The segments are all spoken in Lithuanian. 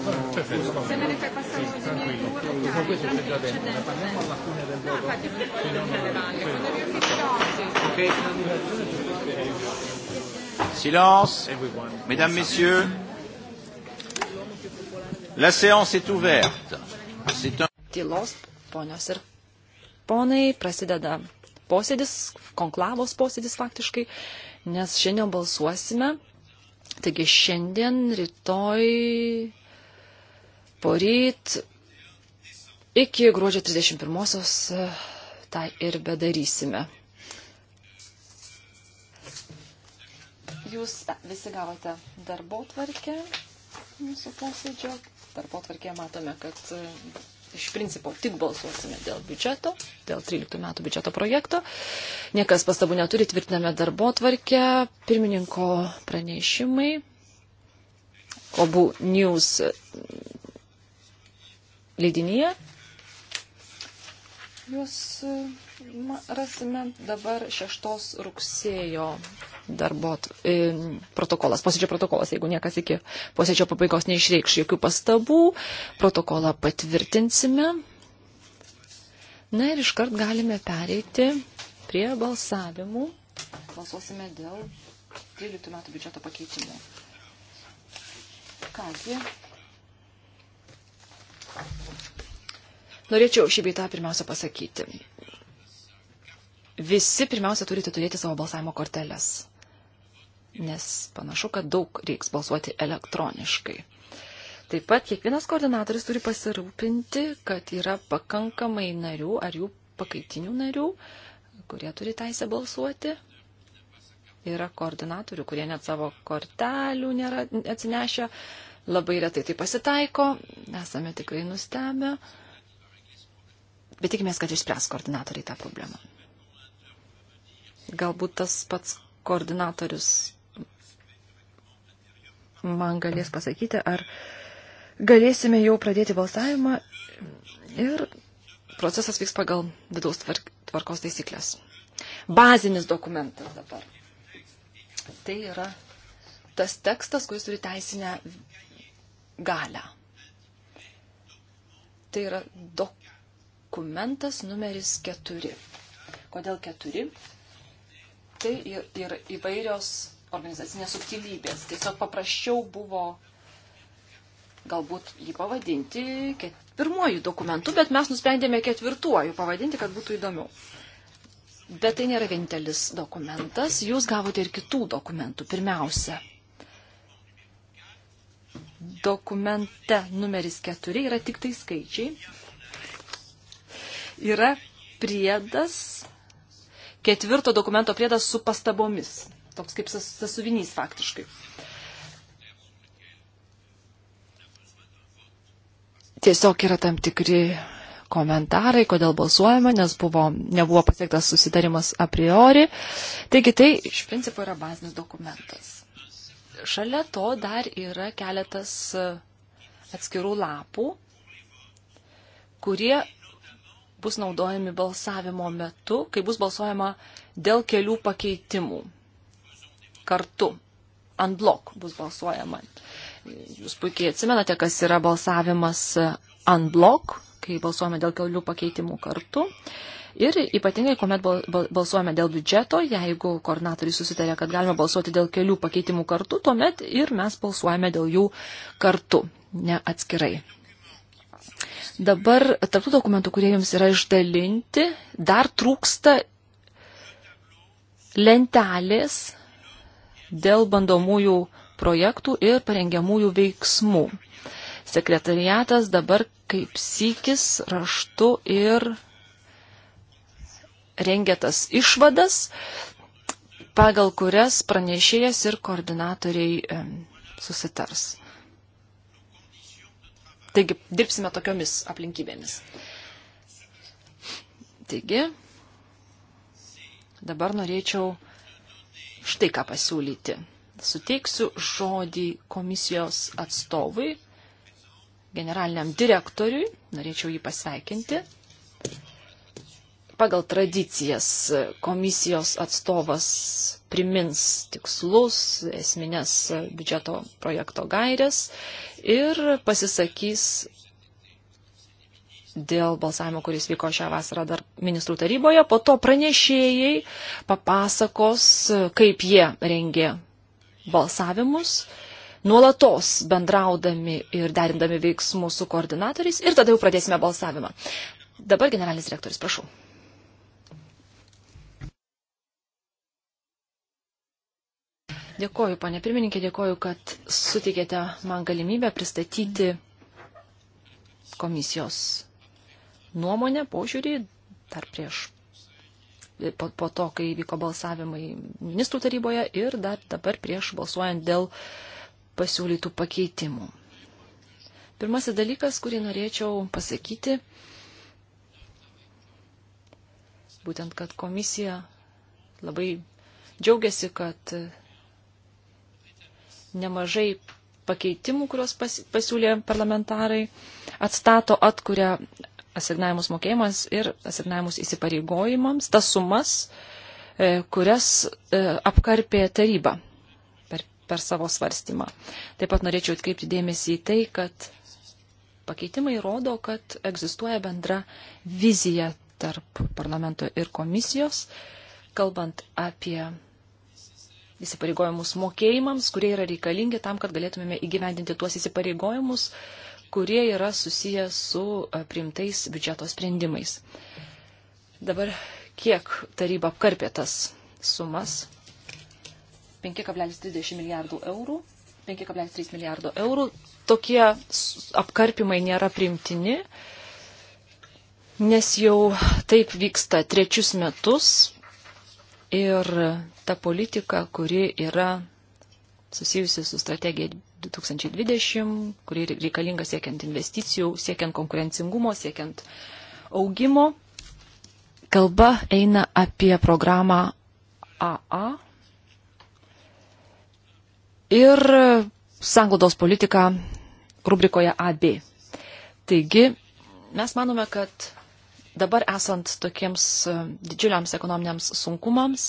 Se me ne fai passare sì, tranquillo. Con questo c'è già dentro, ne parliamo alla fine del voto. No, infatti non puoi prendere Valle, quando abbiamo finito oggi. Ok. Silence, mesdames, messieurs. La séance est ouverte. C'est un... Tylos, ponios ir ponai, prasideda posėdis, konklavos posėdis faktiškai, nes šiandien balsuosime Taigi šiandien, rytoj, poryt iki gruodžio 31-osios e, tą ir bedarysime. Jūs visi gavote darbo tvarkę mūsų posėdžio. Darbo tvarkėje matome, kad e, iš principo tik balsuosime dėl biudžeto, dėl 13 metų biudžeto projekto. Niekas pastabų neturi, tvirtiname darbo tvarkę, pirmininko pranešimai, obų news leidinyje. Juos e, rasime dabar 6 rugsėjo darbo e, protokolas, posėdžio protokolas, jeigu niekas iki posėdžio pabaigos neišreikš jokių pastabų, protokolą patvirtinsime. Na ir iškart galime pereiti prie balsavimų. Balsuosime dėl 13 metų biudžeto pakeitimų. Kągi, Norėčiau šį beitą pirmiausia pasakyti. Visi pirmiausia turite turėti savo balsavimo korteles, nes panašu, kad daug reiks balsuoti elektroniškai. Taip pat kiekvienas koordinatorius turi pasirūpinti, kad yra pakankamai narių ar jų pakaitinių narių, kurie turi teisę balsuoti. Yra koordinatorių, kurie net savo kortelių nėra atsinešę Labai retai tai pasitaiko, esame tikrai nustebę, bet tikimės, kad išspręs koordinatoriai tą problemą. Galbūt tas pats koordinatorius man galės pasakyti, ar galėsime jau pradėti balsavimą ir procesas vyks pagal vidaus tvarkos taisyklės. Bazinis dokumentas dabar. Tai yra tas tekstas, kuris turi teisinę galę. Tai yra dokumentas numeris keturi. Kodėl keturi? Tai ir, ir įvairios organizacinės subtilybės. Tiesiog paprasčiau buvo galbūt jį pavadinti pirmuoju dokumentu, bet mes nusprendėme ketvirtuoju pavadinti, kad būtų įdomiau. Bet tai nėra vienintelis dokumentas, jūs gavote ir kitų dokumentų. Pirmiausia, dokumente numeris 4 yra tik tai skaičiai. Yra priedas, ketvirto dokumento priedas su pastabomis. Toks kaip sasuvinys faktiškai. Tiesiog yra tam tikri komentarai, kodėl balsuojama, nes buvo, nebuvo pasiektas susitarimas a priori. Taigi tai iš principo yra bazinis dokumentas. Šalia to dar yra keletas e, atskirų lapų, kurie bus naudojami balsavimo metu, kai bus balsuojama dėl kelių pakeitimų. Kartu, ant blok bus balsuojama. Jūs puikiai atsimenate, kas yra balsavimas e, ant blok, kai balsuojame dėl kelių pakeitimų kartu. Uh, Ir ypatingai, kuomet balsuojame dėl biudžeto, jeigu koordinatoriai susitarė, kad galima balsuoti dėl kelių pakeitimų kartu, tuomet ir mes balsuojame dėl jų kartu, ne atskirai. Dabar tarptų dokumentų, kurie jums yra išdalinti, dar trūksta lentelės dėl bandomųjų projektų ir parengiamųjų veiksmų. Sekretariatas dabar kaip sykis raštu ir rengia tas išvadas, pagal kurias pranešėjas ir koordinatoriai susitars. Taigi, dirbsime tokiomis aplinkybėmis. Taigi, dabar norėčiau štai ką pasiūlyti. Suteiksiu žodį komisijos atstovui, generaliniam direktoriui, norėčiau jį pasveikinti pagal tradicijas komisijos atstovas primins tikslus, esminės biudžeto projekto gairės ir pasisakys dėl balsavimo, kuris vyko šią vasarą dar ministrų taryboje. Po to pranešėjai papasakos, kaip jie rengė balsavimus, nuolatos bendraudami ir derindami veiksmus su koordinatoriais ir tada jau pradėsime balsavimą. Dabar generalinis direktorius, prašau. Dėkoju, ponė pirmininkė, dėkoju, kad suteikėte man galimybę pristatyti komisijos nuomonę, požiūrį dar prieš po, po to, kai vyko balsavimai ministrų taryboje ir dar dabar prieš balsuojant dėl pasiūlytų pakeitimų. Pirmasis dalykas, kurį norėčiau pasakyti, būtent, kad komisija labai džiaugiasi, kad nemažai pakeitimų, kuriuos pasiūlė parlamentarai, atstato, atkuria asignavimus mokėjimas ir asignavimus įsipareigojimams, tas sumas, e, kurias e, apkarpė taryba per, per savo svarstymą. Taip pat norėčiau atkreipti dėmesį į tai, kad pakeitimai rodo, kad egzistuoja bendra vizija tarp parlamento ir komisijos, kalbant apie įsipareigojimus mokėjimams, kurie yra reikalingi tam, kad galėtumėme įgyvendinti tuos įsipareigojimus, kurie yra susiję su priimtais biudžeto sprendimais. Dabar kiek taryba apkarpė tas sumas? 5,30 milijardų eurų. 5,3 milijardo eurų. Tokie apkarpimai nėra primtini, nes jau taip vyksta trečius metus Ir ta politika, kuri yra susijusi su strategija 2020, kuri reikalinga siekiant investicijų, siekiant konkurencingumo, siekiant augimo. Kalba eina apie programą AA ir sanglaudos politiką rubrikoje AB. Taigi, mes manome, kad dabar esant tokiems e, didžiuliams ekonominiams sunkumams,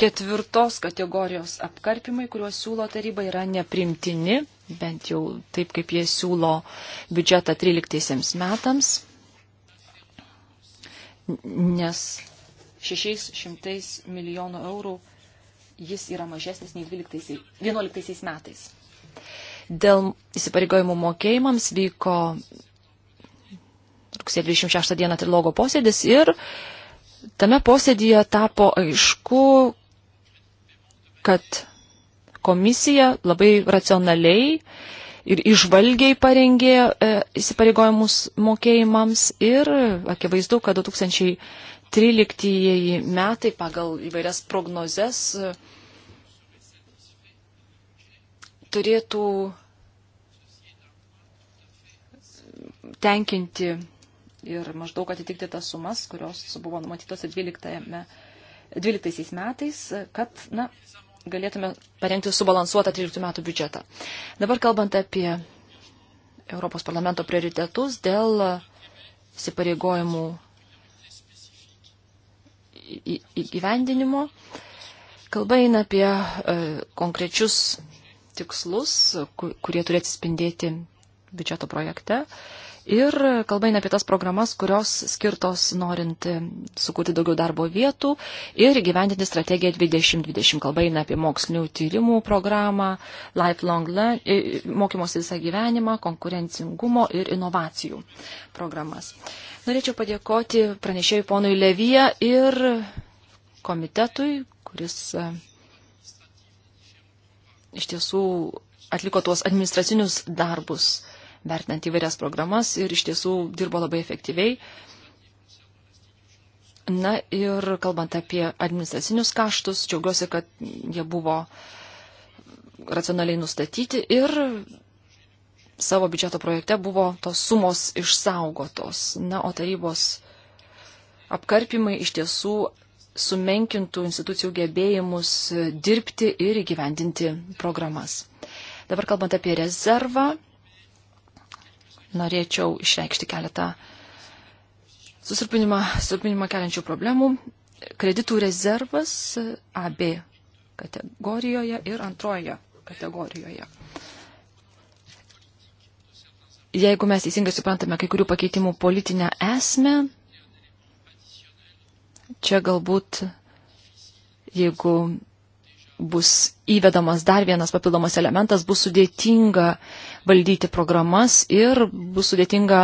ketvirtos kategorijos apkarpimai, kuriuos siūlo taryba, yra neprimtini, bent jau taip, kaip jie siūlo biudžetą 13 metams, nes 600 milijonų eurų jis yra mažesnis nei 12, 11 metais. Dėl įsipareigojimų mokėjimams vyko rugsėjo 26 dieną trilogo posėdis ir tame posėdyje tapo aišku, kad komisija labai racionaliai ir išvalgiai parengė e, įsipareigojimus mokėjimams ir akivaizdu, kad 2013 metai pagal įvairias prognozes e, turėtų tenkinti ir maždaug atitikti tas sumas, kurios buvo numatytos 12, 12 metais, kad na, galėtume parengti subalansuotą 13 metų biudžetą. Dabar kalbant apie Europos parlamento prioritetus dėl įsipareigojimų įgyvendinimo, kalba eina apie e, konkrečius tikslus, kurie turi atsispindėti biudžeto projekte. Uh, Ir kalba eina apie tas programas, kurios skirtos norint sukurti daugiau darbo vietų ir gyventinti strategiją 2020. Kalba eina apie mokslinių tyrimų programą, lifelong e, mokymosi visą gyvenimą, konkurencingumo ir inovacijų programas. Norėčiau padėkoti pranešėjui ponui Levyje ir komitetui, kuris e, iš tiesų atliko tuos administracinius darbus vertinant įvairias programas ir iš tiesų dirbo labai efektyviai. Na ir kalbant apie administracinius kaštus, džiaugiuosi, kad jie buvo racionaliai nustatyti ir savo biudžeto projekte buvo tos sumos išsaugotos. Na, o tarybos apkarpimai iš tiesų sumenkintų institucijų gebėjimus dirbti ir įgyvendinti programas. Dabar kalbant apie rezervą, norėčiau išreikšti keletą susirpinimą keliančių problemų. Kreditų rezervas AB kategorijoje ir antrojoje kategorijoje. Jeigu mes teisingai suprantame kai kurių pakeitimų politinę esmę, čia galbūt, jeigu bus įvedamas dar vienas papildomas elementas, bus sudėtinga valdyti programas ir bus sudėtinga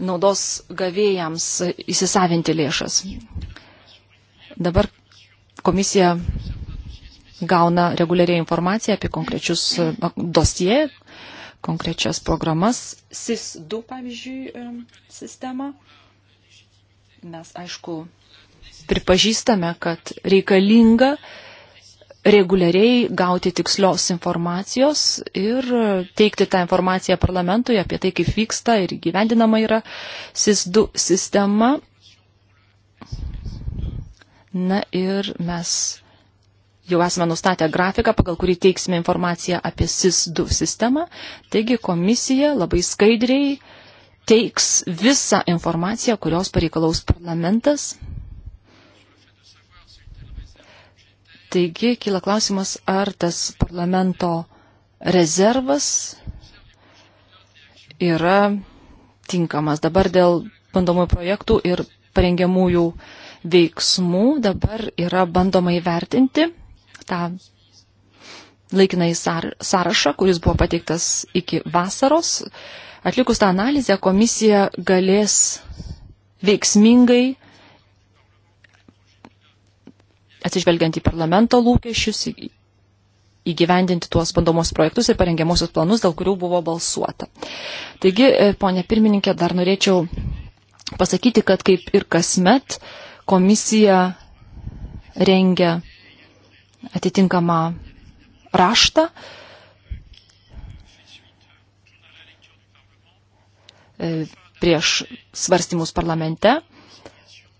naudos gavėjams įsisavinti lėšas. Dabar komisija gauna reguliariai informaciją apie konkrečius dosie, konkrečias programas, SIS-2 pavyzdžiui sistemą. Mes aišku pripažįstame, kad reikalinga uh, reguliariai gauti tikslios informacijos ir teikti tą informaciją parlamentui apie tai, kaip vyksta ir gyvendinama yra SIS2 sistema. Na ir mes jau esame nustatę grafiką, pagal kurį teiksime informaciją apie SIS2 sistemą. Taigi komisija labai skaidriai teiks visą informaciją, kurios pareikalaus parlamentas Taigi, kyla klausimas, ar tas parlamento rezervas yra tinkamas. Dabar dėl bandomųjų projektų ir parengiamųjų veiksmų dabar yra bandoma įvertinti tą laikinai sąrašą, kuris buvo pateiktas iki vasaros. Atlikus tą analizę, komisija galės veiksmingai atsižvelgiant į parlamento lūkesčius, įgyvendinti tuos bandomos projektus ir parengiamosios planus, dėl kurių buvo balsuota. Taigi, e, ponė pirmininkė, dar norėčiau pasakyti, kad kaip ir kasmet komisija rengia atitinkamą raštą. E, prieš svarstymus parlamente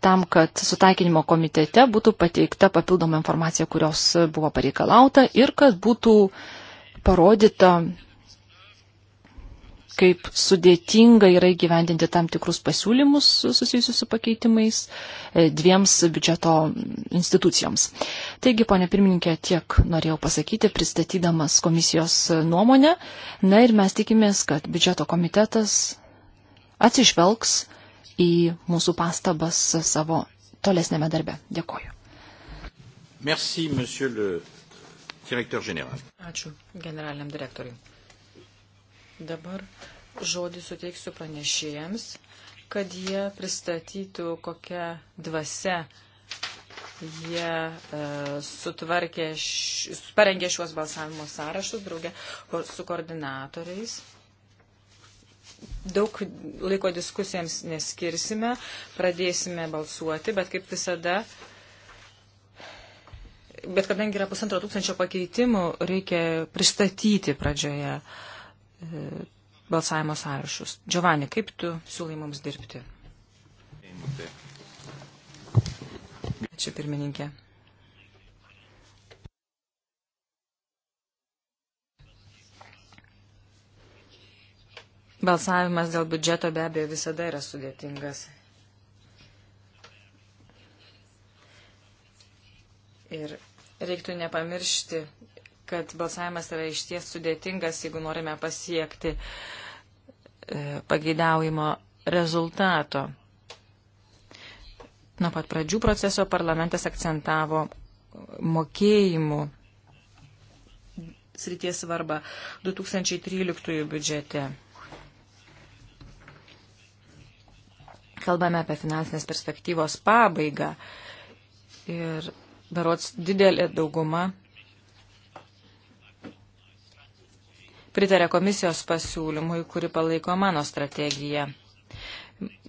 tam, kad sutaikinimo komitete būtų pateikta papildoma informacija, kurios buvo pareikalauta ir kad būtų parodyta, kaip sudėtinga yra įgyvendinti tam tikrus pasiūlymus susijusius su pakeitimais e, dviems biudžeto institucijoms. Taigi, ponė pirmininkė, tiek norėjau pasakyti, pristatydamas komisijos nuomonę. Na ir mes tikimės, kad biudžeto komitetas atsižvelgs į mūsų pastabas savo tolesnėme darbe. Dėkoju. Merci, Ačiū generaliniam direktoriui. Dabar žodį suteiksiu pranešėjams, kad jie pristatytų, kokią dvasę jie e, sutvarkė, š, parengė šiuos balsavimo sąrašus draugė su koordinatoriais daug laiko diskusijams neskirsime, pradėsime balsuoti, bet kaip visada, bet kadangi yra pusantro tūkstančio pakeitimų, reikia pristatyti pradžioje e, balsavimo sąrašus. Giovanni, kaip tu siūlai mums dirbti? Ačiū pirmininkė. Balsavimas dėl biudžeto be abejo visada yra sudėtingas. Ir reiktų nepamiršti, kad balsavimas yra išties sudėtingas, jeigu norime pasiekti e, pageidaujimo rezultato. Nuo pat pradžių proceso parlamentas akcentavo mokėjimų srities svarbą 2013 biudžete. kalbame apie finansinės perspektyvos pabaigą. Ir berots didelė dauguma pritarė komisijos pasiūlymui, kuri palaiko mano strategiją.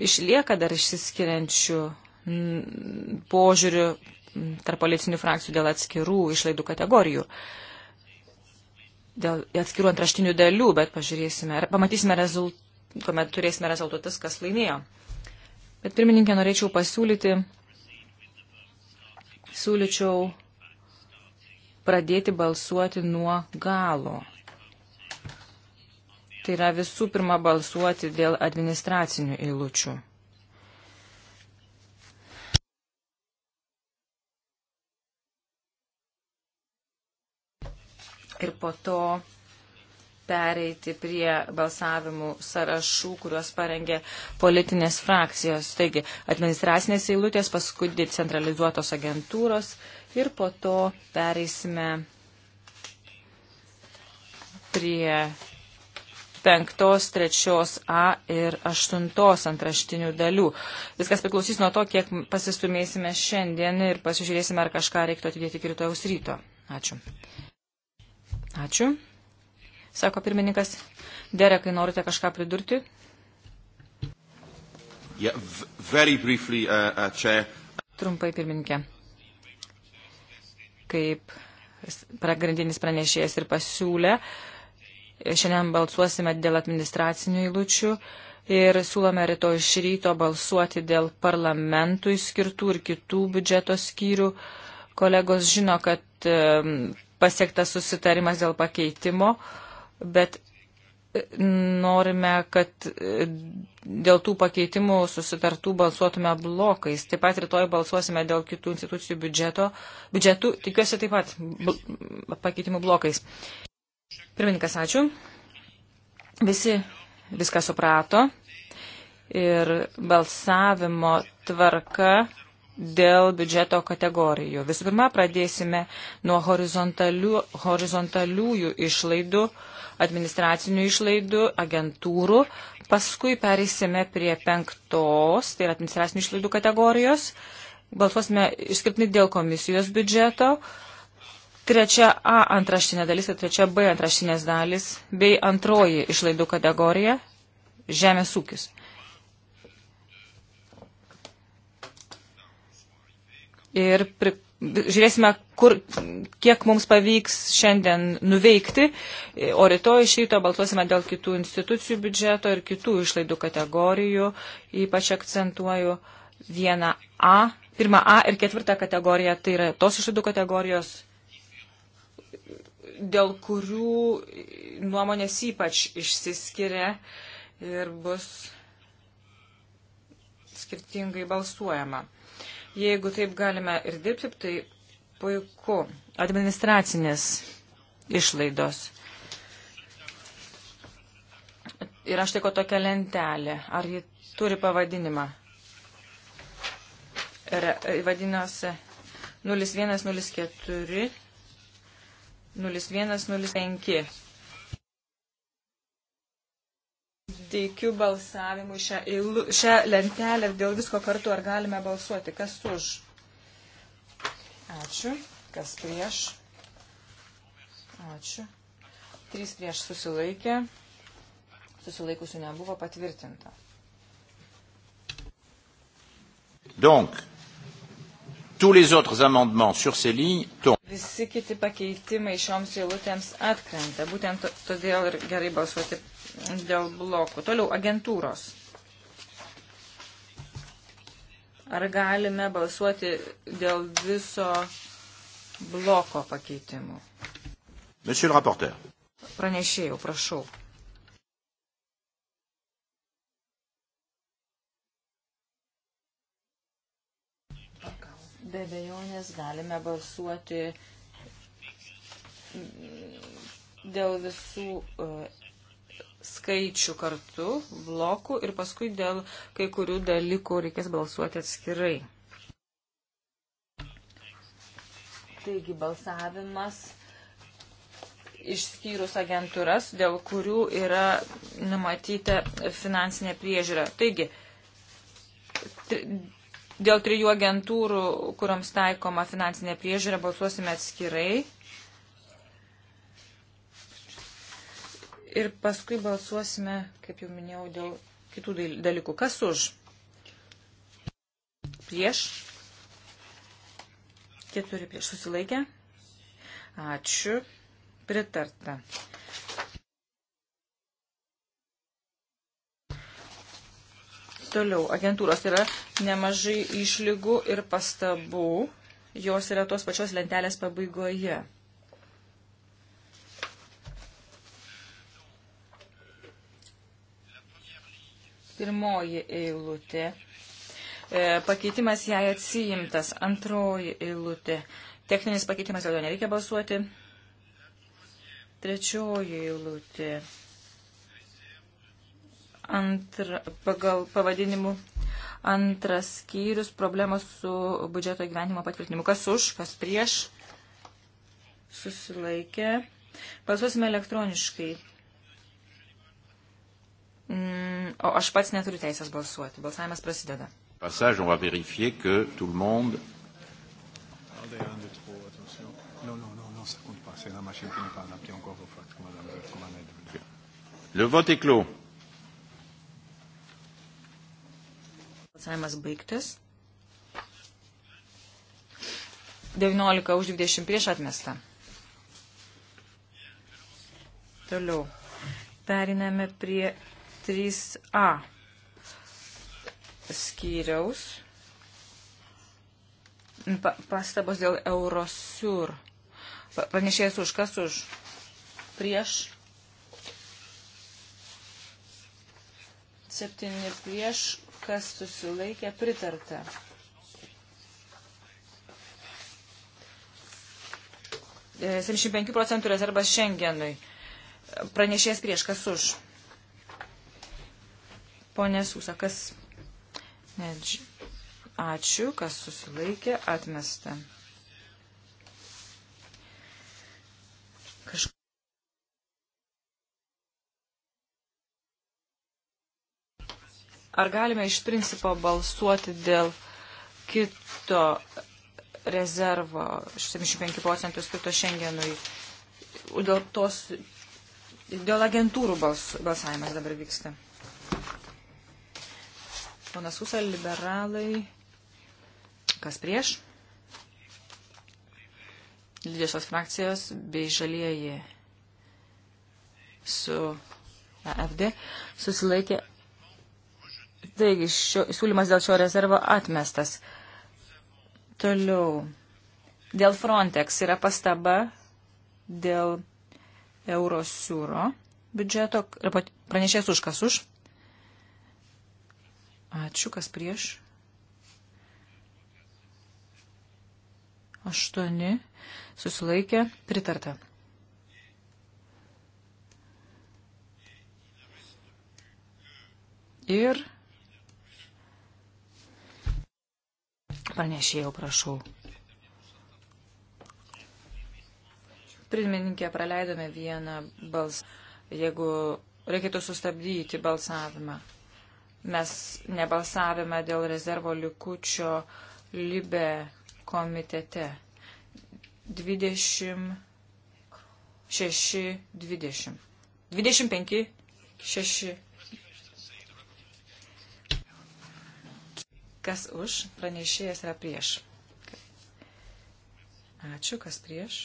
Išlieka dar išsiskiriančių požiūrių tarp policinių frakcijų dėl atskirų išlaidų kategorijų, dėl atskirų antraštinių dalių, bet pažiūrėsime, pamatysime rezultatą kuomet turėsime rezultatus, kas laimėjo. Bet pirmininkė, norėčiau pasiūlyti, siūlyčiau pradėti balsuoti nuo galo. Tai yra visų pirma balsuoti dėl administracinių eilučių. Ir po to pereiti prie balsavimų sąrašų, kuriuos parengė politinės frakcijos. Taigi, administracinės eilutės, paskui decentralizuotos agentūros ir po to pereisime prie penktos, trečios A ir aštuntos antraštinių dalių. Viskas priklausys nuo to, kiek pasistumėsime šiandien ir pasižiūrėsime, ar kažką reiktų atidėti iki rytojaus ryto. Ačiū. Ačiū sako pirmininkas. Derekai, norite kažką pridurti? Yeah, briefly, uh, uh, Trumpai pirmininkė. Kaip pagrindinis pranešėjas ir pasiūlė, šiandien balsuosime dėl administracinių įlučių ir siūlome rytoj iš ryto balsuoti dėl parlamentui skirtų ir kitų biudžeto skyrių. Kolegos žino, kad pasiektas susitarimas dėl pakeitimo. Uh, bet e, norime, kad e, dėl tų pakeitimų susitartų balsuotume blokais. Taip pat rytoj balsuosime dėl kitų institucijų biudžeto, biudžetų, tikiuosi taip pat bl pakeitimų blokais. Pirmininkas, ačiū. Visi viską suprato ir balsavimo tvarka dėl biudžeto kategorijų. Visų pirma, pradėsime nuo horizontalių, horizontaliųjų išlaidų, administracinių išlaidų, agentūrų. Paskui pereisime prie penktos, tai yra administracinių išlaidų kategorijos. Balsuosime išskirtinai dėl komisijos biudžeto. Trečia A antraštinė dalis ir tai trečia B antraštinės dalis bei antroji išlaidų kategorija - žemės ūkis. ir pri, žiūrėsime, kur, kiek mums pavyks šiandien nuveikti, o rytoj iš ryto balsuosime dėl kitų institucijų biudžeto ir kitų išlaidų kategorijų, ypač akcentuoju vieną A, pirmą A ir ketvirtą kategoriją, tai yra tos išlaidų kategorijos, dėl kurių nuomonės ypač išsiskiria ir bus skirtingai balsuojama. Jeigu taip galime ir dirbti, tai puiku. Administracinės išlaidos. Ir aš tiko tokia lentelė. Ar ji turi pavadinimą? Ir vadinosi 0104 0105. teikiu balsavimui šią, eilu, šią lentelę dėl visko kartu, ar galime balsuoti. Kas už? Ačiū. Kas prieš? Ačiū. Trys prieš susilaikė. Susilaikusių nebuvo patvirtinta. Donc, tous les autres amendements sur ces lignes tombent. Visi kiti pakeitimai šioms eilutėms atkrenta. Būtent todėl ir gerai balsuoti dėl blokų. Toliau agentūros. Ar galime balsuoti dėl viso bloko pakeitimų? Monsieur le rapporteur. Pranešėjau, prašau. Be abejonės galime balsuoti dėl visų e, skaičių kartu, blokų ir paskui dėl kai kurių dalykų reikės balsuoti atskirai. Taigi balsavimas išskyrus agentūras, dėl kurių yra numatyta finansinė priežiūra. Taigi, dėl trijų agentūrų, kuriams taikoma finansinė priežiūra, balsuosime atskirai. ir paskui balsuosime, kaip jau minėjau, dėl kitų dalykų. Kas už? Prieš? Keturi prieš susilaikę. Ačiū. Pritarta. Toliau, agentūros yra nemažai išlygų ir pastabų. Jos yra tos pačios lentelės pabaigoje. Pirmoji eilutė. E, pakeitimas jai atsijimtas. Antroji eilutė. Techninis pakeitimas jau nereikia balsuoti. Trečioji eilutė. Antra, pagal pavadinimu antras skyrius problemos su biudžeto gyvenimo patvirtinimu. Kas už, kas prieš? Susilaikė. Balsuosime elektroniškai. Mm, o aš pats neturiu teisės balsuoti. Balsavimas prasideda. Passage, on va vérifier que tout le monde. Le vote est clos. Balsavimas baigtas. 19 už 20 prieš atmestą. Toliau. Periname prie 3a skyriaus pastabos dėl Eurosur. Panešėjęs už kas už prieš. Septyni prieš, kas susilaikė pritarta. E, 75 procentų rezervas Šengenui. Pranešėjas prieš, kas už Pone Susakas, nedž... ačiū, kas susilaikė, atmesta. Kažk... Ar galime iš principo balsuoti dėl kito rezervo 75 procentų skirto šiandienui. Dėl, tos, dėl agentūrų bals, balsavimas dabar vyksta ponas Susa, liberalai. Kas prieš? Didžiosios frakcijos bei žalieji su AFD e susilaikė. Taigi, šio, siūlymas dėl šio rezervo atmestas. Toliau. Dėl Frontex yra pastaba dėl Eurosiūro biudžeto. Pranešės už kas už? Ačiū, kas prieš. Aštuoni. Susilaikė. Pritarta. Ir pranešėjau, prašau. Pirmininkė, praleidome vieną balsą. Jeigu reikėtų sustabdyti balsavimą. Mes nebalsavime dėl rezervo likučio Libe komitete. 26, 20. 25, 6. Kas už, pranešėjas yra prieš. Ačiū, kas prieš.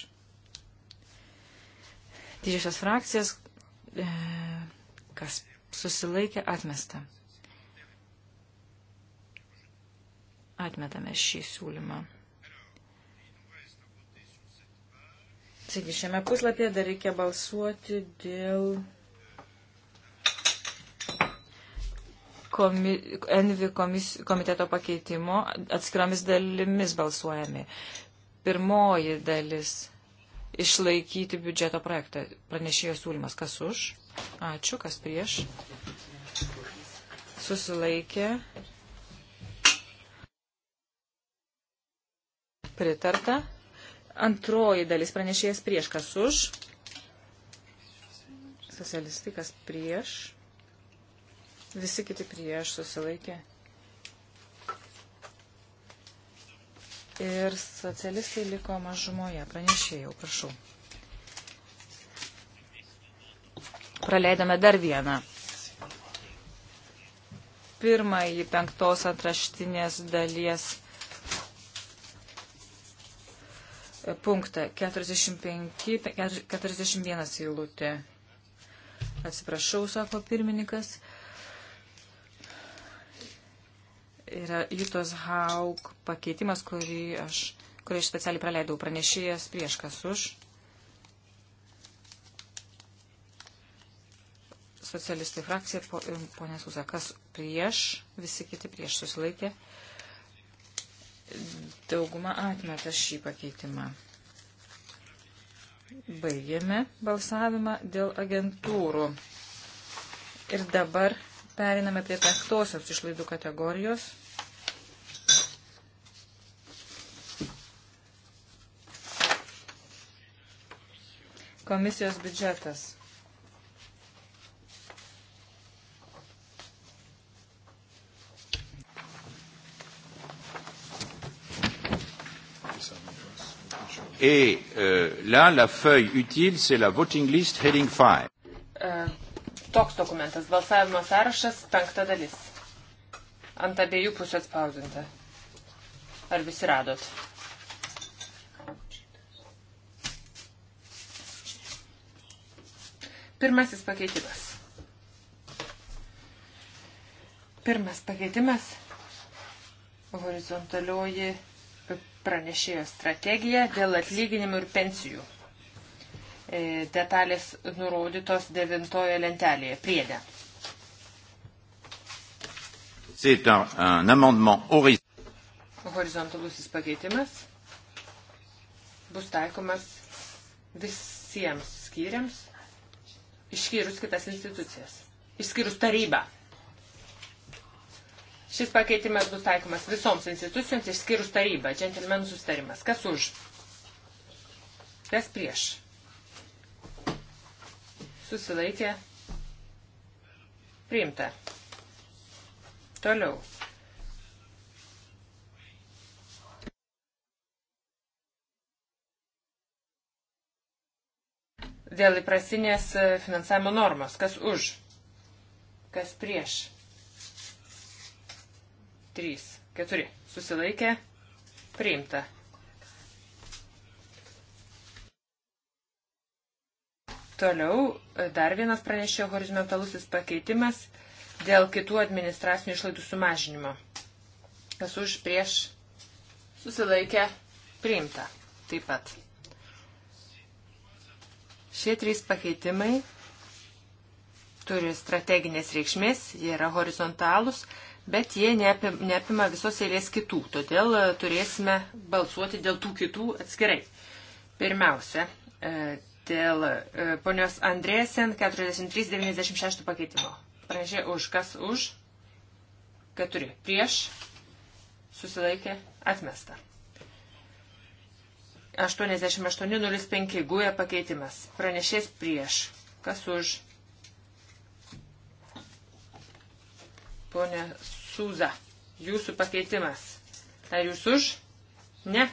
Didžiosios frakcijas, e, kas susilaikė, atmesta. Atmetame šį siūlymą. Taigi šiame puslapyje dar reikia balsuoti dėl komi, Envi komis, komiteto pakeitimo atskiromis dalimis balsuojami. Pirmoji dalis - išlaikyti biudžeto projektą. Pranešėjo siūlymas, kas už. Ačiū, kas prieš. Susilaikė. pritarta. Antroji dalis pranešėjas prieš, kas už. Socialistai, kas prieš. Visi kiti prieš susilaikė. Ir socialistai liko mažumoje. Pranešėjau, prašau. Praleidome dar vieną. Pirmąjį penktos atraštinės dalies punktą 45, 41 eilutė. Atsiprašau, sako pirmininkas. Yra Jutos Haug pakeitimas, kurį aš, kurį aš specialiai praleidau pranešėjas prieš kas už. Socialistai frakcija, po, ponė Susa, kas prieš, visi kiti prieš susilaikė. Uh, Dauguma atmeta šį pakeitimą. Baigėme balsavimą dėl agentūrų. Ir dabar periname prie penktosios išlaidų kategorijos. Komisijos biudžetas. Et euh, là, la feuille utile, c'est la voting list heading 5. Uh, toks dokumentas, balsavimo sąrašas, penkta dalis. Ant abiejų pusių atspausdinta. Ar visi radot? Pirmasis pakeitimas. Pirmas pakeitimas. Horizontalioji pranešėjo strategiją dėl atlyginimų ir pensijų. E, detalės nurodytos devintojo lentelėje priedė. Horizontalusis pakeitimas bus taikomas visiems skyriams, išskyrus kitas institucijas, išskyrus tarybą. Šis pakeitimas bus taikomas visoms institucijoms išskyrus tarybą. Džentelmenų sustarimas. Kas už? Kas prieš? Susilaikė. Priimta. Toliau. Dėl įprastinės finansavimo normos. Kas už? Kas prieš? 3, 4 susilaikė priimta. Toliau e, dar vienas pranešėjo horizontalusis pakeitimas dėl kitų administracinių išlaidų sumažinimo. Kas už prieš susilaikę priimta. Taip pat. Šie trys pakeitimai turi strateginės reikšmės, jie yra horizontalūs bet jie neapima, neapima visos eilės kitų, todėl e, turėsime balsuoti dėl tų kitų atskirai. Pirmiausia, e, dėl e, ponios Andrėsen 4396 pakeitimo. Prašė už, kas už, keturi, prieš, susilaikė, atmesta. 88.05 guja pakeitimas. Pranešės prieš. Kas už? Pone Sūza, jūsų pakeitimas. Ar jūs už? Ne.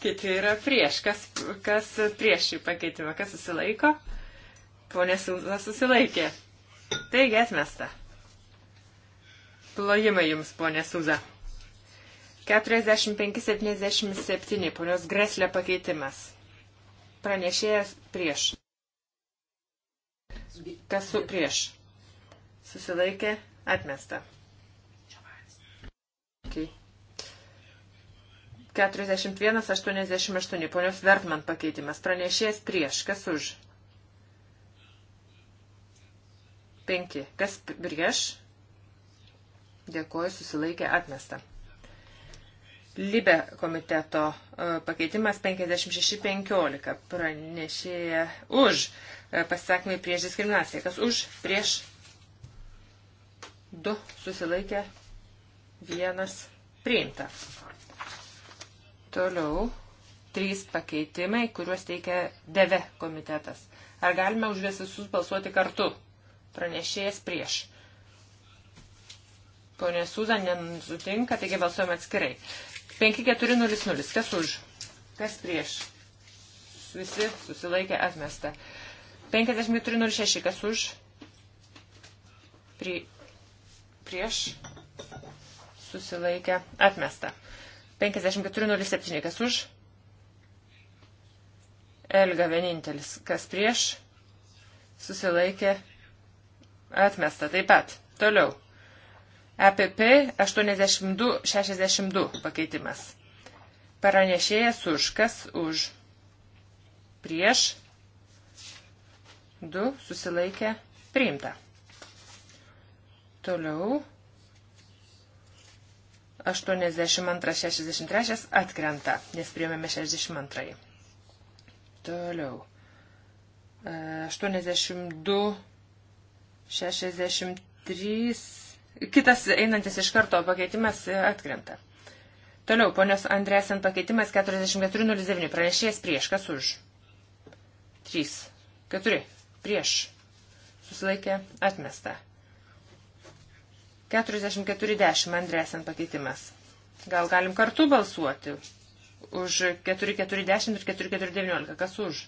Kiti yra prieš. Kas, kas prieš šį pakeitimą? Kas susilaiko? Pone Sūza susilaikė. Taigi atmesta. Plojimai jums, ponė Sūza. 45-77, ponios Greslė pakeitimas. Pranešėjas prieš. Kas su prieš? Susilaikė Atmesta. 41.88. Ponios Vertman pakeitimas. Pranešėjas prieš. Kas už? 5. Kas prieš? Dėkoju, susilaikė atmesta. Libe komiteto e, pakeitimas 56.15. Pranešėja už e, pasisakymai prieš diskriminaciją. Kas už? Prieš du susilaikė, vienas priimta. Toliau trys pakeitimai, kuriuos teikia DV komitetas. Ar galime už visus balsuoti kartu? Pranešėjas prieš. Pone Sūza nesutinka, taigi balsuojame atskirai. 5400. Kas už? Kas prieš? Visi susilaikė atmesta. 5306. Kas už? Pri, prieš susilaikę atmesta. 54.07. Kas už? Elga vienintelis. Kas prieš? Susilaikė atmesta taip pat. Toliau. EPP 82.62 pakeitimas. Paranešėjas už. Kas už? Prieš. 2. Susilaikė priimta. Toliau. 82-63 atkrenta, nes priėmėme 62. Toliau. 82-63. Kitas einantis iš karto pakeitimas atkrenta. Toliau, ponios Andresen pakeitimas 4409. Pranešėjas prieš. Kas už? 3. 4. Prieš. Susilaikė. Atmesta. 4410 Andresen pakeitimas. Gal galim kartu balsuoti už 4410 ir 4419. Kas už?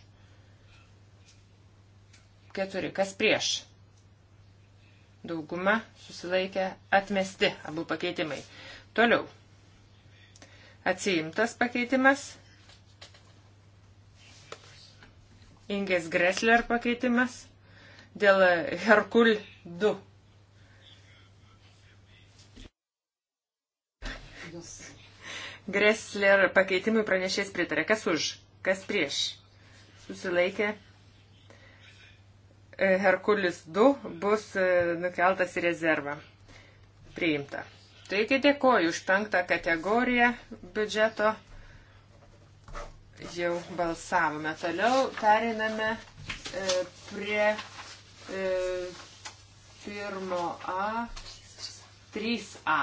4. Kas prieš? Dauguma susilaikė atmesti abu pakeitimai. Toliau. Atsiimtas pakeitimas. Ingės Gresler pakeitimas. Dėl Herkul 2 Gressler pakeitimui pranešės pritarė. Kas už? Kas prieš? Susilaikė. E, Herkulis 2 bus e, nukeltas į rezervą. Priimta. Taigi dėkoju už penktą kategoriją biudžeto. Jau balsavome. Toliau periname e, prie e, pirmo A, 3A.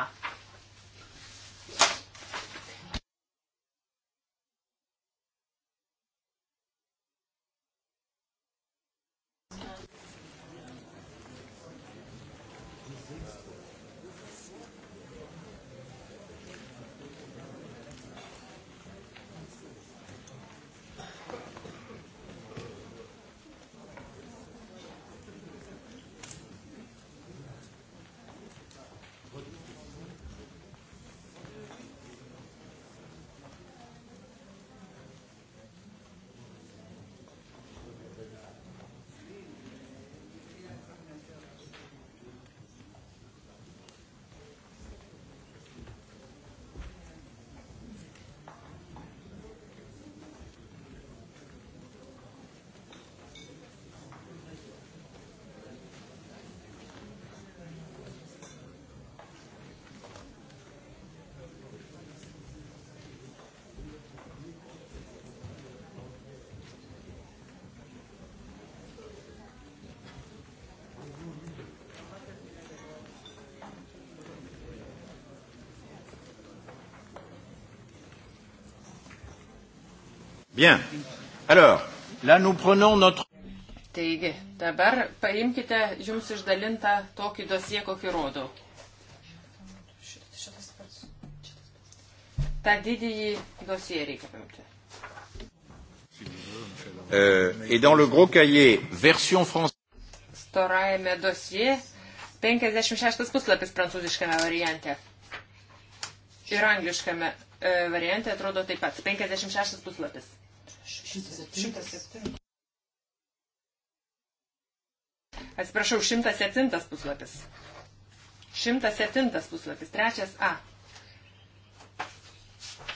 Bien. Alors, là nous prenons notre. Taigi, dabar paimkite jums išdalintą tokį dosiją, kokį rodo. tą didįjį dosiją reikia paimti. Euh, et dans le gros cahier, version française. Storajame dosie, 56 puslapis prancūziškame variante. Ir angliškame e, variante atrodo taip pat, 56 puslapis. 107. Atsiprašau, 107 puslapis. 107 puslapis, trečias A.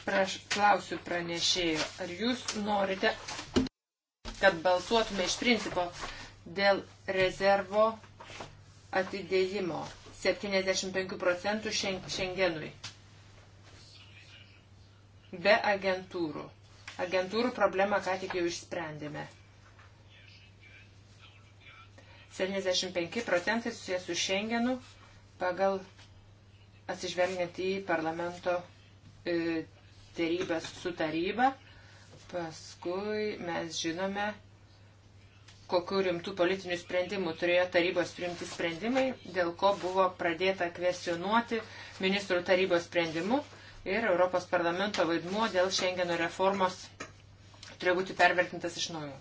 Praš, klausiu pranešėjo, ar jūs norite, kad balsuotume iš principo dėl rezervo atidėjimo 75 procentų šengenui be agentūrų. Agentūrų problemą ką tik jau išsprendėme. 75 procentai susijęs su Schengenu pagal atsižvelgiant į parlamento e, tarybas su taryba. Paskui mes žinome, kokiu rimtų politinių sprendimų turėjo tarybos priimti sprendimai, dėl ko buvo pradėta kvestionuoti ministrų tarybos sprendimu ir Europos parlamento vaidmuo dėl Schengeno reformos turėjo būti pervertintas iš naujo.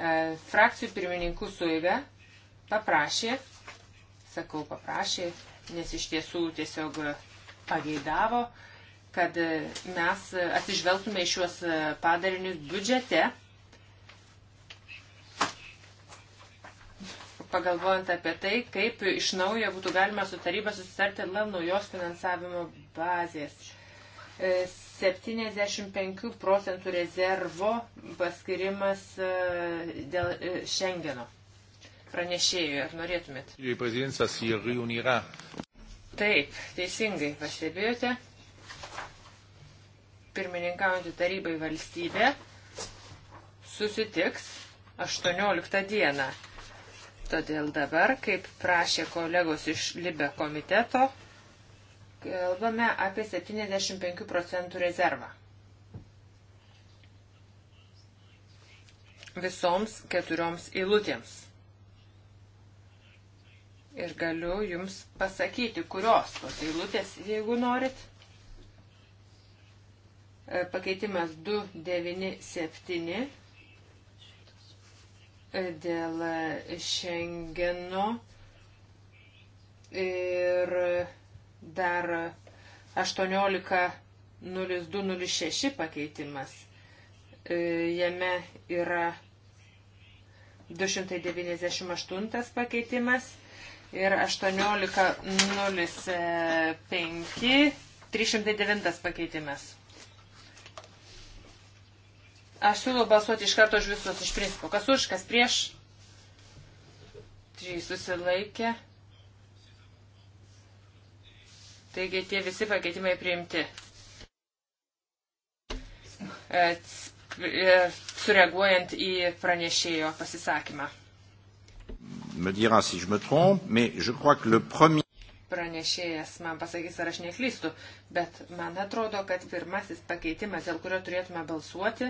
E, frakcijų pirmininkų suiga paprašė, sakau paprašė, nes iš tiesų tiesiog pageidavo, kad mes atsižvelgtume į šiuos padarinius biudžete, pagalvojant apie tai, kaip iš naujo būtų galima su taryba susitarti dėl naujos finansavimo bazės. 75 e, procentų rezervo paskirimas e, dėl Šengeno e, pranešėjui. Ar norėtumėt? Taip, teisingai pastebėjote. Pirmininkaujantį tarybai valstybė susitiks 18 dieną. Todėl dabar, kaip prašė kolegos iš Libe komiteto, kalbame apie 75 procentų rezervą. Visoms keturioms eilutėms. Ir galiu jums pasakyti, kurios tos eilutės, jeigu norit. E, pakeitimas 297 e, dėl Šengeno ir dar 18.0206 pakeitimas. E, jame yra 298 pakeitimas ir 18.05 309 pakeitimas. Aš siūlau balsuoti iš karto už visus iš principo. Kas už, kas prieš. Trys susilaikė. Taigi tie visi pakeitimai priimti. E, e, sureaguojant į pranešėjo pasisakymą. Me dira, si je me trompe, mais je crois que le premier pranešėjas man pasakys, ar aš neklystu, bet man atrodo, kad pirmasis pakeitimas, dėl kurio turėtume balsuoti,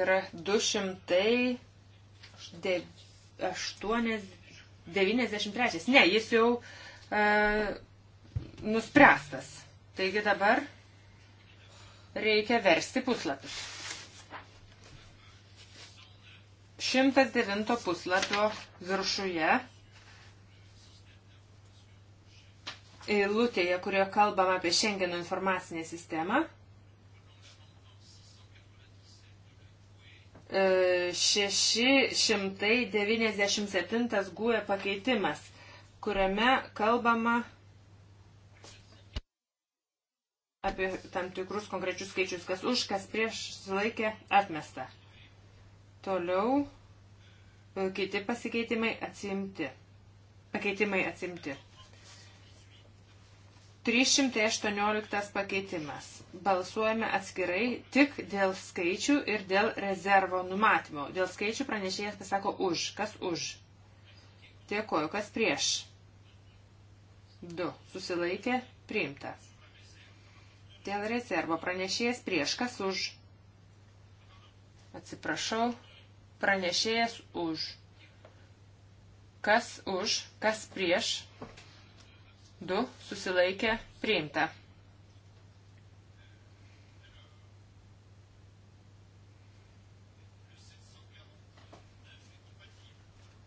yra 289 93. Ne, jis jau e, nuspręstas. Taigi dabar reikia versti puslapius. 109 puslapio viršuje eilutėje, kurioje kalbama apie Schengeno informacinę sistemą, 697 e, guoja e pakeitimas, kuriame kalbama apie tam tikrus konkrečius skaičius, kas už, kas prieš sulaikė atmesta. Toliau e, kiti pasikeitimai atsimti. Pakeitimai atsimti. 318 pakeitimas. Balsuojame atskirai tik dėl skaičių ir dėl rezervo numatymo. Dėl skaičių pranešėjas pasako už. Kas už? Dėkoju. Kas prieš? 2. Susilaikė. Priimta. Dėl rezervo pranešėjas prieš. Kas už? Atsiprašau. Pranešėjas už. Kas už? Kas prieš? 2 susilaikė priimta.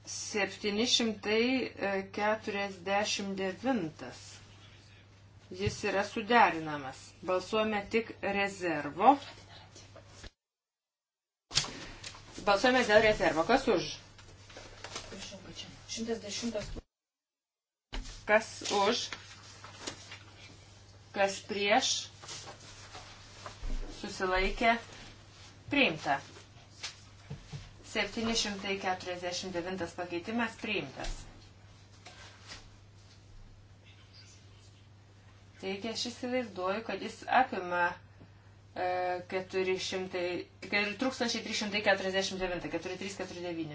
Septyni šimtai keturiasdešimt devintas. Jis yra suderinamas. Balsuojame tik rezervo. Balsuojame dėl rezervo. Kas už? 110 Kas už? Kas prieš? Susilaikė. Priimta. 749 pakeitimas priimtas. Taigi aš įsivaizduoju, kad jis apima 400, 4349, 4349.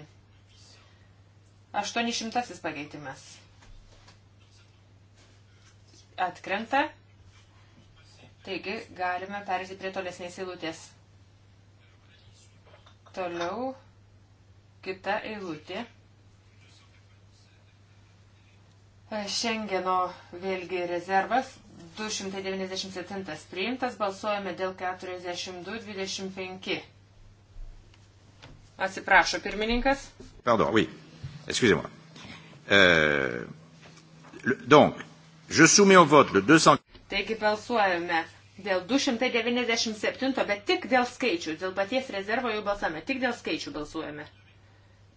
800 pakeitimas atkrenta. Taigi galime perėti prie tolesnės eilutės. Toliau kita eilutė. Šengeno vėlgi rezervas 297 priimtas, balsuojame dėl 42-25. Atsiprašo pirmininkas. Pardon, oui. Excusez-moi. Euh, donc, Taigi balsuojame dėl 297, bet tik dėl skaičių, dėl paties rezervo jau balsame, tik dėl skaičių balsuojame.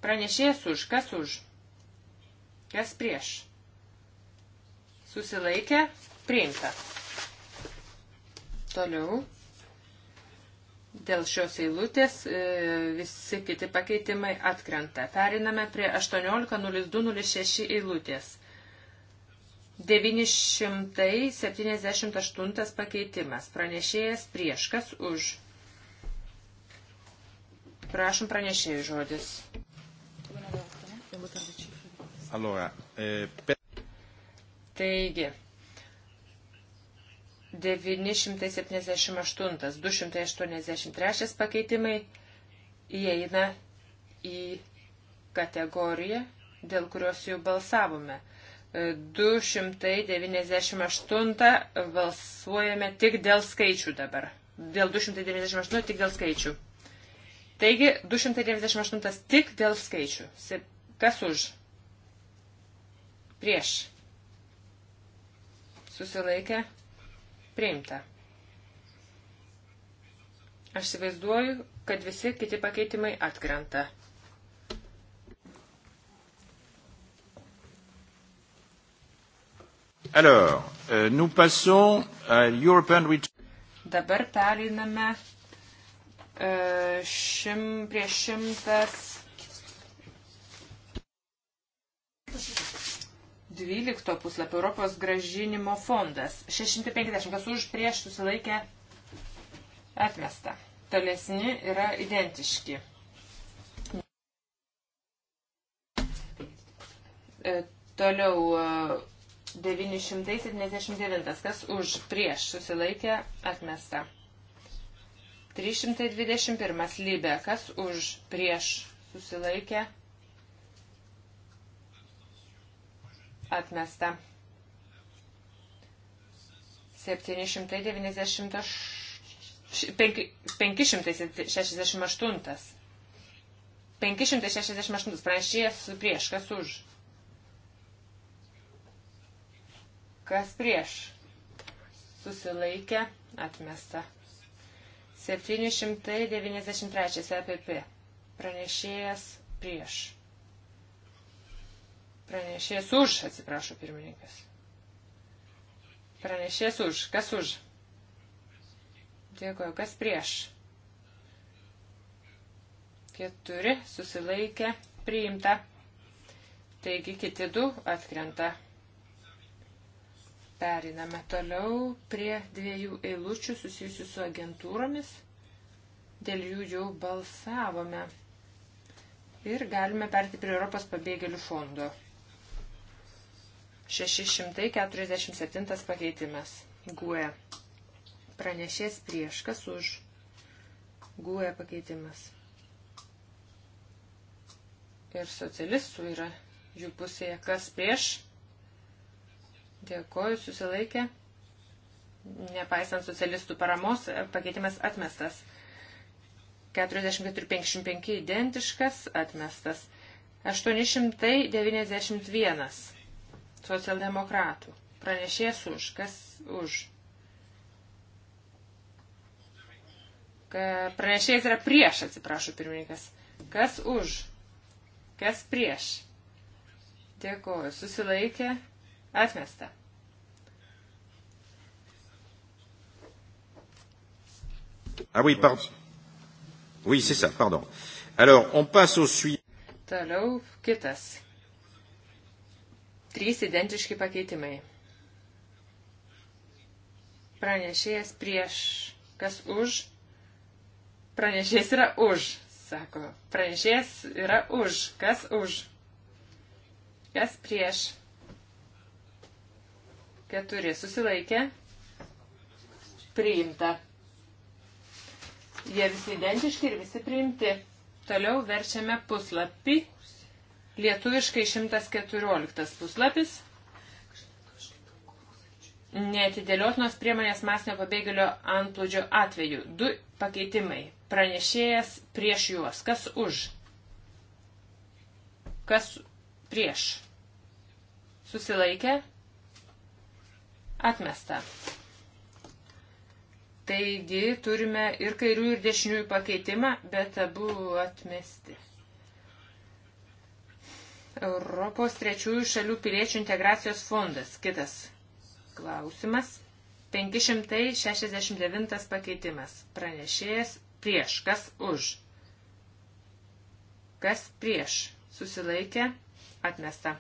Pranešėjas už, kas už, kas prieš. Susilaikė, priimta. Toliau. Dėl šios eilutės e, visi kiti pakeitimai atkrenta. Periname prie 18.02.06 eilutės. 978 pakeitimas. Pranešėjas prieš. Kas už? Prašom pranešėjų žodis. Allora, eh, per... Taigi, 978, 283 pakeitimai įeina į kategoriją, dėl kurios jau balsavome – 298 balsuojame tik dėl skaičių dabar. Dėl 298 tik dėl skaičių. Taigi 298 tik dėl skaičių. Kas už? Prieš. Susilaikė. Priimta. Aš įsivaizduoju, kad visi kiti pakeitimai atkrenta. Alors, euh, nous passons à European Return. Dabar pereiname uh, šim, prie šimtas dvylikto puslapio Europos gražinimo fondas. 650, kas už prieš susilaikę atmesta. Tolesni yra identiški. Uh, toliau uh, 979. Kas už prieš susilaikė atmesta. 321. Lybė. Kas už prieš susilaikė atmesta. 798. 568. 568. Pranešėjas prieš. Kas už? Kas prieš? Susilaikė, atmesta. 793 EPP. Pranešėjas prieš. Pranešėjas už, atsiprašau, pirmininkas. Pranešėjas už. Kas už? Dėkuoju. Kas prieš? Keturi susilaikė priimta. Taigi kiti du atkrenta. Periname toliau prie dviejų eilučių susijusių su agentūromis. Dėl jų jau balsavome. Ir galime perti prie Europos pabėgėlių fondo. 647 pakeitimas. GUE. Pranešės prieš. Kas už? GUE pakeitimas. Ir socialistų yra jų pusėje. Kas prieš? Dėkoju, susilaikė. Nepaisant socialistų paramos, pakeitimas atmestas. 44-55 identiškas, atmestas. 891 socialdemokratų. Pranešės už, kas už. Pranešėjas yra prieš, atsiprašau, pirmininkas. Kas už? Kas prieš? Dėkoju. Susilaikė. Atmesta. Ah oui, pardon. Oui, c'est ça, pardon. Alors, on passe au suivant. Toliau kitas. Trys identiški pakeitimai. Pranešėjas prieš. Kas už? Pranešėjas yra už, sako. Pranešėjas yra už. Kas už? Kas prieš? 4 susilaikė, priimta. Jie visi identiški ir visi priimti. Toliau verčiame puslapį. Lietuviškai 114 puslapis. Netidėliotinos priemonės masinio pabėgėlio antplūdžio atveju. Du pakeitimai. Pranešėjas prieš juos. Kas už? Kas prieš? Susilaikė? Atmesta. Taigi turime ir kairių ir dešiniųjų pakeitimą, bet abu atmesti. Europos trečiųjų šalių piliečių integracijos fondas. Kitas klausimas. 569 pakeitimas. Pranešėjas prieš. Kas už? Kas prieš? Susilaikė. Atmesta.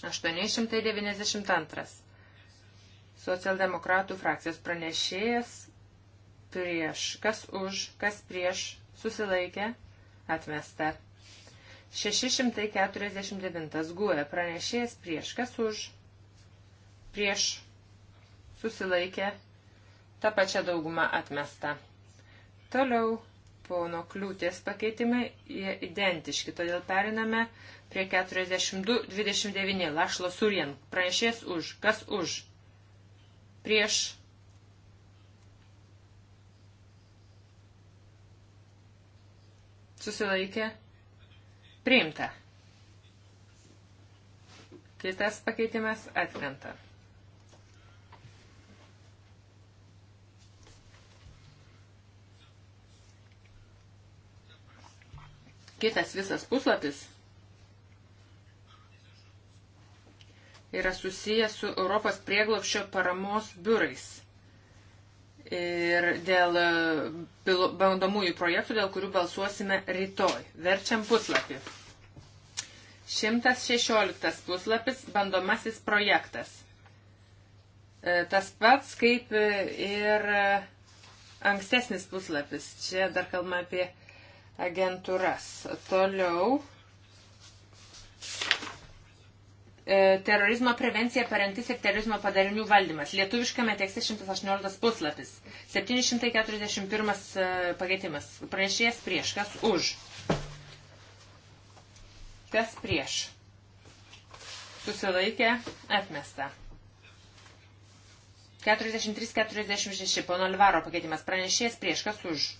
892 socialdemokratų frakcijos pranešėjas prieš, kas už, kas prieš, susilaikė, atmesta. 649 guoja e pranešėjas prieš, kas už, prieš, susilaikė, ta pačia dauguma atmesta. Toliau pono kliūtės pakeitimai, jie identiški, todėl periname prie 42-29 Lašlo Surien, pranešėjas už, kas už, prieš susilaikė priimta. Kitas pakeitimas atkrenta. Kitas visas puslapis yra susijęs su Europos prieglopščio paramos biurais. Ir dėl e, bandomųjų projektų, dėl kurių balsuosime rytoj. Verčiam puslapį. 116 puslapis bandomasis projektas. E, tas pats kaip e, ir ankstesnis puslapis. Čia dar kalbame apie agentūras. Toliau E, terorizmo prevencija, parengtis ir terorizmo padarinių valdymas. Lietuviškame tekste 118 puslapis. 741 e, pakeitimas. Pranešėjas prieš. Kas už? Kas prieš? Susilaikė. Atmesta. 43-46. Pono Alvaro pakeitimas. Pranešėjas prieš. Kas už?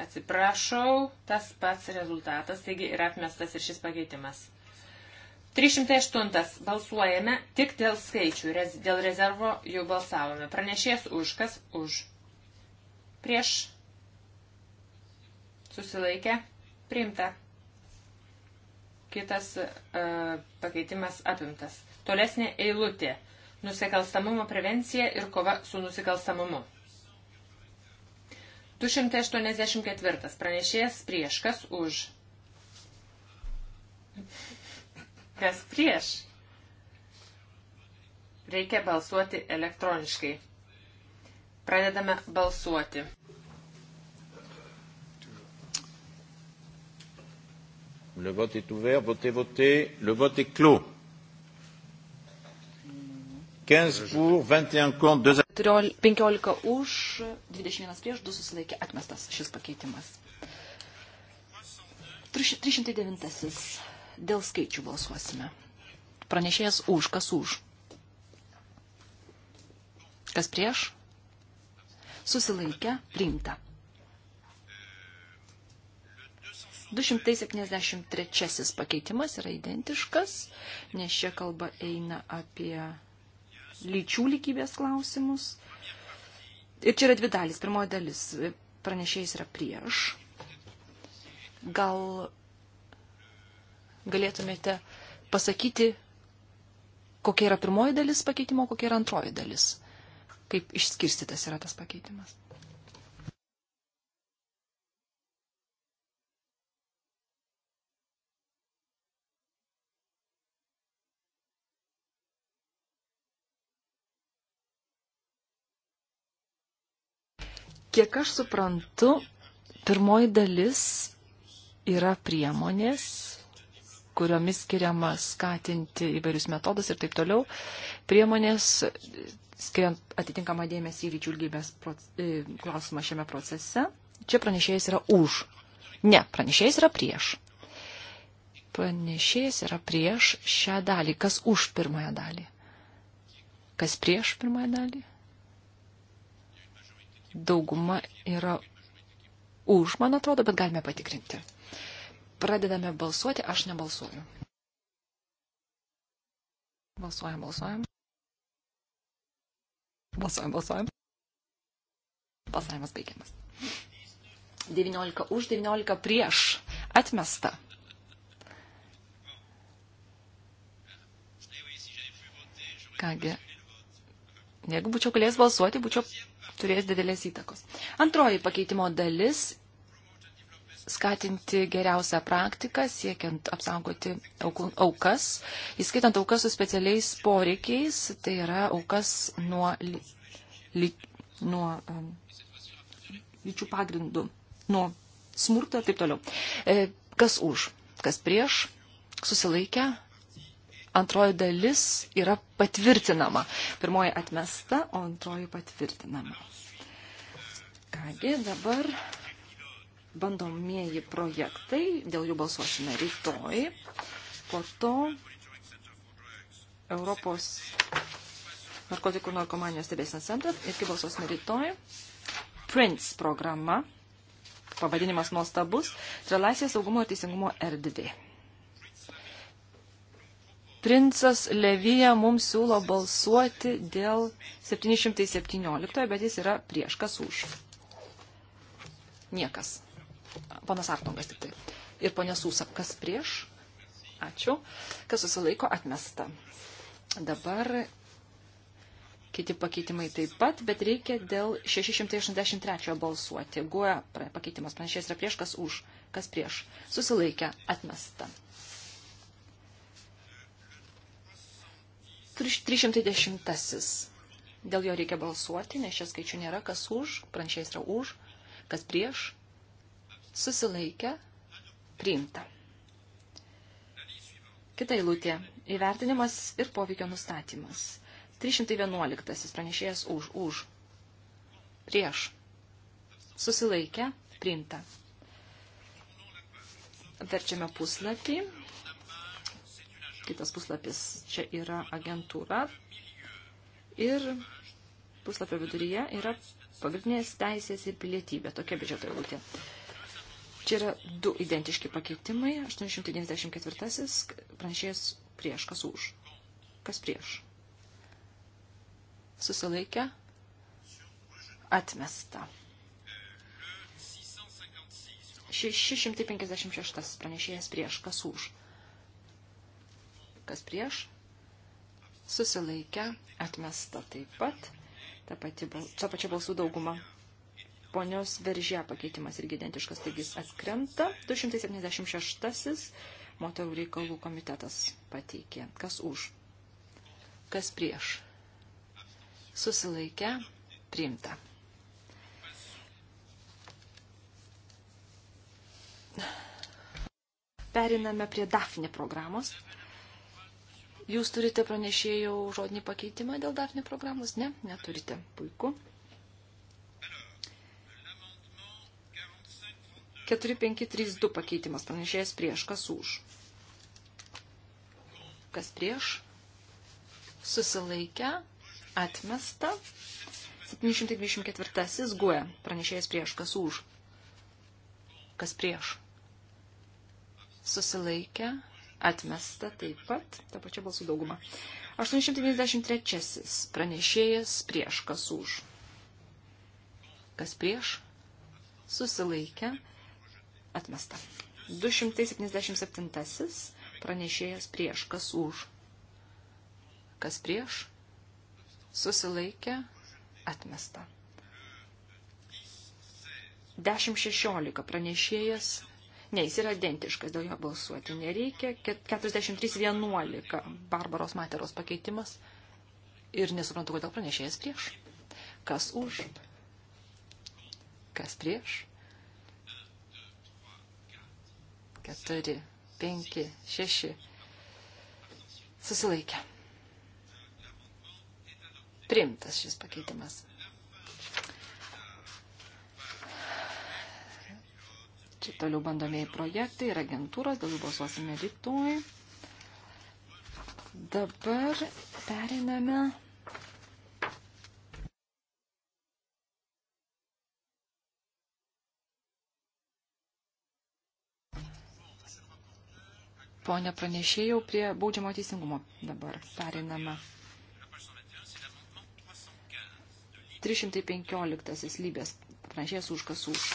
Atsiprašau, tas pats rezultatas, taigi yra atmestas ir šis pakeitimas. 308 balsuojame tik dėl skaičių, rez, dėl rezervo jau balsavome. Pranešės už, kas už. Prieš susilaikė, priimta. Kitas e, pakeitimas apimtas. Tolesnė eilutė. Nusikalstamumo prevencija ir kova su nusikalstamumu. 284. Pranešėjas prieš. Kas už? Kas prieš? Reikia balsuoti elektroniškai. Pradedame balsuoti. Le vote est ouvert. Votez, votez. Le vote est clos. 15 pour, 21 contre, 2 15 už, 21 prieš, 2 susilaikė atmestas šis pakeitimas. 309. Dėl skaičių balsuosime. Pranešėjas už, kas už. Kas prieš? Susilaikę, priimta. 273 pakeitimas yra identiškas, nes čia kalba eina apie lyčių lygybės klausimus. Ir čia yra dvi dalys. Pirmoji dalis pranešėjas yra prieš. Gal galėtumėte pasakyti, kokia yra pirmoji dalis pakeitimo, kokia yra antroji dalis. Kaip išskirstytas yra tas pakeitimas. Kiek aš suprantu, pirmoji dalis yra priemonės, kuriomis skiriama skatinti įvairius metodus ir taip toliau. Priemonės skiriant atitinkamą dėmesį į lyčių lygybės e, klausimą šiame procese. Čia pranešėjas yra už. Ne, pranešėjas yra prieš. Pranešėjas yra prieš šią dalį. Kas už pirmąją dalį? Kas prieš pirmąją dalį? dauguma yra už, man atrodo, bet galime patikrinti. Pradedame balsuoti, aš nebalsuoju. Balsuojam, balsuojam. Balsuojam, balsuojam. Balsavimas baigiamas. 19 už, 19 prieš. Atmesta. Kągi, jeigu būčiau galėjęs balsuoti, būčiau turės didelės įtakos. Antroji pakeitimo dalis - skatinti geriausią praktiką, siekiant apsaugoti aukas, įskaitant aukas su specialiais poreikiais, tai yra aukas nuo, li, nuo um, lyčių pagrindų, nuo smurto ir taip toliau. E, kas už, kas prieš, susilaikę, antroji dalis yra patvirtinama. Pirmoji atmesta, o antroji patvirtinama. Kągi, dabar bandomieji projektai, dėl jų balsuosime rytoj. Po to Europos narkotikų narkomanijos stebėsinas centras irgi balsuosime rytoj. Prince programa, pavadinimas nuostabus, tai yra laisvės saugumo ir teisingumo erdvė. Princas Levija mums siūlo balsuoti dėl 717, bet jis yra prieš kas už. Niekas. Ponas Artongas tik tai. Ir ponė Sūsa, kas prieš? Ačiū. Kas susilaiko atmesta. Dabar kiti pakeitimai taip pat, bet reikia dėl 683 balsuoti. Guoja pakeitimas panašiais yra prieš kas už, kas prieš. Susilaikę atmesta. 310. Dėl jo reikia balsuoti, nes čia skaičių nėra, kas už, pranšiais yra už, kas prieš, susilaikę, priimta. Kita eilutė. Įvertinimas ir poveikio nustatymas. 311. Pranešėjas už, už. Prieš. Susilaikę. Priimta. Verčiame puslapį kitas puslapis čia yra agentūra. Ir puslapio viduryje yra pagrindinės teisės ir pilietybė, tokia biudžeto eilutė. Čia yra du identiški pakeitimai, 894 pranešėjas prieš, kas už, kas prieš. Susilaikę, atmesta. 656 pranešėjas prieš, kas už, kas prieš, susilaikę, atmesta taip pat, ta pati, ta pačia balsų dauguma. Ponios veržė pakeitimas irgi identiškas, taigi jis atkrenta. 276 moterų reikalų komitetas pateikė. Kas už? Kas prieš? Susilaikę, priimta. Periname prie DAFNE programos. Jūs turite pranešėjų žodinį pakeitimą dėl Dafne programos? Ne, neturite. Puiku. 4532 pakeitimas pranešėjas prieš, kas už. Kas prieš? Susilaikę, atmesta. 724 guė, e. pranešėjas prieš, kas už. Kas prieš? Susilaikę, Atmesta taip pat, ta pačia balsų dauguma. 893. Pranešėjas prieš kas už. Kas prieš? Susilaikė. Atmesta. 277. Pranešėjas prieš kas už. Kas prieš? Susilaikė. Atmesta. 10.16 pranešėjas Ne, jis yra identiškas, dėl jo balsuoti nereikia. 43.11 Barbaros Materos pakeitimas. Ir nesuprantu, kodėl pranešėjas prieš. Kas už? Kas prieš? 4, 5, 6. Susilaikę. Primtas šis pakeitimas. Čia toliau bandomieji projektai ir agentūros, dėl jų balsuosime rytoj. Dabar periname Pone pranešėjau prie baudžiamo teisingumo dabar perinama. 315 lybės pranešėjas už kas už.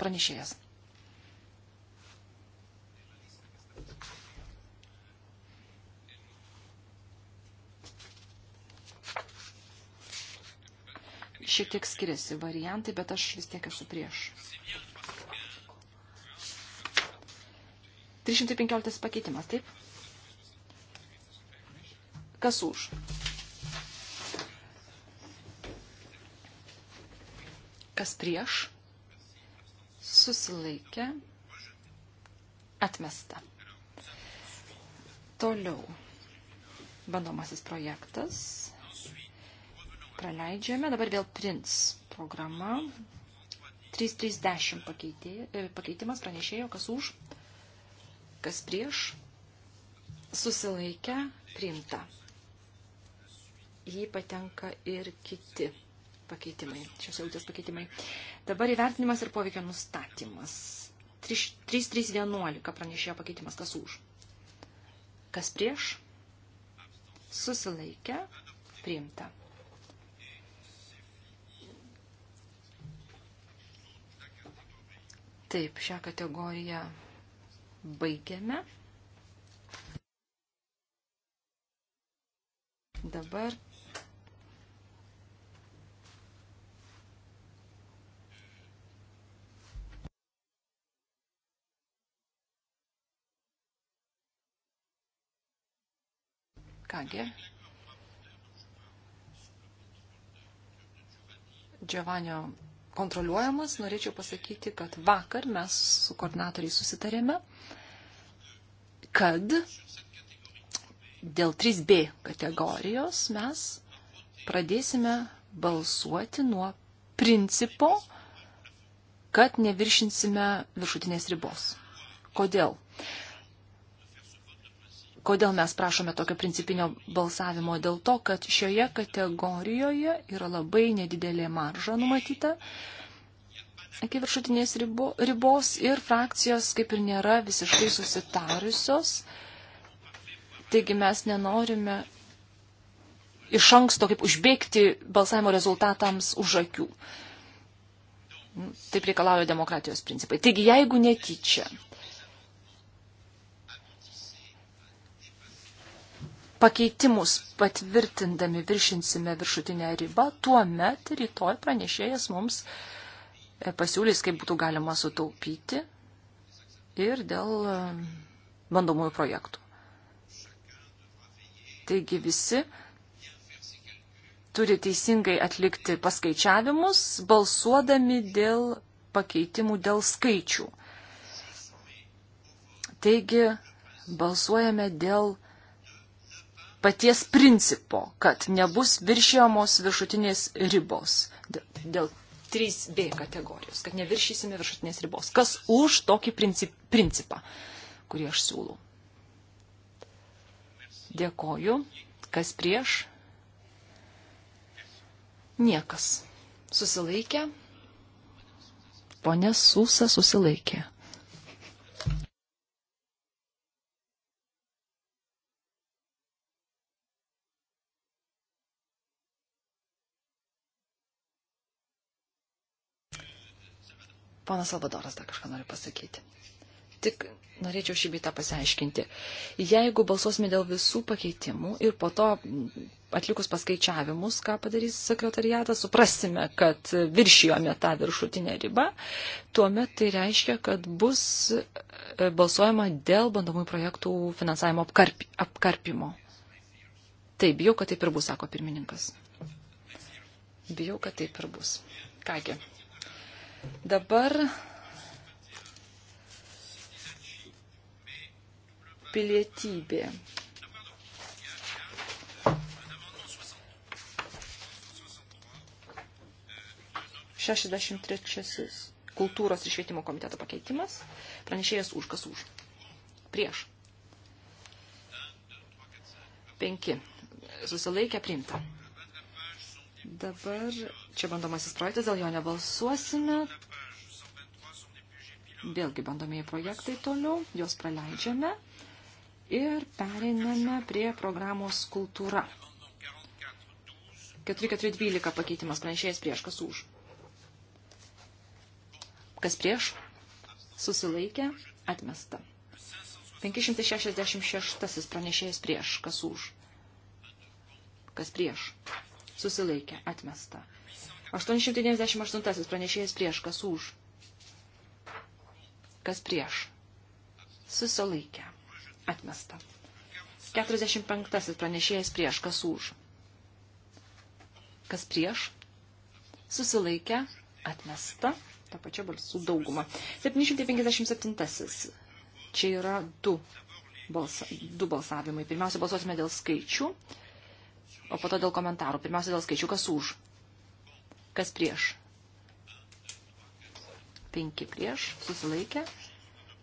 pranešėjas. Šiek tiek skiriasi variantai, bet aš vis tiek esu prieš. 315 pakeitimas, taip? Kas už? Kas prieš? susilaikė, atmesta. Toliau bandomasis projektas. Praleidžiame. Dabar vėl Prince programa. 330 e, pakeitimas pranešėjo, kas už, kas prieš, susilaikę, priimta. Jį patenka ir kiti pakeitimai, šios eilutės pakeitimai. Dabar įvertinimas ir poveikio nustatymas. 3.3.11 pranešėjo pakeitimas, kas už. Kas prieš? Susilaikę, priimta. Taip, šią kategoriją baigiame. Dabar Kągi. Džiovanio kontroliuojamas, norėčiau pasakyti, kad vakar mes su koordinatoriai susitarėme, kad dėl 3B kategorijos mes pradėsime balsuoti nuo principo, kad neviršinsime viršutinės ribos. Kodėl? Kodėl mes prašome tokio principinio balsavimo? Dėl to, kad šioje kategorijoje yra labai nedidelė marža numatyta iki viršutinės ribo, ribos ir frakcijos kaip ir nėra visiškai susitarusios. Taigi mes nenorime iš anksto kaip užbėgti balsavimo rezultatams už akių. Taip reikalauja demokratijos principai. Taigi jeigu netyčia pakeitimus patvirtindami viršinsime viršutinę ribą, tuo met rytoj pranešėjas mums e, pasiūlys, kaip būtų galima sutaupyti ir dėl e, bandomųjų projektų. Taigi visi turi teisingai atlikti paskaičiavimus, balsuodami dėl pakeitimų dėl skaičių. Taigi balsuojame dėl skaičių paties principo, kad nebus viršėjamos viršutinės ribos dėl 3B kategorijos, kad neviršysime viršutinės ribos. Kas už tokį princip, principą, kurį aš siūlau? Dėkoju. Kas prieš? Niekas. Susilaikė. Pone Susa susilaikė. Ponas Salvadoras dar kažką nori pasakyti. Tik norėčiau šį bitą pasiaiškinti. Jeigu balsuosime dėl visų pakeitimų ir po to atlikus paskaičiavimus, ką padarys sekretariatas, suprasime, kad viršijome tą viršutinę ribą, tuomet tai reiškia, kad bus e, balsuojama dėl bandomųjų projektų finansavimo apkarp, apkarpimo. Taip, bijau, kad taip ir bus, sako pirmininkas. Bijau, kad taip ir bus. Kągi, Dabar pilietybė. Šešiasdešimt trečiasis kultūros ir švietimo komiteto pakeitimas. Pranešėjas už, kas už. Prieš. Penki. Susilaikę priimta. Dabar Čia bandomasis projektas, dėl jo nebalsuosime. Vėlgi bandomieji projektai toliau, juos praleidžiame ir pereiname prie programos kultūra. 4412 pakeitimas pranešėjas prieš, kas už. Kas prieš? Susilaikė, atmesta. 566 pranešėjas prieš, kas už. Kas prieš? Susilaikė, atmesta. 898 pranešėjas prieš, kas už. Kas prieš. Susilaikę. Atmesta. 45 pranešėjas prieš, kas už. Kas prieš. Susilaikę. Atmesta. Ta pačia balsų dauguma. 757. Čia yra du, balsa, du balsavimai. Pirmiausia, balsuosime dėl skaičių, o po to dėl komentarų. Pirmiausia, dėl skaičių, kas už Kas prieš? 5 prieš, susilaikę.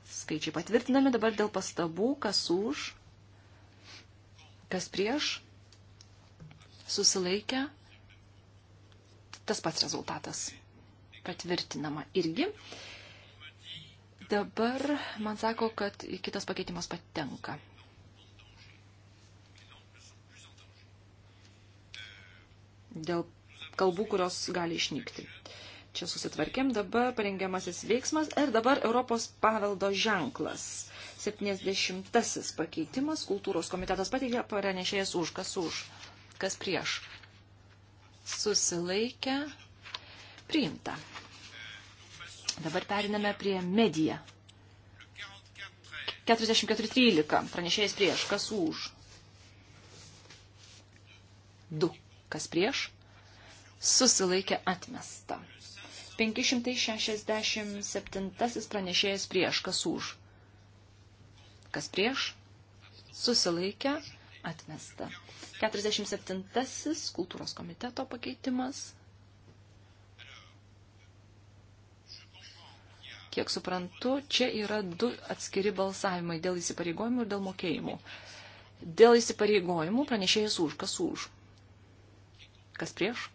Skaičiai patvirtinami dabar dėl pastabų, kas už, kas prieš, susilaikę. Tas pats rezultatas patvirtinama irgi. Dabar man sako, kad kitas pakeitimas patenka. Dėl kalbų, kurios gali išnykti. Čia susitvarkėm dabar parengiamasis veiksmas ir dabar Europos paveldo ženklas. 70 pakeitimas, kultūros komitetas pateikė paranešėjas už, kas už, kas prieš. Susilaikę, priimta. Dabar periname prie mediją. 44.13. Pranešėjas prieš. Kas už? 2. Kas prieš? susilaikė atmesta. 567 pranešėjas prieš, kas už. Kas prieš? Susilaikė atmesta. 47 kultūros komiteto pakeitimas. Kiek suprantu, čia yra du atskiri balsavimai dėl įsipareigojimų ir dėl mokėjimų. Dėl įsipareigojimų pranešėjas už, kas už. Kas prieš?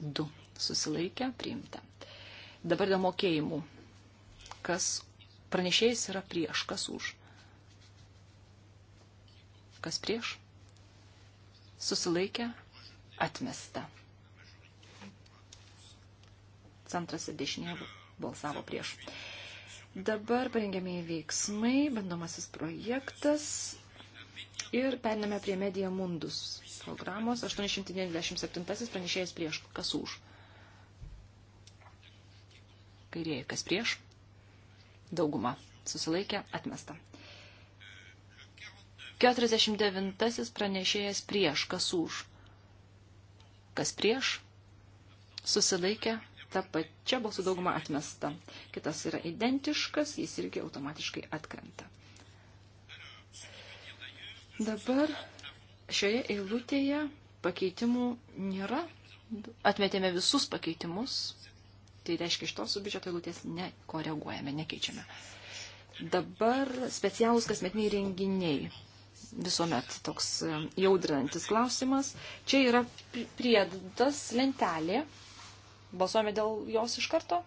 2 susilaikė, priimta. Dabar dėl mokėjimų. Kas pranešėjas yra prieš, kas už? Kas prieš? Susilaikė, atmesta. Centras ir dešinė balsavo prieš. Dabar parengiamieji veiksmai, bandomasis projektas ir periname prie Media Mundus programos. 897 pranešėjas prieš. Kas už? Kairieji. Kas prieš? Dauguma. Susilaikė. Atmesta. 49 pranešėjas prieš. Kas už? Kas prieš? Susilaikė. Ta pačia balsų dauguma atmesta. Kitas yra identiškas, jis irgi automatiškai atkrenta. Dabar šioje eilutėje pakeitimų nėra. Atmetėme visus pakeitimus. Tai reiškia, iš tos biudžeto eilutės nekoreguojame, nekeičiame. Dabar specialūs kasmetiniai renginiai. Visuomet toks e, jaudrinantis klausimas. Čia yra priedas lentelė. Balsuojame dėl jos iš karto,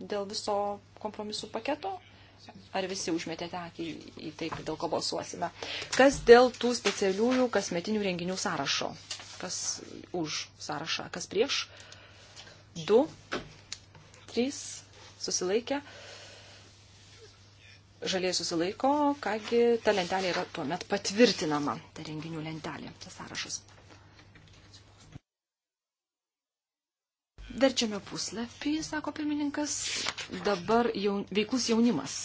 dėl viso kompromisų paketo. Ar visi užmetėte akį į tai, dėl ko balsuosime? Kas dėl tų specialiųjų kasmetinių renginių sąrašo? Kas už sąrašą? Kas prieš? Du, trys, susilaikė. Žaliai susilaiko, kągi ta lentelė yra tuomet patvirtinama, ta renginių lentelė, tas sąrašas. Verčiame puslapį, sako pirmininkas, dabar jaun, veiklus jaunimas.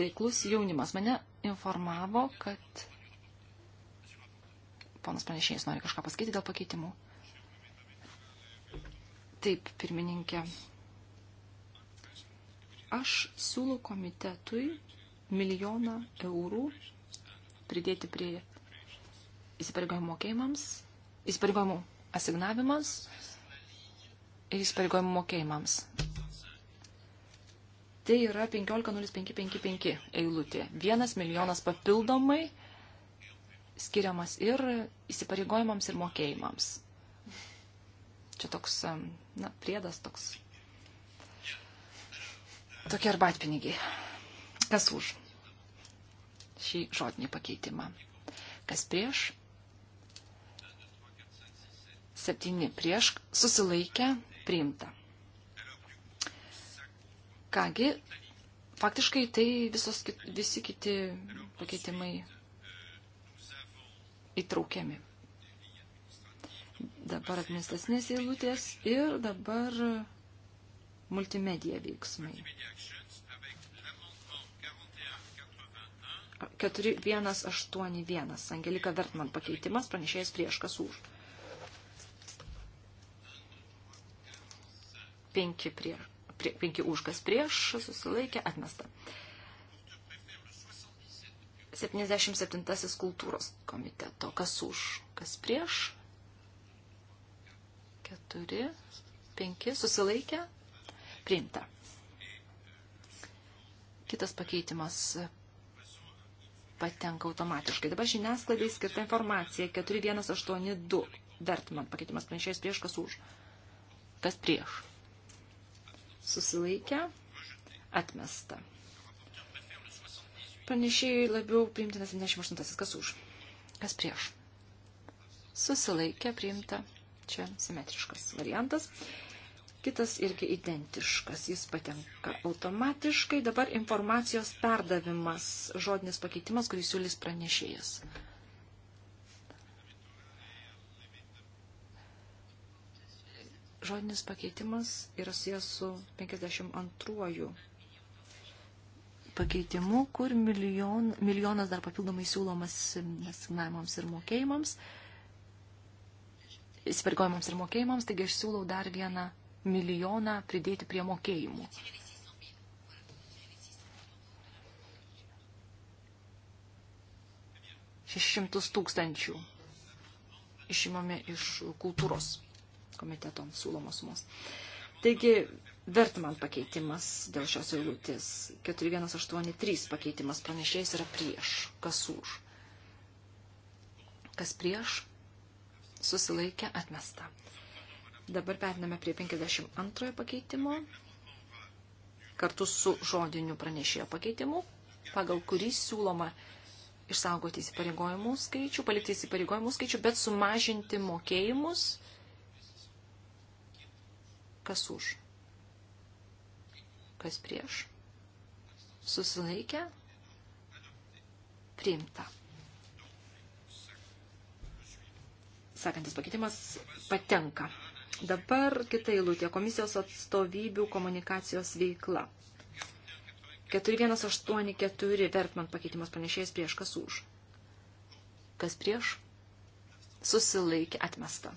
Veiklus jaunimas. Mane informavo, kad ponas pranešėjas nori kažką pasakyti dėl pakeitimų. Taip, pirmininkė. Aš siūlau komitetui milijoną eurų pridėti prie įsipareigojimų mokėjimams, įsipareigojimų asignavimams ir įsipareigojimų mokėjimams. Tai yra 15.0555 eilutė. Vienas milijonas papildomai skiriamas ir įsipareigojimams ir mokėjimams. Čia toks, na, priedas toks. Tokie arbatpinigiai. Kas už šį žodinį pakeitimą? Kas prieš? 7 prieš susilaikę priimta. Kągi, faktiškai tai visos, visi kiti pakeitimai įtraukiami. Dabar administracinės eilutės ir dabar multimedija veiksmai. 4181. Angelika Vertman pakeitimas, pranešėjas prieš kas už. 5, prie, prie, 5 už, kas prieš, susilaikė, atmesta. 77 kultūros komiteto, kas už, kas prieš, 4, 5, susilaikė, priimta. Kitas pakeitimas patenka automatiškai. Dabar žiniasklaidai skirta informacija 4182. Vertman pakeitimas pranešėjas prieš kas už. Kas prieš susilaikę, atmesta. Pranešėjai labiau priimtinas 78. Kas už? Kas prieš? Susilaikę priimta. Čia simetriškas variantas. Kitas irgi identiškas. Jis patenka automatiškai. Dabar informacijos perdavimas. Žodinis pakeitimas, kurį siūlys pranešėjas. Žodinis pakeitimas yra susijęs su 52 pakeitimu, kur milijon, milijonas dar papildomai siūlomas asignavimams ir mokėjimams, įsipareigojimams ir mokėjimams, taigi aš siūlau dar vieną milijoną pridėti prie mokėjimų. Šešimtus tūkstančių išimame iš kultūros komiteto siūlomos sumos. Taigi, vertimant pakeitimas dėl šios eilutės. 4183 pakeitimas pranešėjas yra prieš. Kas už? Kas prieš? Susilaikė atmesta. Dabar pertiname prie 52 pakeitimo kartu su žodiniu pranešėjo pakeitimu, pagal kurį siūloma išsaugoti įsipareigojimų skaičių, palikti įsipareigojimų skaičių, bet sumažinti mokėjimus Kas už? Kas prieš? Susilaikę? Priimta. Sakantis pakeitimas patenka. Dabar kita eilutė. Komisijos atstovybių komunikacijos veikla. 4184 Vertman pakeitimas panešėjas prieš kas už. Kas prieš? Susilaikė atmesta.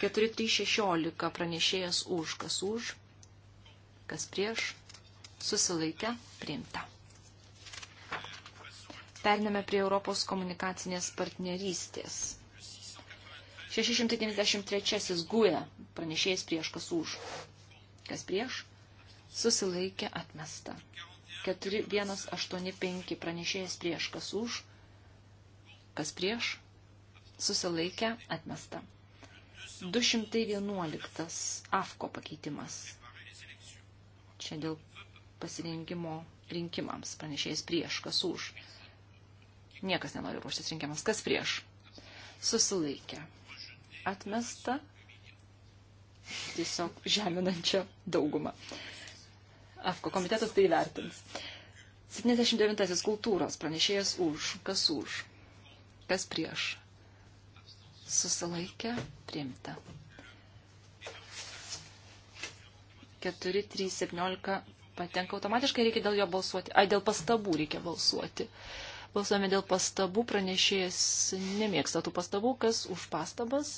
4316 pranešėjas už, kas už, kas prieš, susilaikę, priimta. Pernėme prie Europos komunikacinės partnerystės. 693 guja pranešėjas prieš, kas už, kas prieš, susilaikė atmesta. 4185 pranešėjas prieš, kas už, kas prieš, susilaikė atmesta. 211 AFKO pakeitimas. Čia dėl pasirinkimo rinkimams pranešėjas prieš, kas už. Niekas nenori ruoštis rinkimams, kas prieš. Susilaikė. Atmesta tiesiog žeminančią daugumą. AFKO komitetas tai vertins. 79. Kultūros pranešėjas už, kas už, kas prieš, susilaikė, priimta. 4, 3, 17 patenka automatiškai, reikia dėl jo balsuoti. Ai, dėl pastabų reikia balsuoti. Balsuojame dėl pastabų, pranešėjas nemėgsta tų pastabų, kas už pastabas.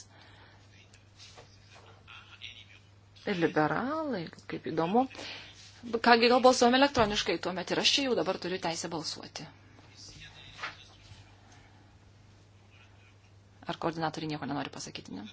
Liberalai, kaip įdomu. Kągi gal balsuojame elektroniškai, tuomet ir aš čia jau dabar turiu teisę balsuoti. Ar koordinatoriai nieko nenori pasakyti, ne?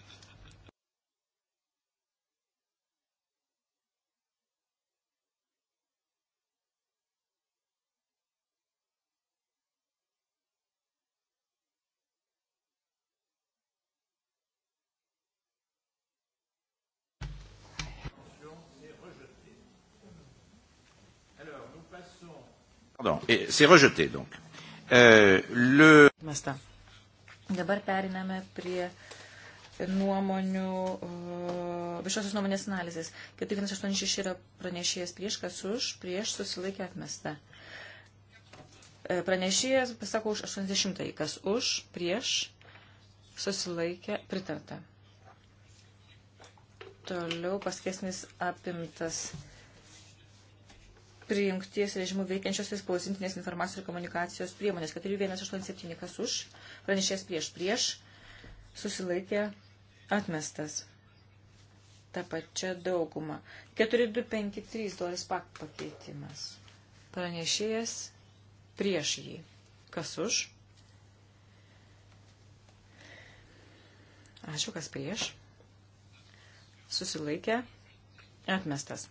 Pardon, c'est rejeté donc. Euh, le... Masta. Dabar periname prie nuomonių, uh, viešosios nuomonės analizės. 4186 yra pranešėjas prieš, kas už, prieš susilaikė atmesta. Uh, pranešėjas pasako už 80, kas už, prieš susilaikė pritarta. Toliau paskesnis apimtas prijungties režimų veikiančios ir spausintinės informacijos ir komunikacijos priemonės. 4187 kas už, pranešės prieš prieš, susilaikė atmestas. Ta pačia dauguma. 4253 doris pak pakeitimas. Pranešėjas prieš jį. Kas už? Ačiū, kas prieš. Susilaikė. Atmestas.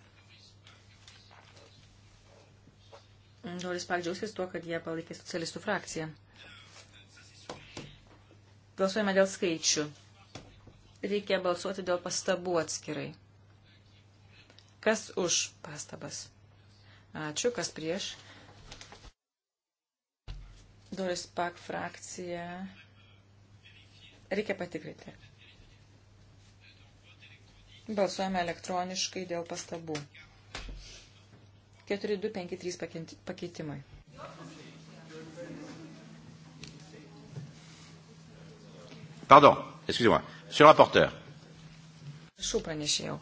Doris Pak džiaugsės tuo, kad jie palaikė socialistų frakciją. Balsuojame dėl skaičių. Reikia balsuoti dėl pastabų atskirai. Kas už pastabas? Ačiū, kas prieš? Doris Pak frakcija. Reikia patikrinti. Balsuojame elektroniškai dėl pastabų. 4253 pakeitimai. Pardon, excusez-moi. Monsieur le rapporteur. Prašau pranešėjau.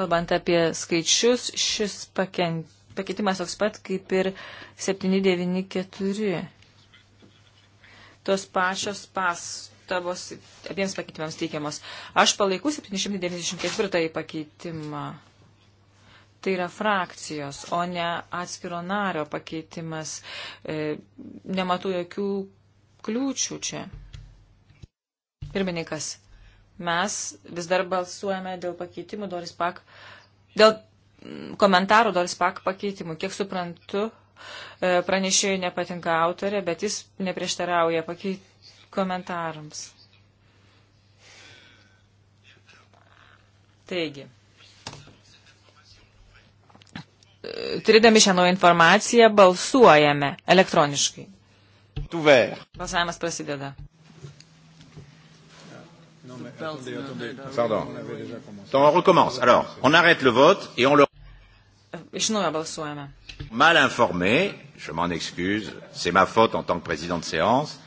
Kalbant apie skaičius, šis pakent pakeitimas toks pat kaip ir 794. Tos pačios pastabos abiems pakeitimams teikiamos. Aš palaikau 794 pakeitimą. Tai yra frakcijos, o ne atskiro nario pakeitimas. E, nematau jokių kliūčių čia. Pirmininkas, mes vis dar balsuojame dėl pakeitimų, Doris Pak, dėl komentarų Doris Pak pakeitimų. Kiek suprantu, e, pranešėjai nepatinka autorė, bet jis neprieštarauja pakeit komentarams. Taigi. Turėdami šią naują informaciją balsuojame elektroniškai. Balsavimas prasideda. Pardon. On recommence. Alors, on arrête le vote et on le. Iš naujo balsuojame. Mal informé, je m'en excuse, c'est ma faute en tant que président de séance.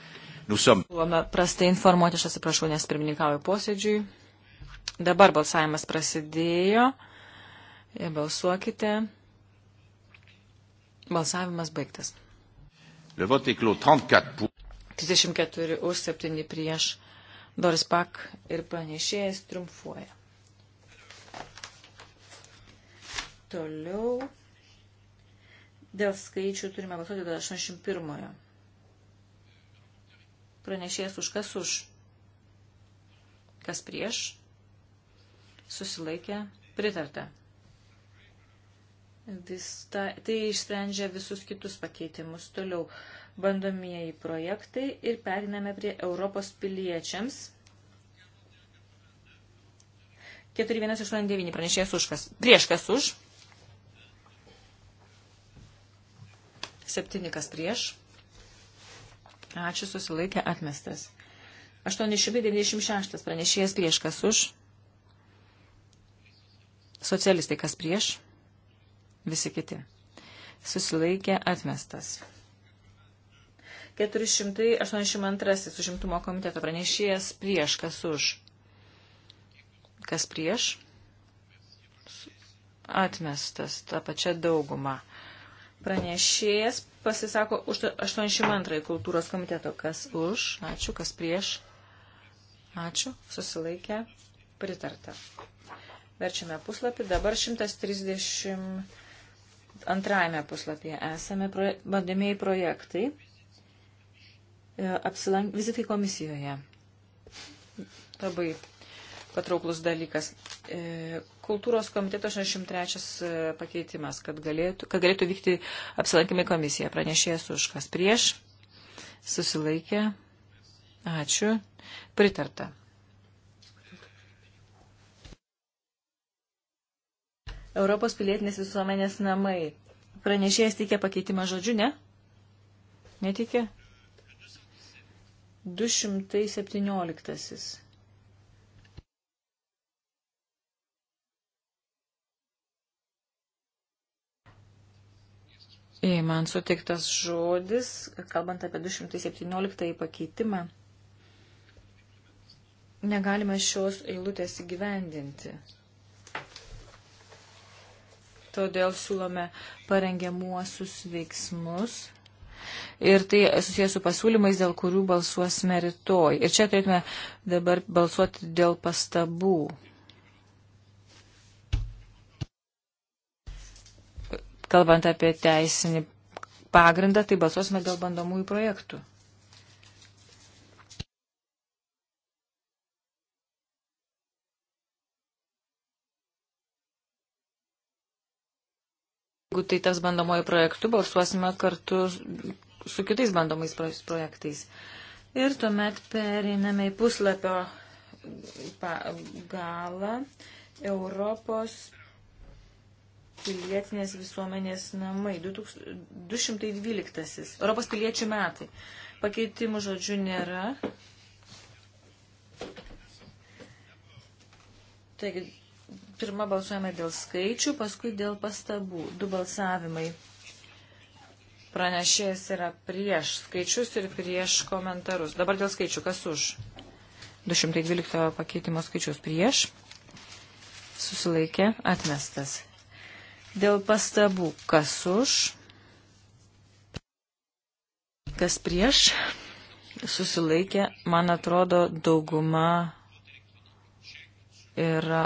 Nous sommes. Buvome prastai informuoti, aš atsiprašau, nes pirmininkauju posėdžiui. Dabar balsavimas prasidėjo. Balsuokite. Balsavimas baigtas. Le vote est clos 34 pour. 34 už 7 prieš. Doris Pak ir pranešėjas triumfuoja. Toliau dėl skaičių turime balsuoti dėl 81-ojo. Pranešėjas už kas už, kas prieš, susilaikė, pritarta. Vis ta, tai išsprendžia visus kitus pakeitimus. Toliau bandomieji projektai ir periname prie Europos piliečiams. 4189 pranešėjas už kas. Prieš kas už. 7 kas prieš. Ačiū susilaikė atmestas. 896 pranešėjas prieš kas už. Socialistai kas prieš. Visi kiti. Susilaikė atmestas. 482 užimtumo komiteto pranešėjas prieš kas už. Kas prieš? Atmestas tą pačią daugumą. Pranešėjas pasisako už 82 kultūros komiteto. Kas už? Ačiū. Kas prieš? Ačiū. Susilaikę. Pritarta. Verčiame puslapį. Dabar 132 puslapyje esame proje bandėmėjai projektai. E, Apsilank vizitai komisijoje. Labai patrauklus dalykas. E, kultūros komiteto 63 e, pakeitimas, kad galėtų, kad galėtų vykti apsilankimai komisija. Pranešėjas už kas prieš. Susilaikė. Ačiū. Pritarta. Europos pilietinės visuomenės namai. Pranešėjas teikia pakeitimą žodžiu, ne? Netikė? 217. Man sutiktas žodis, kalbant apie 217 pakeitimą, negalime šios eilutės įgyvendinti. Todėl siūlome parengiamuosius veiksmus ir tai susijęs su pasiūlymais, dėl kurių balsuosime rytoj. Ir čia turėtume dabar balsuoti dėl pastabų. kalbant apie teisinį pagrindą, tai balsuosime dėl bandomųjų projektų. Jeigu tai tas bandomoji projektų, balsuosime kartu su kitais bandomais projektais. Ir tuomet periname į puslapio galą Europos pilietinės visuomenės namai, 212. Europos piliečių metai. Pakeitimų žodžių nėra. Taigi, pirmą balsuojame dėl skaičių, paskui dėl pastabų. Du balsavimai. Pranešėjas yra prieš skaičius ir prieš komentarus. Dabar dėl skaičių. Kas už? 212 pakeitimo skaičius prieš. Susilaikė. Atmestas. Dėl pastabų, kas už, kas prieš, susilaikė, man atrodo, dauguma yra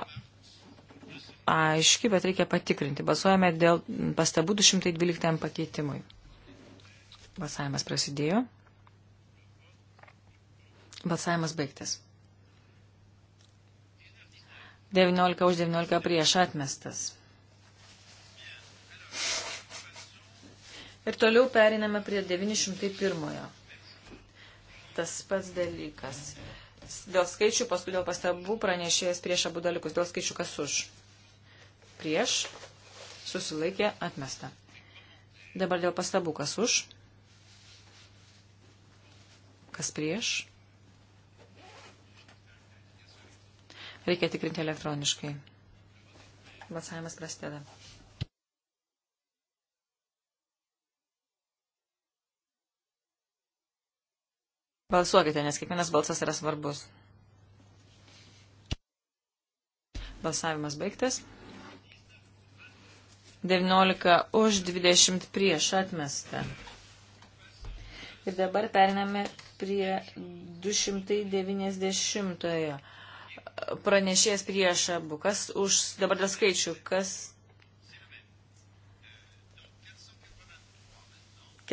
aiški, bet reikia patikrinti. Balsuojame dėl pastabų 212 pakeitimui. Balsavimas prasidėjo. Balsavimas baigtas. 19 už 19 prieš atmestas. Ir toliau periname prie 901. Tas pats dalykas. Dėl skaičių, paskui dėl pastabų pranešėjas prieš abu dalykus. Dėl skaičių kas už. Prieš. Susilaikė atmesta. Dabar dėl pastabų kas už. Kas prieš. Reikia tikrinti elektroniškai. Balsavimas prasideda. Balsuokite, nes kiekvienas balsas yra svarbus. Balsavimas baigtas. 19 už 20 prieš atmestą. Ir dabar periname prie 290 pranešėjas prieš abu. Kas už, dabar dėl skaičių, kas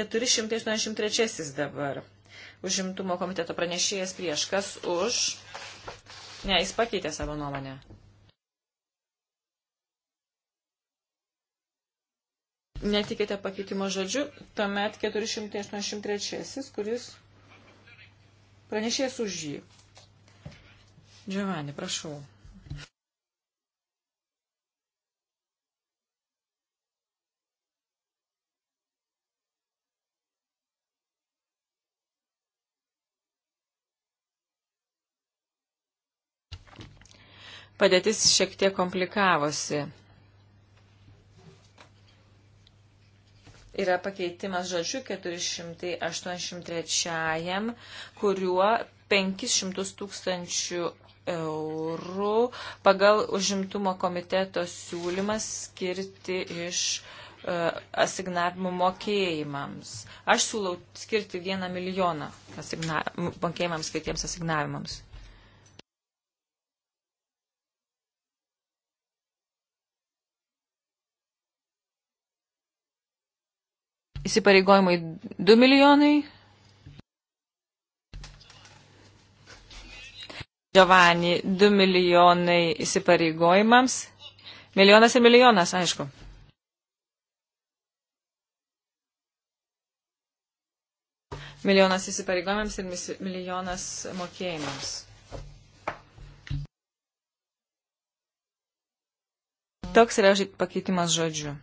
483 dabar užimtumo komiteto pranešėjas prieš, kas už. Ne, jis pakeitė savo nuomonę. Netikite pakeitimo žodžiu, tuomet 483, kuris pranešėjas už jį. Giovanni, prašau. padėtis šiek tiek komplikavosi. Yra pakeitimas žodžiu 483, kuriuo 500 tūkstančių eurų pagal užimtumo komiteto siūlymas skirti iš e, asignavimų mokėjimams. Aš siūlau skirti vieną milijoną mokėjimams skirtiems asignavimams. Įsipareigojimai 2 milijonai. Giovanni, 2 milijonai įsipareigojimams. Milijonas ir milijonas, aišku. Milijonas įsipareigojimams ir milijonas mokėjimams. Toks yra pakeitimas žodžiu.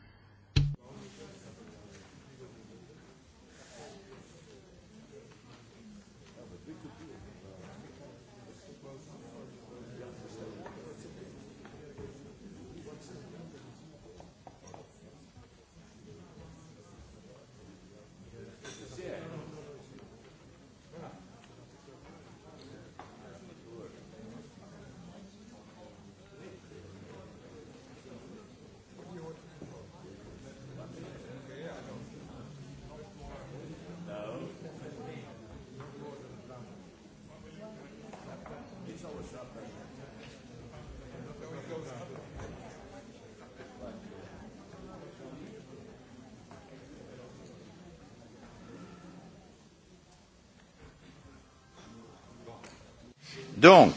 Donc,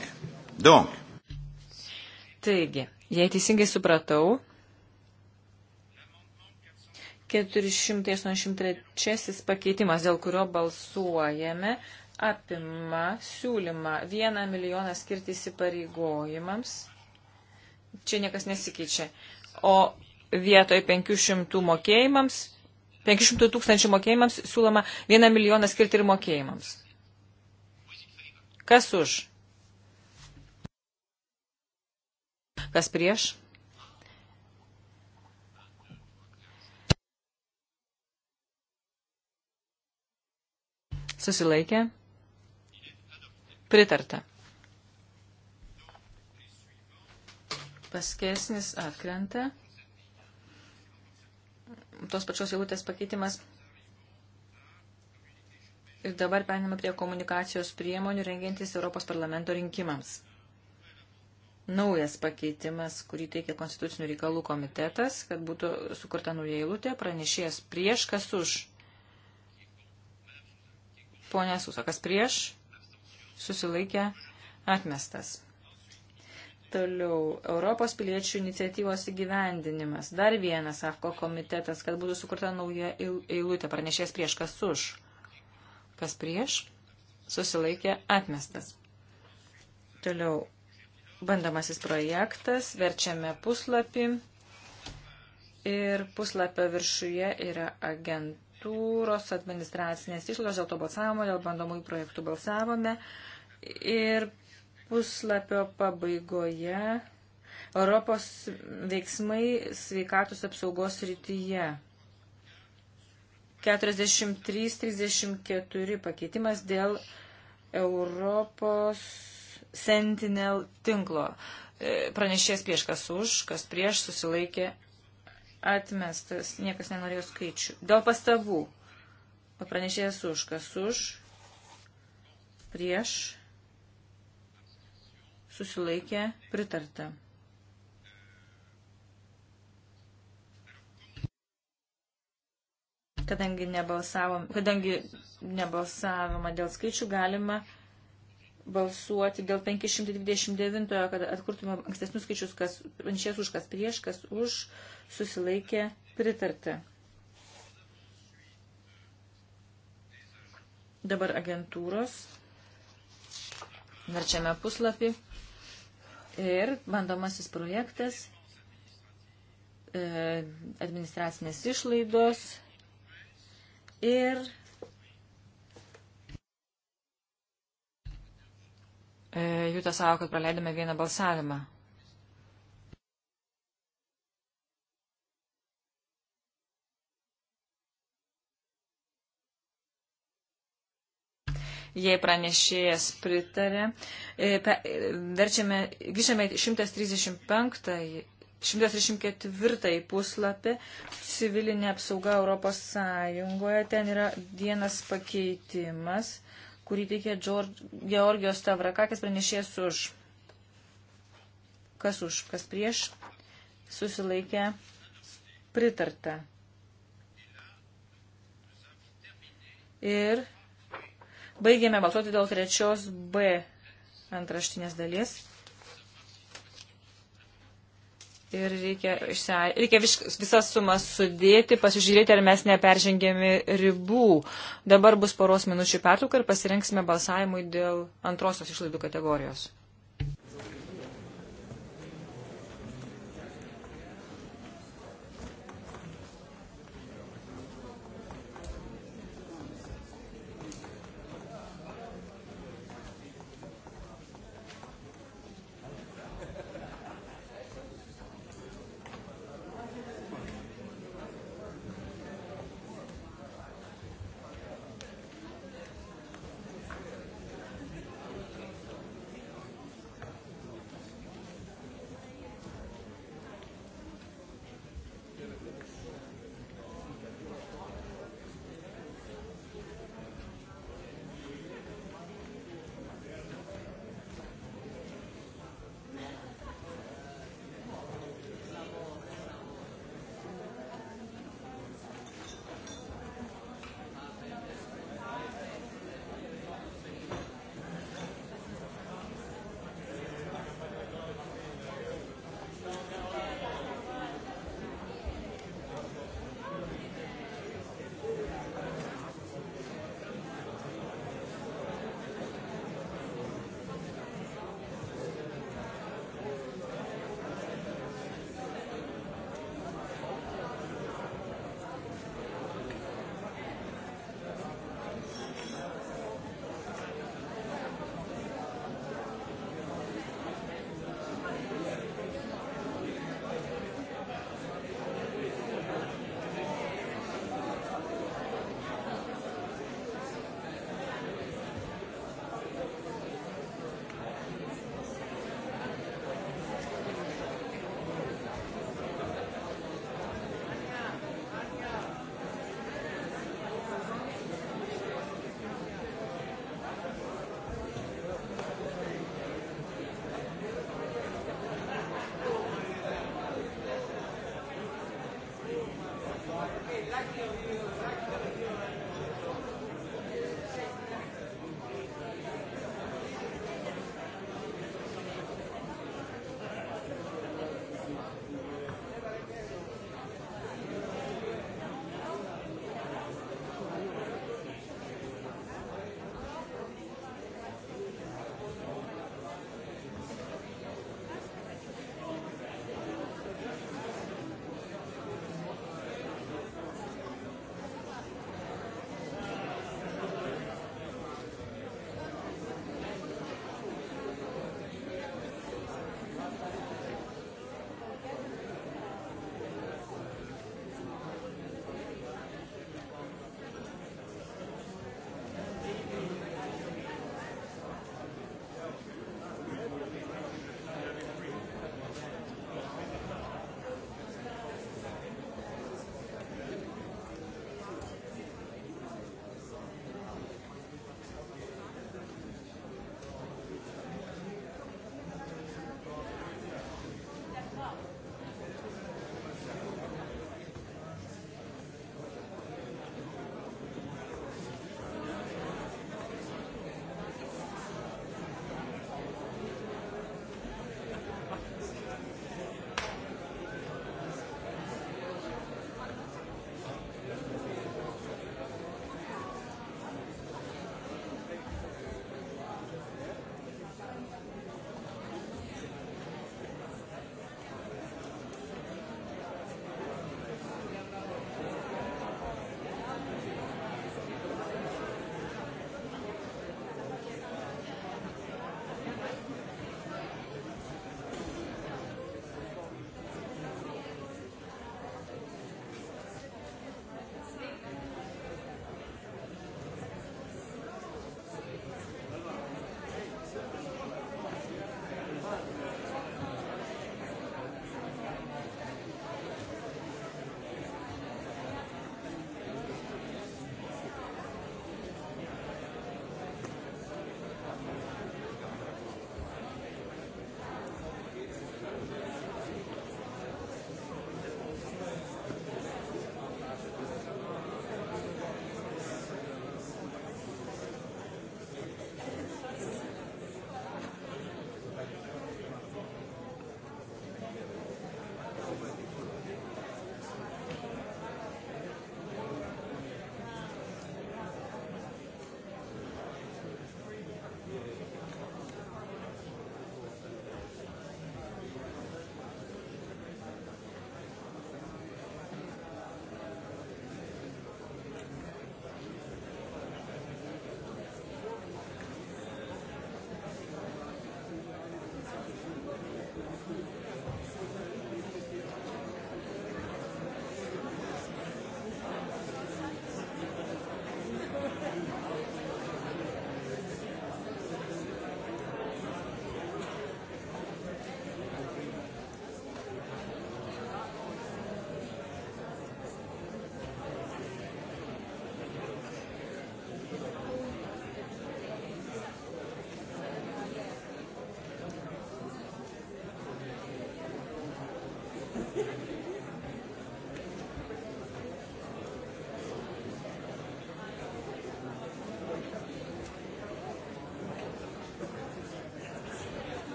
donc. Taigi, jei teisingai supratau, 483 pakeitimas, dėl kurio balsuojame, apima siūlymą 1 milijoną skirti įsipareigojimams. Čia niekas nesikeičia. O vietoj 500 mokėjimams, 500 tūkstančių mokėjimams siūloma 1 milijoną skirti ir mokėjimams. Kas už? Kas prieš? Susilaikė? Pritarta. Paskesnis atkrenta. Tos pačios eilutės pakeitimas. Ir dabar perėmėme prie komunikacijos priemonių rengiantis Europos parlamento rinkimams naujas pakeitimas, kurį teikia Konstitucinių reikalų komitetas, kad būtų sukurta nauja eilutė, pranešėjas prieš, kas už. Pone Susakas prieš, susilaikė, atmestas. Toliau, Europos piliečių iniciatyvos įgyvendinimas. Dar vienas AFKO komitetas, kad būtų sukurta nauja eilutė, pranešėjas prieš, kas už. Kas prieš, susilaikė, atmestas. Toliau, Bandomasis projektas, verčiame puslapį ir puslapio viršuje yra agentūros administracinės išlaidos, dėl to balsavimo, dėl bandomųjų projektų balsavome ir puslapio pabaigoje Europos veiksmai sveikatos apsaugos rytyje. 43-34 pakeitimas dėl Europos Sentinel tinklo. E, pranešės prieš kas už, kas prieš susilaikė atmestas, niekas nenorėjo skaičių. Dėl pastabų. Pranešėjas už, kas už, prieš, susilaikė, pritarta. Kadangi, nebalsavom, kadangi nebalsavimą dėl skaičių galima balsuoti dėl 529, kad atkurtume ankstesnius skaičius, kas anšies už, kas prieš, kas už, susilaikė pritarti. Dabar agentūros. Verčiame puslapį. Ir bandomasis projektas. E, administracinės išlaidos. Ir E, Jūta savo, kad praleidome vieną balsavimą. Jei pranešėjas pritarė, e, e, verčiame, grįžtame 135 134 puslapį civilinė apsauga Europos Sąjungoje. Ten yra vienas pakeitimas kurį teikia Georgijos Tavrakakis pranešės už. Kas už, kas prieš, susilaikė pritarta. Ir baigėme balsuoti dėl trečios B antraštinės dalies. Ir reikia, išsia, reikia vis, visas sumas sudėti, pasižiūrėti, ar mes neperžengėme ribų. Dabar bus poros minučių pertrauka ir pasirinksime balsavimui dėl antrosios išlaidų kategorijos.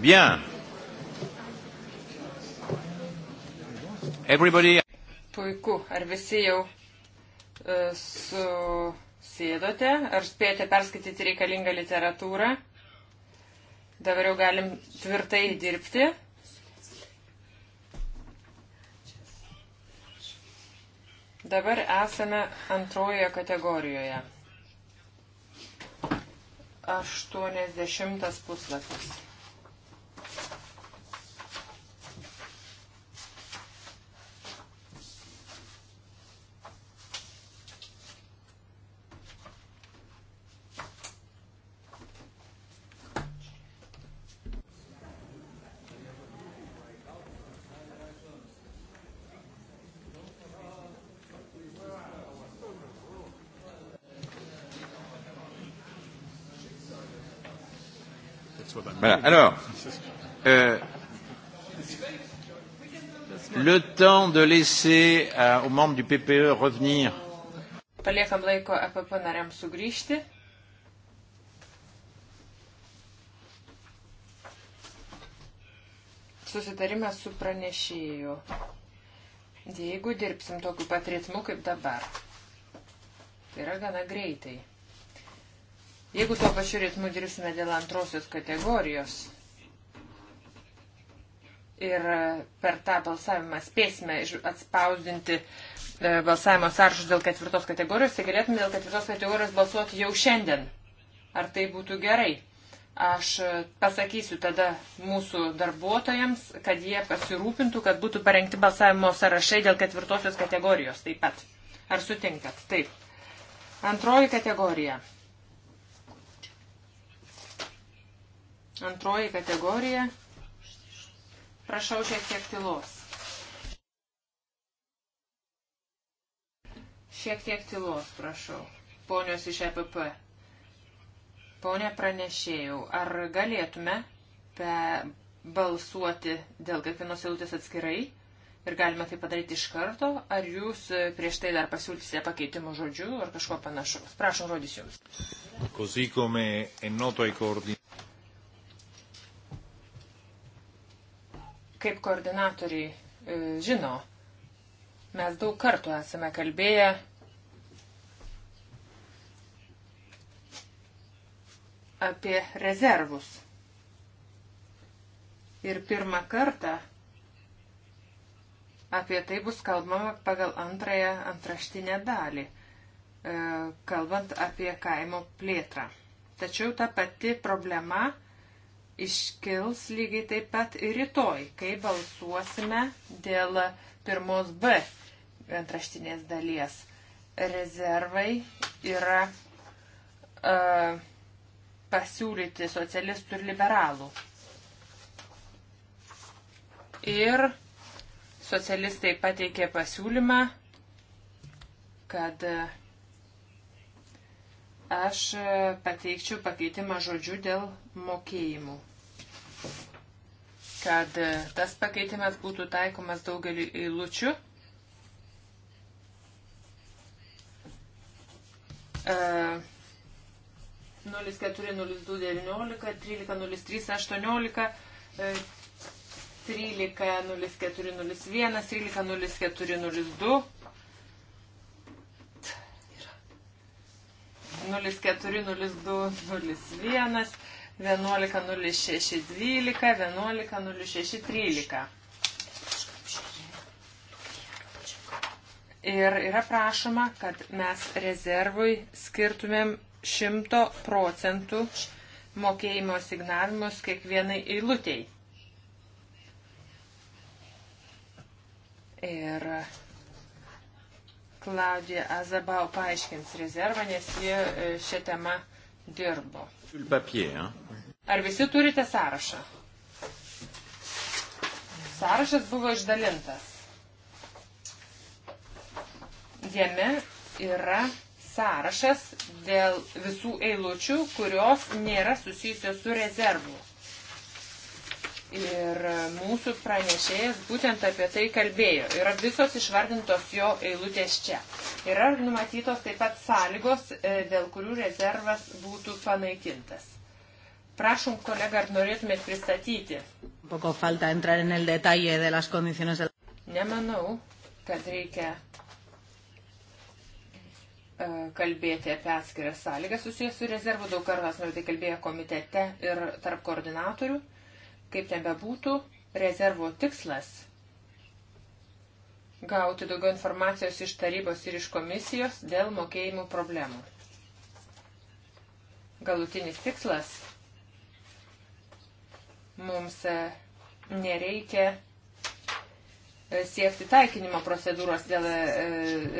Bien. Everybody. Puiku. Ar visi jau uh, susėdote? Ar spėjote perskaityti reikalingą literatūrą? Dabar jau galim tvirtai dirbti. Dabar esame antrojoje kategorijoje. 80 puslapis. Voilà. Alors, euh, le temps de laisser euh, aux membres du PPE revenir. Paliekam laiko EPP nariams sugrįžti. Susitarimas su pranešėju. Jeigu dirbsim tokiu pat ritmu kaip dabar, tai yra gana greitai. Jeigu tuo pačiu ritmu dirbsime dėl antrosios kategorijos ir e, per tą balsavimą spėsime atspausdinti e, balsavimo sąrašus dėl ketvirtos kategorijos, tai galėtume dėl ketvirtos kategorijos balsuoti jau šiandien. Ar tai būtų gerai? Aš e, pasakysiu tada mūsų darbuotojams, kad jie pasirūpintų, kad būtų parengti balsavimo sąrašai dėl ketvirtosios kategorijos taip pat. Ar sutinkat? Taip. Antroji kategorija. Antroji kategorija. Prašau šiek tiek tylos. Šiek tiek tylos, prašau. Ponios iš EPP. Pone pranešėjau, ar galėtume balsuoti dėl kiekvienos eilutės atskirai? ir galime tai padaryti iš karto, ar jūs prieš tai dar pasiūlysite pakeitimų žodžių ar kažko panašaus. Prašom, žodis jums. Kaip koordinatoriai e, žino, mes daug kartų esame kalbėję apie rezervus. Ir pirmą kartą apie tai bus kalbama pagal antrąją antraštinę dalį, e, kalbant apie kaimo plėtrą. Tačiau ta pati problema iškils lygiai taip pat ir rytoj, kai balsuosime dėl pirmos B antraštinės dalies. Rezervai yra uh, pasiūlyti socialistų ir liberalų. Ir socialistai pateikė pasiūlymą, kad uh, aš e, pateikčiau pakeitimą žodžiu dėl mokėjimų. Kad e, tas pakeitimas būtų taikomas daugeliu eilučių. Uh, 040219, 130318, 130401, 130402. 040201, 110612, 110613. Ir yra prašoma, kad mes rezervui skirtumėm 100 procentų mokėjimo signavimus kiekvienai eilutėjai. Ir Klaudija Azabau paaiškins rezervą, nes ji e, šią temą dirbo. Ar visi turite sąrašą? Sąrašas buvo išdalintas. Jame yra sąrašas dėl visų eilučių, kurios nėra susijusios su rezervu. Ir mūsų pranešėjas būtent apie tai kalbėjo. Yra visos išvardintos jo eilutės čia. Yra numatytos taip pat sąlygos, e, dėl kurių rezervas būtų panaikintas. Prašom, kolega, ar norėtumėt pristatyti? Nemanau, kad reikia e, kalbėti apie atskiras sąlygas susijęs su rezervu. Daug kartų esame tai kalbėję komitete ir tarp koordinatorių. Kaip ten bebūtų, rezervo tikslas - gauti daugiau informacijos iš tarybos ir iš komisijos dėl mokėjimų problemų. Galutinis tikslas - mums e, nereikia e, siekti taikinimo procedūros dėl e,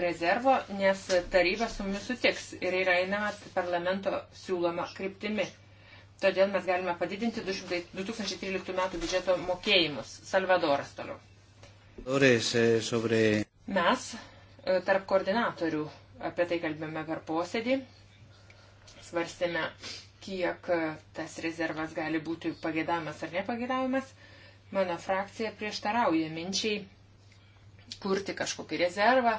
rezervo, nes taryba su mumis sutiks ir yra einama parlamento siūloma kryptimi. Todėl mes galime padidinti 2013 metų biudžeto mokėjimus. Salvadoras toliau. E, mes e, tarp koordinatorių apie tai kalbėjome per posėdį. Svarstėme, kiek e, tas rezervas gali būti pagėdavimas ar nepagėdavimas. Mano frakcija prieštarauja minčiai kurti kažkokį rezervą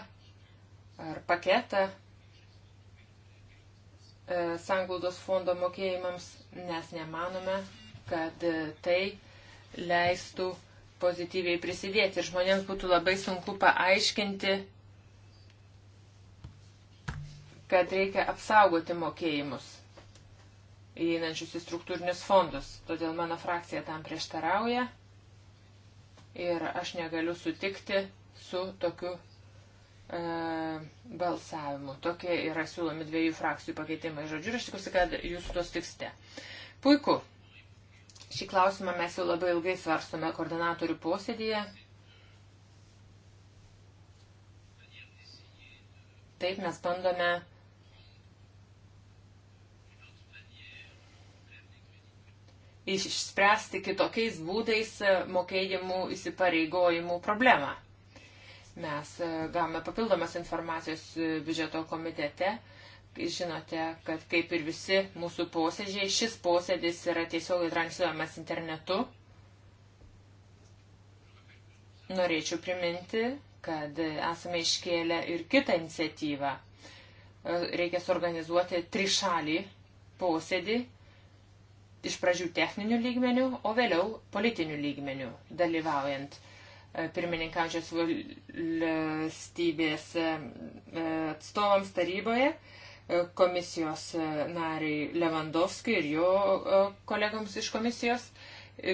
ar paketą E, sanglaudos fondo mokėjimams, nes nemanome, kad e, tai leistų pozityviai prisidėti ir žmonėms būtų labai sunku paaiškinti, kad reikia apsaugoti mokėjimus įeinančius į struktūrinius fondus. Todėl mano frakcija tam prieštarauja ir aš negaliu sutikti su tokiu E, balsavimu. Tokie yra siūlomi dviejų frakcijų pakeitimai. Žodžiu, ir aš tikiuosi, kad jūs tos tiksite. Puiku. Šį klausimą mes jau labai ilgai svarstome koordinatorių posėdėje. Taip mes bandome išspręsti kitokiais būdais mokėjimų įsipareigojimų problemą. Mes e, gavome papildomas informacijos e, biudžeto komitete. Žinote, kad kaip ir visi mūsų posėdžiai, šis posėdis yra tiesiogiai transliuojamas internetu. Norėčiau priminti, kad esame iškėlę ir kitą iniciatyvą. E, reikia suorganizuoti trišalį posėdį iš pradžių techninių lygmenių, o vėliau politinių lygmenių dalyvaujant pirmininkaujančios valstybės e, atstovams taryboje, e, komisijos e, nariai Levandovskui ir jo kolegams iš komisijos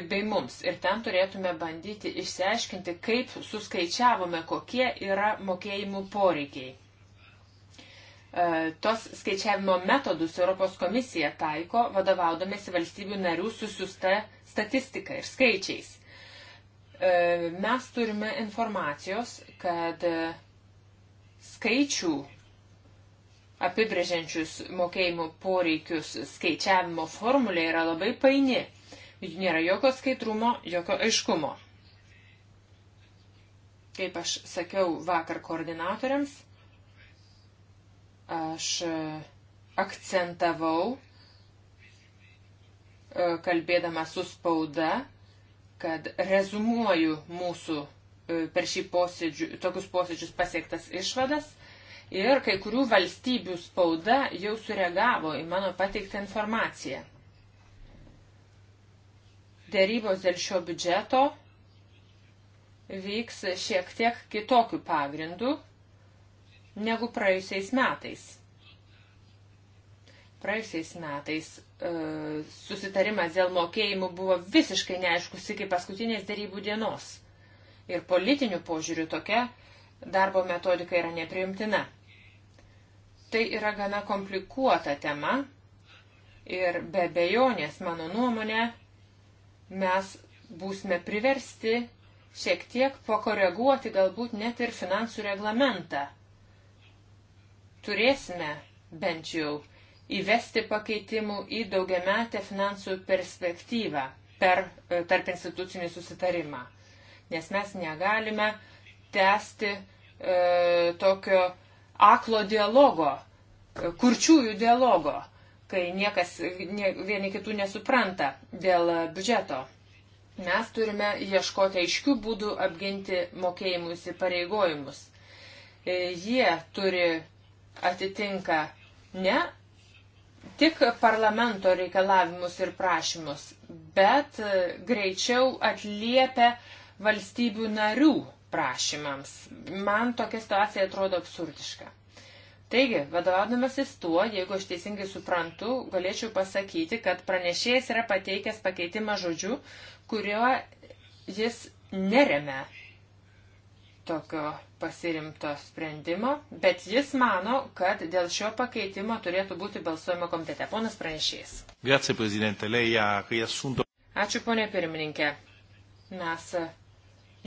bei mums. Ir ten turėtume bandyti išsiaiškinti, kaip suskaičiavome, kokie yra mokėjimų poreikiai. Tos skaičiavimo metodus Europos komisija taiko, vadovaudomėsi valstybių narių susiusta statistika ir skaičiais. E, mes turime informacijos, kad e, skaičių apibrėžiančius mokėjimo poreikius skaičiavimo formulė yra labai paini. Nėra jokio skaidrumo, jokio aiškumo. Kaip aš sakiau vakar koordinatoriams, aš e, akcentavau, kalbėdama su spauda, kad rezumuoju mūsų e, per šį posėdžių, tokius posėdžius pasiektas išvadas ir kai kurių valstybių spauda jau sureagavo į mano pateiktą informaciją. Dėrybos dėl šio biudžeto vyks šiek tiek kitokiu pagrindu negu praėjusiais metais. Praėjusiais metais e, susitarimas dėl mokėjimų buvo visiškai neaiškus iki paskutinės darybų dienos. Ir politinių požiūrių tokia darbo metodika yra nepriimtina. Tai yra gana komplikuota tema ir be bejonės, mano nuomonė, mes būsime priversti šiek tiek pakoreguoti galbūt net ir finansų reglamentą. Turėsime bent jau įvesti pakeitimų į daugiametę finansų perspektyvą per e, tarp institucinį susitarimą. Nes mes negalime tęsti e, tokio aklo dialogo, e, kurčiųjų dialogo, kai niekas nie, vieni kitų nesupranta dėl biudžeto. Mes turime ieškoti aiškių būdų apginti mokėjimų įsipareigojimus. E, jie turi atitinka ne tik parlamento reikalavimus ir prašymus, bet greičiau atliepia valstybių narių prašymams. Man tokia situacija atrodo absurdiška. Taigi, vadovaudamasis tuo, jeigu aš teisingai suprantu, galėčiau pasakyti, kad pranešėjas yra pateikęs pakeitimą žodžiu, kuriuo jis neremia tokio pasirimto sprendimo, bet jis mano, kad dėl šio pakeitimo turėtų būti balsuojama komitete. Ponas pranešėjas. Grazie, prezidente. Lei ha riassunto. Ačiū, ponė pirmininkė. Mes.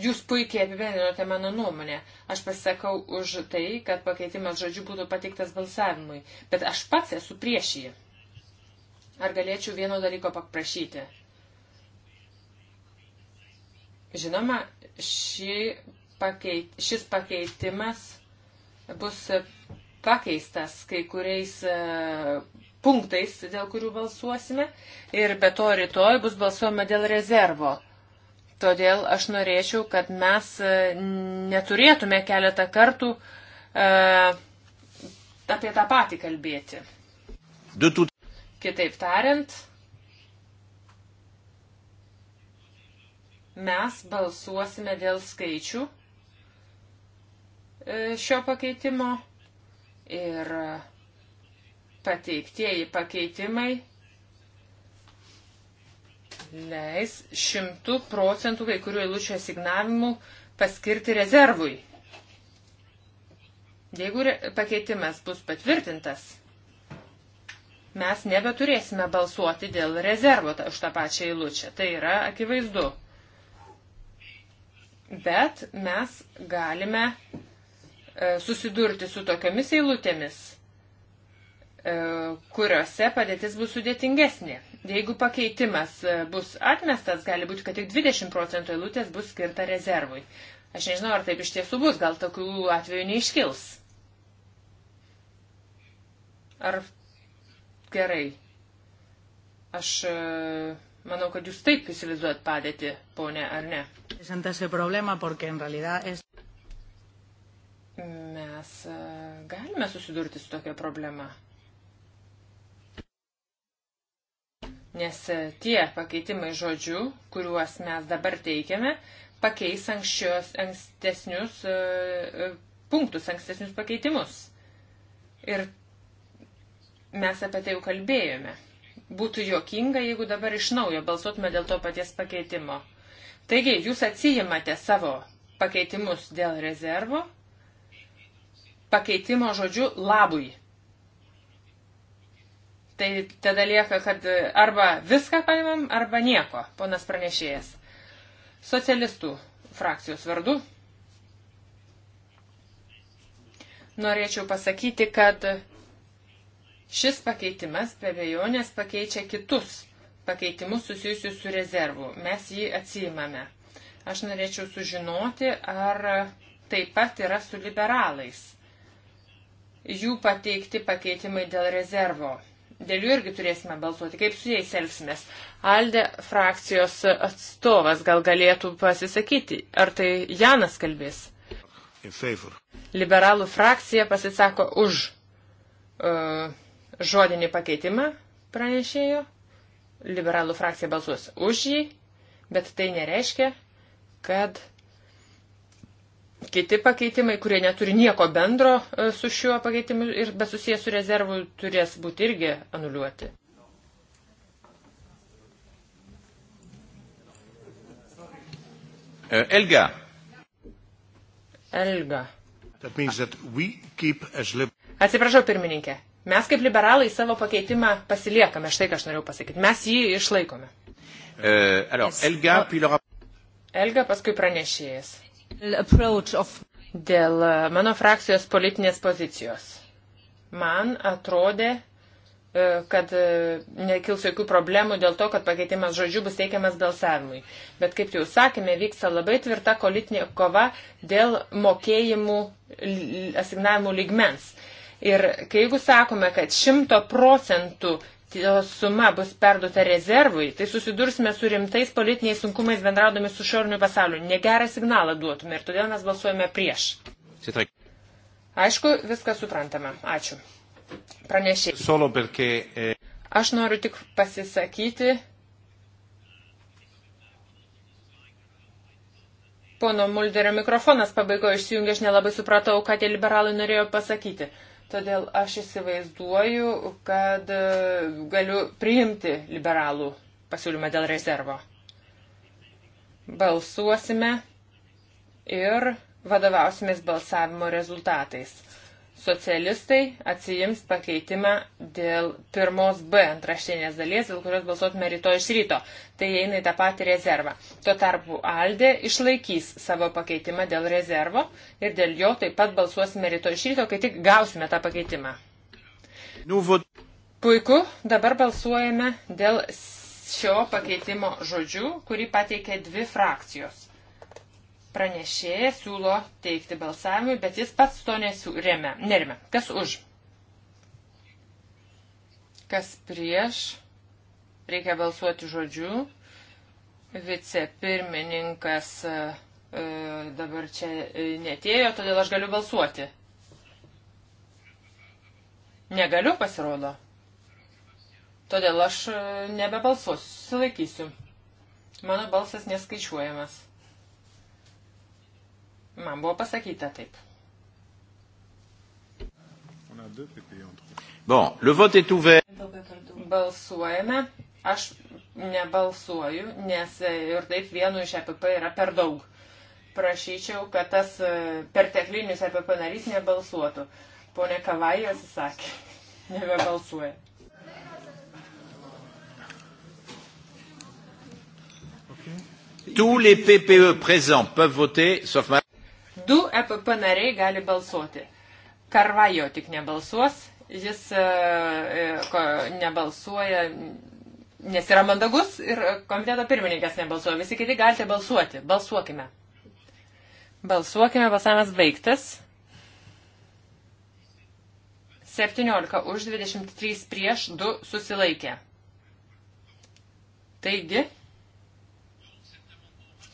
Jūs puikiai apibendrinote mano nuomonę. Aš pasisakau už tai, kad pakeitimas žodžių būtų pateiktas balsavimui, bet aš pats esu prieš jį. Ar galėčiau vieno dalyko paprašyti? Žinoma, šį pakeit, šis pakeitimas bus pakeistas kai kuriais e, punktais, dėl kurių balsuosime. Ir be to rytoj bus balsuojama dėl rezervo. Todėl aš norėčiau, kad mes e, neturėtume keletą kartų e, apie tą patį kalbėti. Kitaip tariant, mes balsuosime dėl skaičių E, šio pakeitimo ir pateiktieji pakeitimai leis šimtų procentų kai kurių eilučių asignavimų paskirti rezervui. Jeigu pakeitimas bus patvirtintas, mes nebeturėsime balsuoti dėl rezervo už tą pačią eilučią. Tai yra akivaizdu. Bet mes galime E, susidurti su tokiomis eilutėmis, e, kuriuose padėtis bus sudėtingesnė. Jeigu pakeitimas e, bus atmestas, gali būti, kad tik 20 procentų eilutės bus skirta rezervui. Aš nežinau, ar taip iš tiesų bus, gal tokių atvejų neiškils. Ar gerai? Aš manau, kad jūs taip įsivaizduojat padėti, ponė, ar ne? mes e, galime susidurti su tokia problema. Nes e, tie pakeitimai žodžių, kuriuos mes dabar teikiame, pakeis anksčios, ankstesnius e, punktus, ankstesnius pakeitimus. Ir mes apie tai jau kalbėjome. Būtų jokinga, jeigu dabar iš naujo balsuotume dėl to paties pakeitimo. Taigi, jūs atsijimate savo pakeitimus dėl rezervo pakeitimo žodžiu labui. Tai tada lieka, kad arba viską paimam, arba nieko, ponas pranešėjas. Socialistų frakcijos vardu. Norėčiau pasakyti, kad šis pakeitimas be abejonės pakeičia kitus pakeitimus susijusius su rezervu. Mes jį atsijimame. Aš norėčiau sužinoti, ar taip pat yra su liberalais jų pateikti pakeitimai dėl rezervo. Dėl jų irgi turėsime balsuoti. Kaip su jais elgsimės? Alde frakcijos atstovas gal galėtų pasisakyti. Ar tai Janas kalbės? Liberalų frakcija pasisako už uh, žodinį pakeitimą pranešėjo. Liberalų frakcija balsuos už jį, bet tai nereiškia, kad uh, Kiti pakeitimai, kurie neturi nieko bendro e, su šiuo pakeitimu ir bet susijęs su rezervu, turės būti irgi anuliuoti. Uh, Elga. Elga. Atsiprašau, pirmininkė. Mes kaip liberalai savo pakeitimą pasiliekame, štai ką aš norėjau pasakyti. Mes jį išlaikome. Uh, alors, Elga, puis le... Elga paskui pranešėjas. Dėl e, mano frakcijos politinės pozicijos. Man atrodė, e, kad e, nekils jokių problemų dėl to, kad pakeitimas žodžių bus teikiamas balsavimui. Bet kaip jau sakėme, vyksta labai tvirta politinė kova dėl mokėjimų asignavimų lygmens. Ir kai jeigu sakome, kad 100 procentų suma bus perduota rezervui, tai susidursime su rimtais politiniais sunkumais bendraudami su šorniu pasauliu. Negerą signalą duotume ir todėl mes balsuojame prieš. Aišku, viskas suprantama. Ačiū. Pranešėjai. Eh, aš noriu tik pasisakyti Pono Mulderio mikrofonas pabaigoje išsijungė, aš nelabai supratau, ką tie liberalai norėjo pasakyti. Todėl aš įsivaizduoju, kad e, galiu priimti liberalų pasiūlymą dėl rezervo. Balsuosime ir vadovausimės balsavimo rezultatais. Socialistai atsijims pakeitimą dėl pirmos B antraštinės dalies, dėl kurios balsuotume rytoj iš ryto. Tai eina į tą patį rezervą. Tuo tarpu Aldė išlaikys savo pakeitimą dėl rezervo ir dėl jo taip pat balsuosime rytoj iš ryto, kai tik gausime tą pakeitimą. Puiku, dabar balsuojame dėl šio pakeitimo žodžių, kurį pateikė dvi frakcijos. Pranešėja siūlo teikti balsavimui, bet jis pats to nesiremia. Nerime. Kas už? Kas prieš? Reikia balsuoti žodžiu. Vicepirmininkas e, e dabar čia e, netėjo, todėl aš galiu balsuoti. Negaliu, pasirodo. Todėl aš e, nebebalsuosiu, susilaikysiu. Mano balsas neskaičiuojamas. Man buvo pasakyta taip. E bon, le vote est ouvert. Balsuojame. Aš nebalsuoju, nes e, ir taip vienu iš EPP yra per daug. Prašyčiau, kad tas e, perteklinis EPP narys nebalsuotų. Pone Kavai atsisakė, nebebalsuoja. Tous les PPE présents peuvent voter, sauf Mme du EPP nariai gali balsuoti. Karvajo tik nebalsuos, jis e, e, nebalsuoja, nes yra mandagus ir komiteto pirmininkas nebalsuoja. Visi kiti galite balsuoti. Balsuokime. Balsuokime, balsavimas baigtas. 17 už 23 prieš 2 susilaikė. Taigi,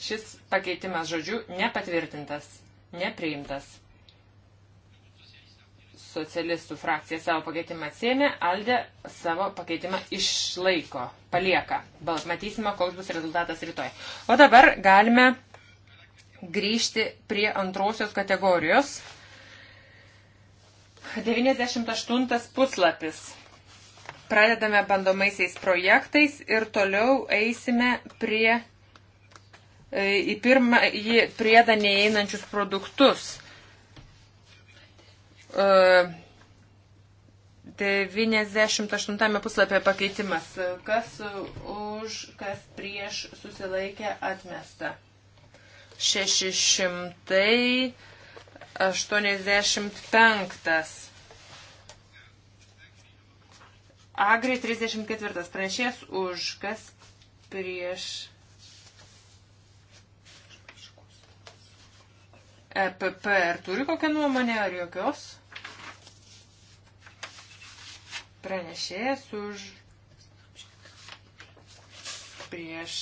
šis pakeitimas žodžių nepatvirtintas. Nepriimtas. Socialistų frakcija savo pakeitimą atsėmė, Alde savo pakeitimą išlaiko, palieka. Balk, matysime, koks bus rezultatas rytoj. O dabar galime grįžti prie antrosios kategorijos. 98 puslapis. Pradedame bandomaisiais projektais ir toliau eisime prie E, į pirmąjį priedą neįeinančius produktus. 98 e, puslapio pakeitimas. Kas už, kas prieš susilaikė atmesta. 685. Agri 34. Pranešės už, kas prieš EPP ar turi kokią nuomonę, ar jokios? Pranešėjas už prieš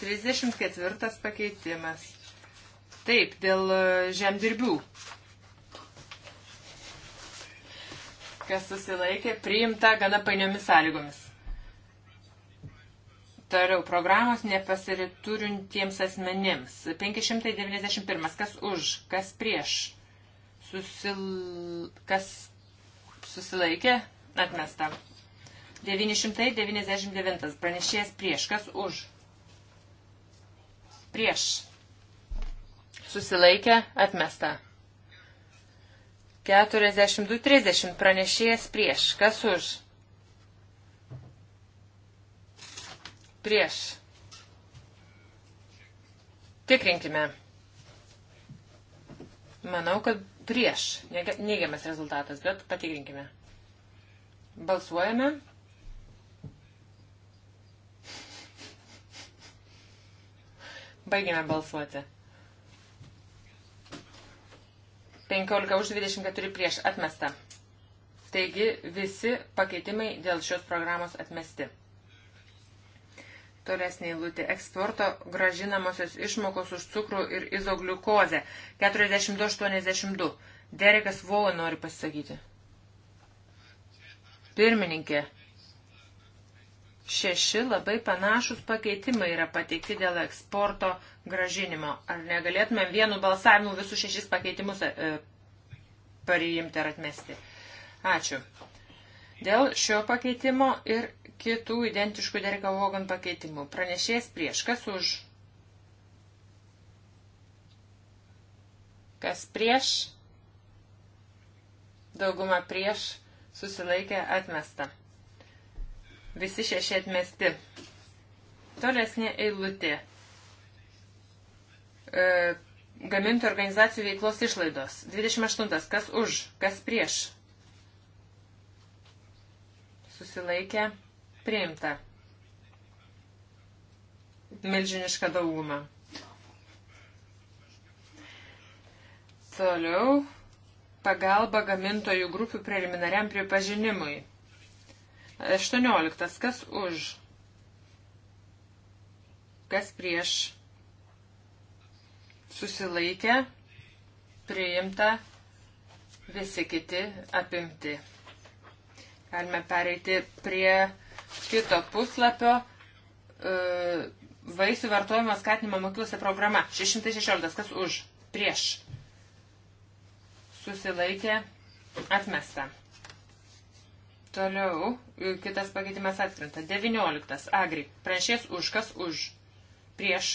34 pakeitimas. Taip, dėl e, žemdirbių. Kas susilaikė, priimta gana painiomis sąlygomis. Toliau programos nepasiriturintiems asmenims. 591. Kas už, kas prieš? Susil... Kas susilaikė? Atmesta. 999. Pranešėjas prieš. Kas už? Prieš. Susilaikė? Atmesta. 42.30. Pranešėjas prieš. Kas už? Prieš. Tikrinkime. Manau, kad prieš. Neigiamas rezultatas, bet patikrinkime. Balsuojame. Baigiame balsuoti. 15 už 24 prieš atmesta. Taigi visi pakeitimai dėl šios programos atmesti. Tolesnė eilutė - eksporto gražinamosios išmokos už cukrų ir izogliukozę. 4282. Derekas Vauo nori pasisakyti. Pirmininkė. Šeši labai panašus pakeitimai yra pateikti dėl eksporto gražinimo. Ar negalėtume vienu balsavimu visus šešis pakeitimus e, e, pareimti ar atmesti? Ačiū. Dėl šio pakeitimo ir kitų identiškų Dereka Hogan pakeitimų. Pranešėjas prieš. Kas už? Kas prieš? Dauguma prieš susilaikė atmesta. Visi šeši atmesti. Tolesnė eilutė. E, gamintų organizacijų veiklos išlaidos. 28. Kas už, kas prieš? Susilaikė Priimta. Milžiniška dauguma. Toliau pagalba gamintojų grupių preliminariam pripažinimui. 18. Kas už? Kas prieš? Susilaikę, priimta, visi kiti apimti. Galime pereiti prie kito puslapio e, vaisių vartojimo skatinimo mokyklose programa. 616. Kas už? Prieš. Susilaikė. Atmesta. Toliau. E, kitas pakeitimas atkrinta. 19. Agri. Pranšės už. Kas už? Prieš.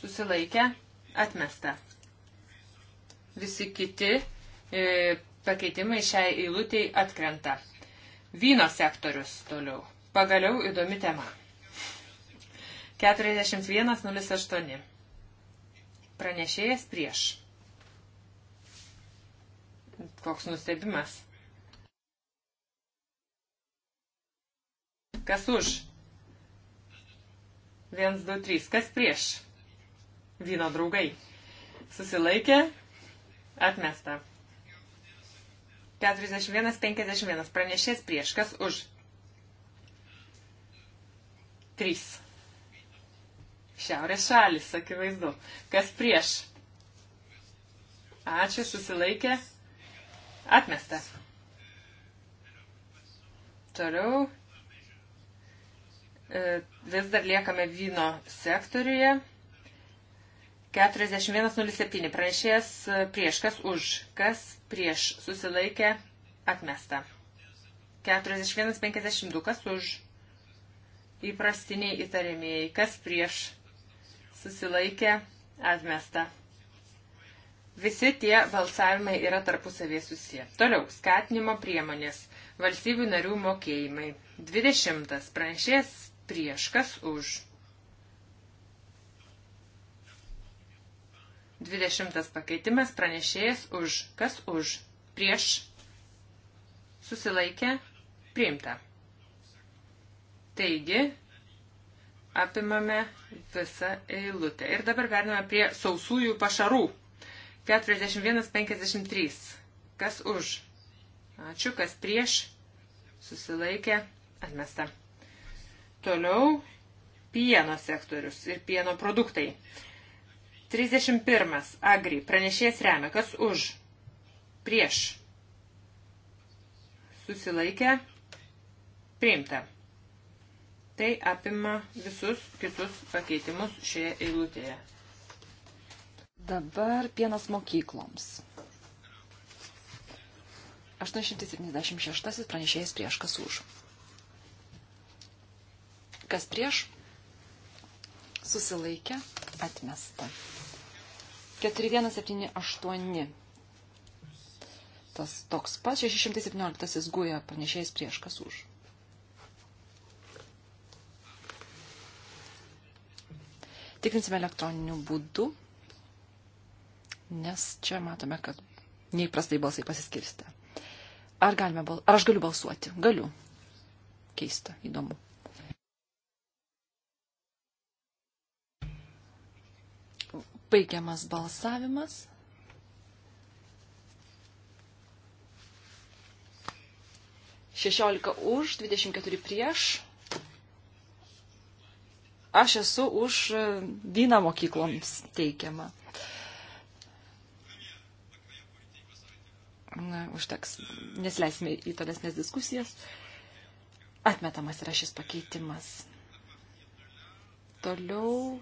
Susilaikė. Atmesta. Visi kiti e, pakeitimai šiai eilutėj atkrenta. Vyno sektorius toliau. Pagaliau įdomi tema. 41.08. Pranešėjas prieš. Koks nustebimas. Kas už? 1, 2, 3. Kas prieš? Vyno draugai. Susilaikė. Atmesta. 41-51. Pranešės prieš. Kas už? 3. Šiaurės šalis, akivaizdu. Kas prieš? Ačiū, susilaikė. Atmesta. Toliau. E, vis dar liekame vyno sektoriuje. 41.07. Pranešėjas e, prieš, kas už, kas prieš, susilaikė, atmesta. 41.52. Kas už, įprastiniai įtariamieji, kas prieš, susilaikė, atmesta. Visi tie balsavimai yra tarpusavė susiję. Toliau, skatinimo priemonės, valstybių narių mokėjimai. 20. Pranešėjas prieš, kas už 20 pakeitimas pranešėjas už. Kas už? Prieš. Susilaikė. Priimta. Taigi, apimame visą eilutę. Ir dabar vertiname prie sausųjų pašarų. 41-53. Kas už? Ačiū, kas prieš? Susilaikė. Atmesta. Toliau pieno sektorius ir pieno produktai. 31. Agri. Pranešėjas remia. Kas už? Prieš. Susilaikę. Priimta. Tai apima visus kitus pakeitimus šioje eilutėje. Dabar pienas mokykloms. 876 pranešėjas prieš kas už. Kas prieš? Susilaikė, atmesta. 4178. Tas toks pats 617 guja pranešėjas prieš kas už. Tikrinsime elektroniniu būdu, nes čia matome, kad neįprastai balsai pasiskirsta. Ar, galime, bal... Ar aš galiu balsuoti? Galiu. Keista, įdomu. Baigiamas balsavimas. Šešiolika už, dvidešimt keturi prieš. Aš esu už e, vyną mokykloms teikiamą. Na, užteks, nesileisime į tolesnės diskusijas. Atmetamas yra šis pakeitimas. Toliau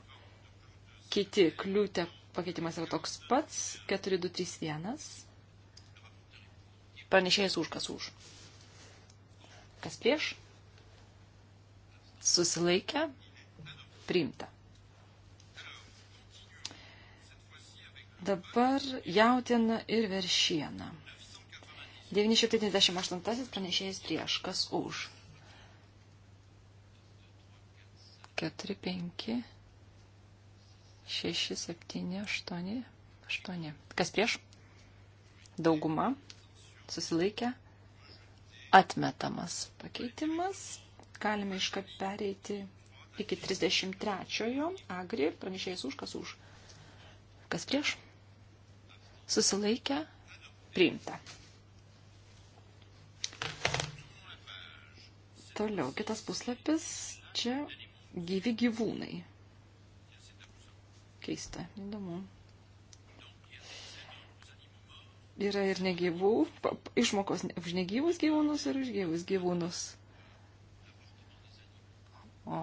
kiti kliūtė pakeitimas yra toks pats, 4231. Pranešėjas už, kas už. Kas prieš? Susilaikę, priimta. Dabar jautina ir veršiena. 998 pranešėjas prieš, kas už. 4, 5. 6, 7, 8, 8. Kas prieš? Dauguma susilaikė. Atmetamas pakeitimas. Galime iškart pereiti iki 33-ojo. Agri, pranešėjas už, kas už. Kas prieš? Susilaikė. Priimta. Toliau kitas puslapis. Čia gyvi gyvūnai. Keista, įdomu. Yra ir negyvų, išmokos už negyvus gyvūnus ir už gyvus gyvūnus. O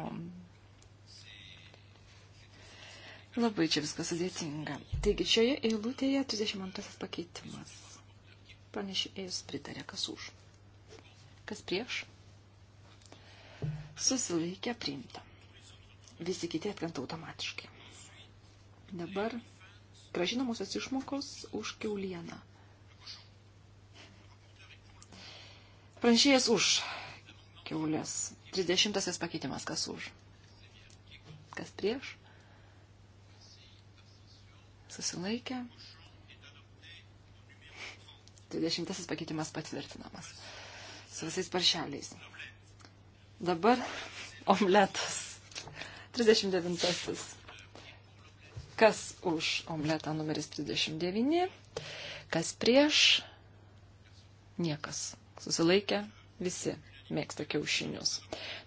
Labai čia viskas sudėtinga. Taigi šioje eilutėje 32 pakeitimas. Panešėjus pritarė, kas už. Kas prieš? Susilaikė priimta. Visi kiti atkanta automatiškai. Dabar gražinamosios išmokos už keulieną. Pranešėjas už keulės. 30 pakeitimas, kas už. Kas prieš. Susilaikė. 20 pakeitimas patvirtinamas. Su visais paršeliais. Dabar omletas. 39. Kas už omletą numeris 39, kas prieš, niekas. Susilaikė visi mėgsta kiaušinius.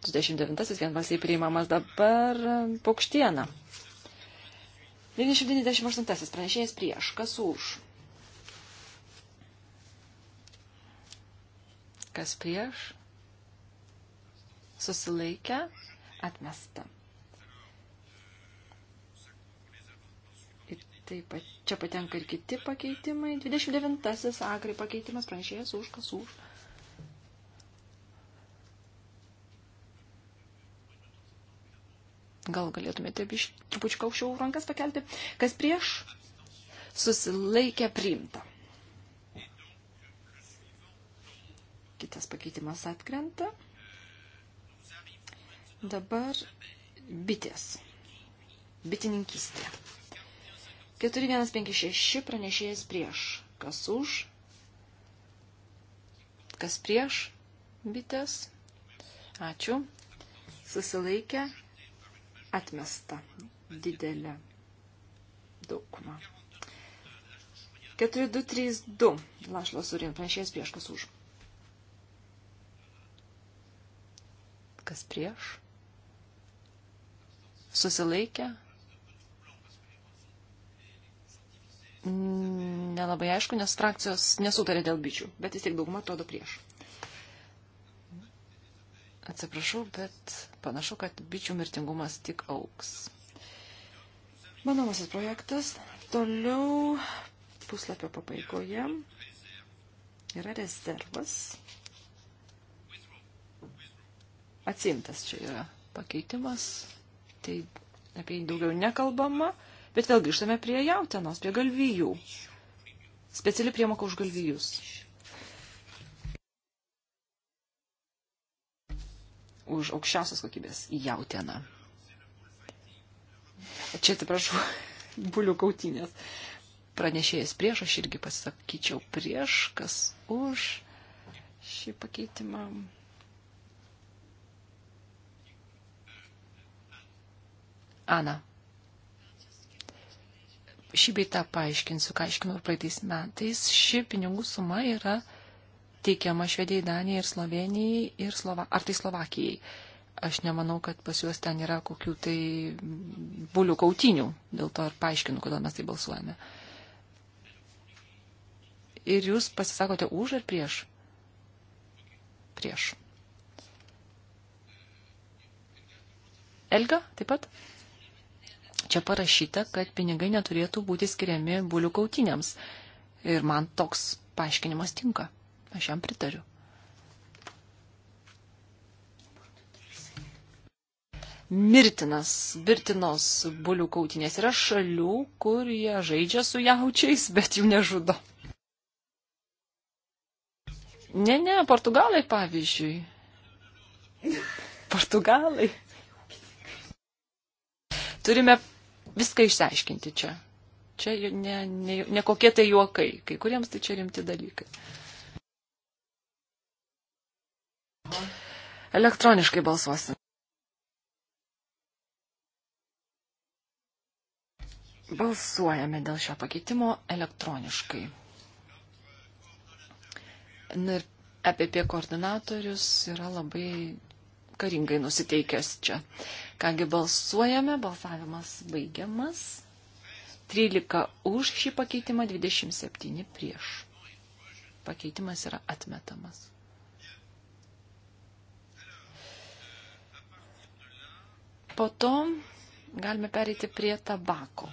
29-asis vienbalsiai priimamas dabar paukštiena. 998-asis pranešėjas prieš. Kas už? Kas prieš? Susilaikę? Atmesta. Taip pat čia patenka ir kiti pakeitimai. 29-asis agri pakeitimas pranešėjas už kas už. Gal galėtumėte trupučiu aukščiau rankas pakelti. Kas prieš? Susilaikė priimta. Kitas pakeitimas atkrenta. Dabar bitės. Bitininkystė. 4156 pranešėjas prieš. Kas už? Kas prieš? Bitės. Ačiū. Susilaikė. Atmesta. Didelė. Dauguma. 4232. Lašlo surin. Pranešėjas prieš. Kas už? Kas prieš? Susilaikė. nelabai aišku, nes frakcijos nesutarė dėl bičių, bet vis tiek dauguma atrodo prieš. Atsiprašau, bet panašu, kad bičių mirtingumas tik auks. Manomasis projektas toliau puslapio pabaigoje yra rezervas. Atsimtas čia yra pakeitimas, tai apie jį daugiau nekalbama. Bet vėl grįžtame prie jautienos, prie galvijų. Speciali priemoka už galvijus. Už aukščiausios kokybės jautieną. Čia atsiprašau, bulių kautinės. Pranešėjas prieš, aš irgi pasakyčiau prieš, kas už šį pakeitimą. Ana šį beitą paaiškinsiu, ką aiškinau ir praeitais metais. Ši pinigų suma yra teikiama Švedijai, Danijai ir Slovenijai ir Slova... ar tai Slovakijai. Aš nemanau, kad pas juos ten yra kokių tai bulių kautinių, dėl to ir paaiškinu, kodėl mes tai balsuojame. Ir jūs pasisakote už ar prieš? Prieš. Elga, taip pat? Čia parašyta, kad pinigai neturėtų būti skiriami bulių kautinėms. Ir man toks paaiškinimas tinka. Aš jam pritariu. mirtinas, mirtinos bulių kautinės. Yra šalių, kur jie žaidžia su jaučiais, bet jų nežudo. Ne, ne, portugalai pavyzdžiui. Portugalai. Turime viską išsiaiškinti čia. Čia ne, ne, ne kokie tai juokai, kai kuriems tai čia rimti dalykai. Elektroniškai balsuosim. Balsuojame dėl šio pakeitimo elektroniškai. Na nu ir EPP koordinatorius yra labai karingai nusiteikęs čia. Kągi balsuojame, balsavimas baigiamas. 13 už šį pakeitimą, 27 prieš. Pakeitimas yra atmetamas. Po to galime pereiti prie tabako.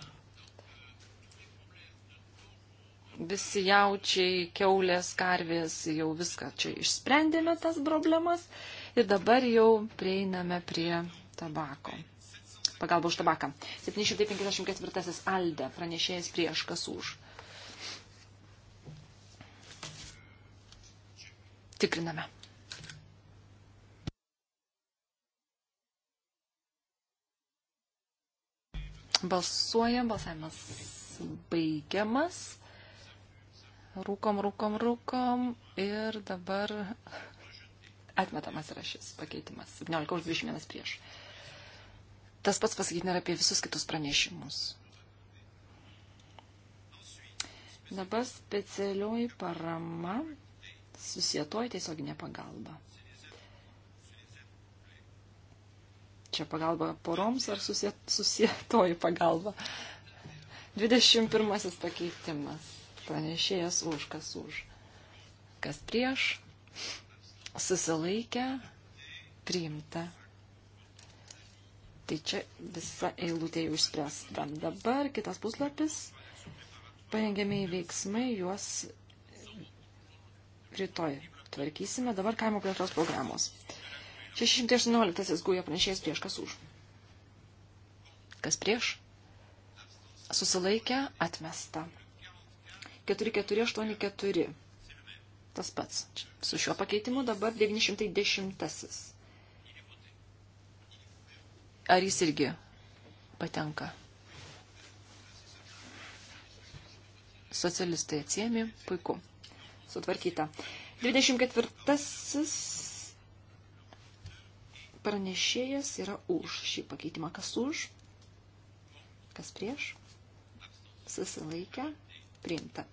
Visi jaučiai, keulės, karvės, jau viską čia išsprendėme tas problemas. Ir dabar jau prieiname prie tabako. Pagalba už tabaką. 754 Alde pranešėjas prieš kas už. Tikriname. Balsuojam, balsavimas baigiamas. Rūkom, rūkom, rūkom. Ir dabar Atmetamas yra šis pakeitimas. 17 už 21 prieš. Tas pats pasakyti nėra apie visus kitus pranešimus. Dabar specialioji parama susietoji tiesioginė pagalba. Čia pagalba poroms ar susietoji pagalba? 21 pakeitimas. Pranešėjas už, kas už. Kas prieš? susilaikę, priimta. Tai čia visa eilutė jau išspręsta. Dabar kitas puslapis. Parengiamiai veiksmai, juos rytoj tvarkysime. Dabar kaimo plėtros programos. 618 guja pranešėjas prieš kas už. Kas prieš? Susilaikę atmesta. 4484 tas pats. Su šiuo pakeitimu dabar 910. Ar jis irgi patenka? Socialistai atsiemi, puiku. Sutvarkyta. 24. Pranešėjas yra už šį pakeitimą. Kas už? Kas prieš? Susilaikę. Priimta.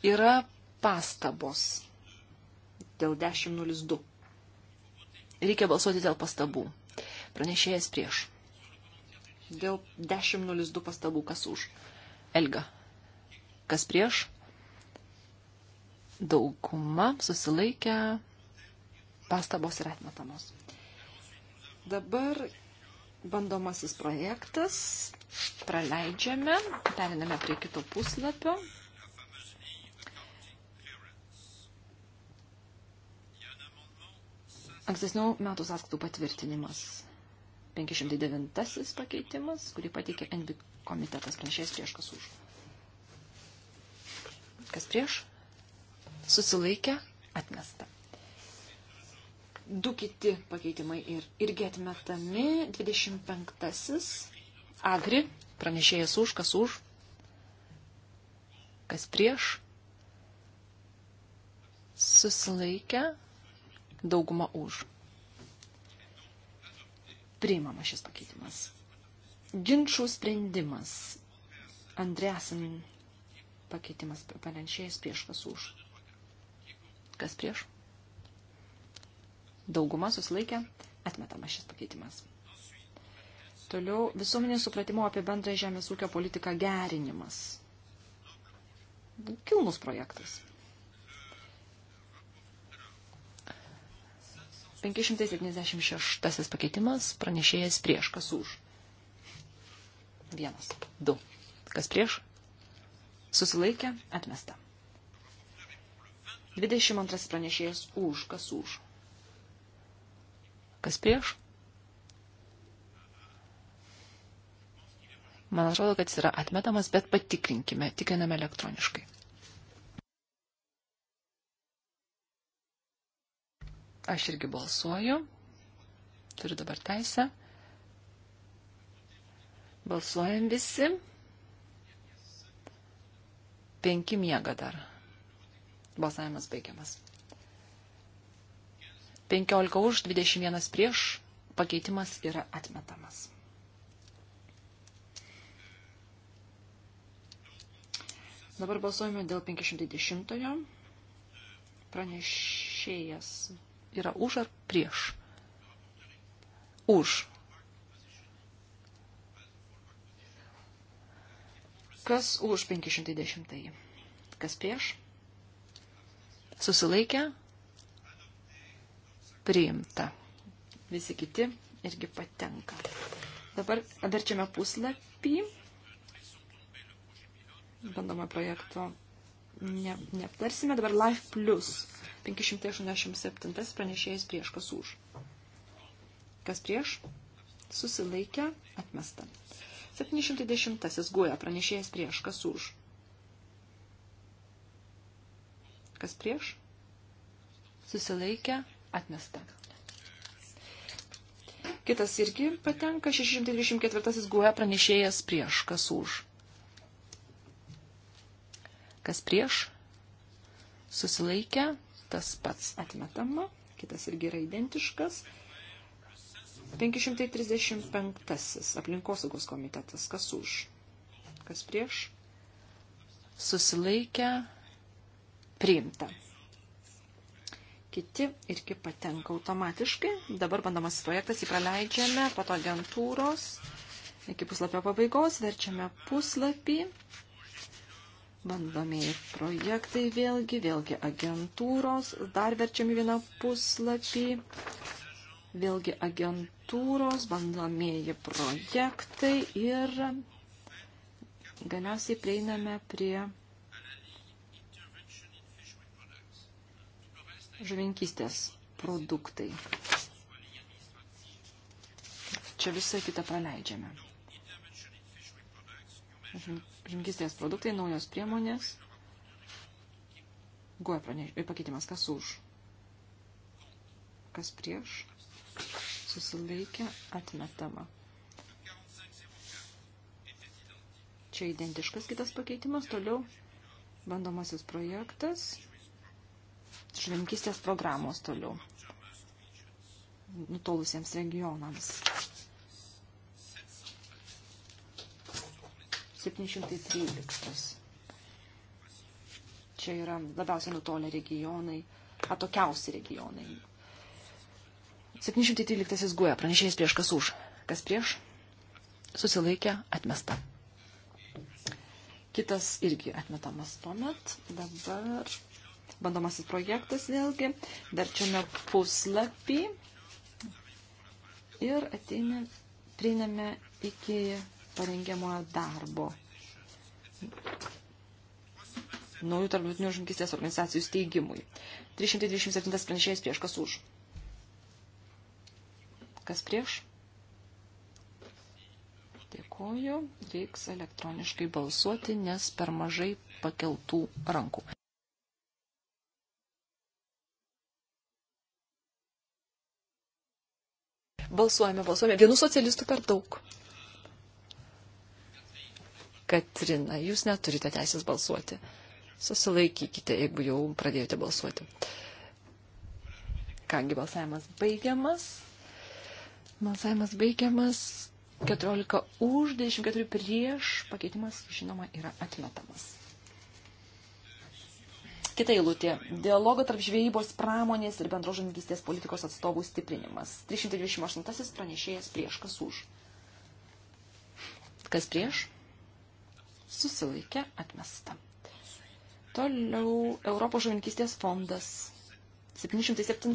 Yra pastabos dėl 10.02. Reikia balsuoti dėl pastabų. Pranešėjas prieš. Dėl 10.02 pastabų kas už. Elga. Kas prieš? Dauguma susilaikę pastabos yra atmetamos. Dabar bandomasis projektas. Praleidžiame, periname prie kito puslapio. Ankstesnių metų sąskaitų patvirtinimas. 509 pakeitimas, kurį pateikė NB komitetas pranešėjas prieš kas už. Kas prieš? Susilaikė, atmesta. Du kiti pakeitimai ir, irgi atmetami. 25. Agri, pranešėjas už, kas už, kas prieš, susilaikę, daugumą už. Priimama šis pakeitimas. Ginčių sprendimas. Andreasin pakeitimas panenšėjas prieš kas už. Kas prieš? Dauguma susilaikė, atmetama šis pakeitimas. Toliau visuomenės supratimo apie bendrą žemės ūkio politiką gerinimas. Kilnus projektas. 576 pakeitimas, pranešėjas prieš, kas už. Vienas, du. Kas prieš? Susilaikė, atmesta. 22 pranešėjas už, kas už. Kas prieš? Man atrodo, kad jis yra atmetamas, bet patikrinkime, tikriname elektroniškai. Aš irgi balsuoju. Turiu dabar teisę. Balsuojam visi. Penki miega dar. Balsavimas baigiamas. 15 už, 21 prieš. Pakeitimas yra atmetamas. Dabar balsuojame dėl 510. Pranešėjas yra už ar prieš? Už. Kas už 510? -ąjį? Kas prieš? Susilaikę? Priimta. Visi kiti irgi patenka. Dabar verčiame puslapį. Bandoma projekto ne, neaptarsime. Dabar Life Plus 587 pranešėjas prieš kas už. Kas prieš? Susilaikę, atmesta. 710 guoja pranešėjas prieš kas už. Kas prieš? Susilaikę, atmesta. Kitas irgi patenka 624 guoja pranešėjas prieš kas už kas prieš, susilaikę, tas pats atmetama, kitas irgi yra identiškas. 535. Aplinkosaugos komitetas, kas už, kas prieš, susilaikę, priimta. Kiti irgi patenka automatiškai. Dabar bandomas projektas jį praleidžiame, po to agentūros, iki puslapio pabaigos, verčiame puslapį bandomieji projektai vėlgi, vėlgi agentūros, dar verčiami vieną puslapį, vėlgi agentūros, bandomieji projektai ir galiausiai prieiname prie žuvinkystės produktai. Čia visą kitą praleidžiame žemkistės produktai, naujos priemonės. Guoja praneš... E, pakeitimas, kas už. Kas prieš. Susilaikė atmetama. Čia identiškas kitas pakeitimas. Toliau bandomasis projektas. Žemkistės programos toliau. Nutolusiems regionams. 713. Čia yra labiausiai nutolę regionai, atokiausi regionai. 713 guoja, pranešėjas prieš kas už. Kas prieš? Susilaikė, atmesta. Kitas irgi atmetamas tuomet. Dabar bandomasis projektas vėlgi. Verčiame puslapį ir ateiname, prieiname iki parengiamojo darbo. Naujų tarptautinių žungistės organizacijų steigimui. 327 pranešėjas prieš kas už. Kas prieš? Dėkoju. Reiks elektroniškai balsuoti, nes per mažai pakeltų rankų. Balsuojame, balsuojame. Vienu socialistu per daug. Katrina, jūs neturite teisės balsuoti. Susilaikykite, jeigu jau pradėjote balsuoti. Kągi, balsavimas baigiamas. Balsavimas baigiamas. 14 už, 24 prieš. Pakeitimas, žinoma, yra atmetamas. Kita eilutė. Dialogo tarp žvejybos pramonės ir bendro žangystės politikos atstovų stiprinimas. 328 pranešėjas prieš, kas už. Kas prieš? susilaikė atmesta. Toliau Europos žuvininkystės fondas 707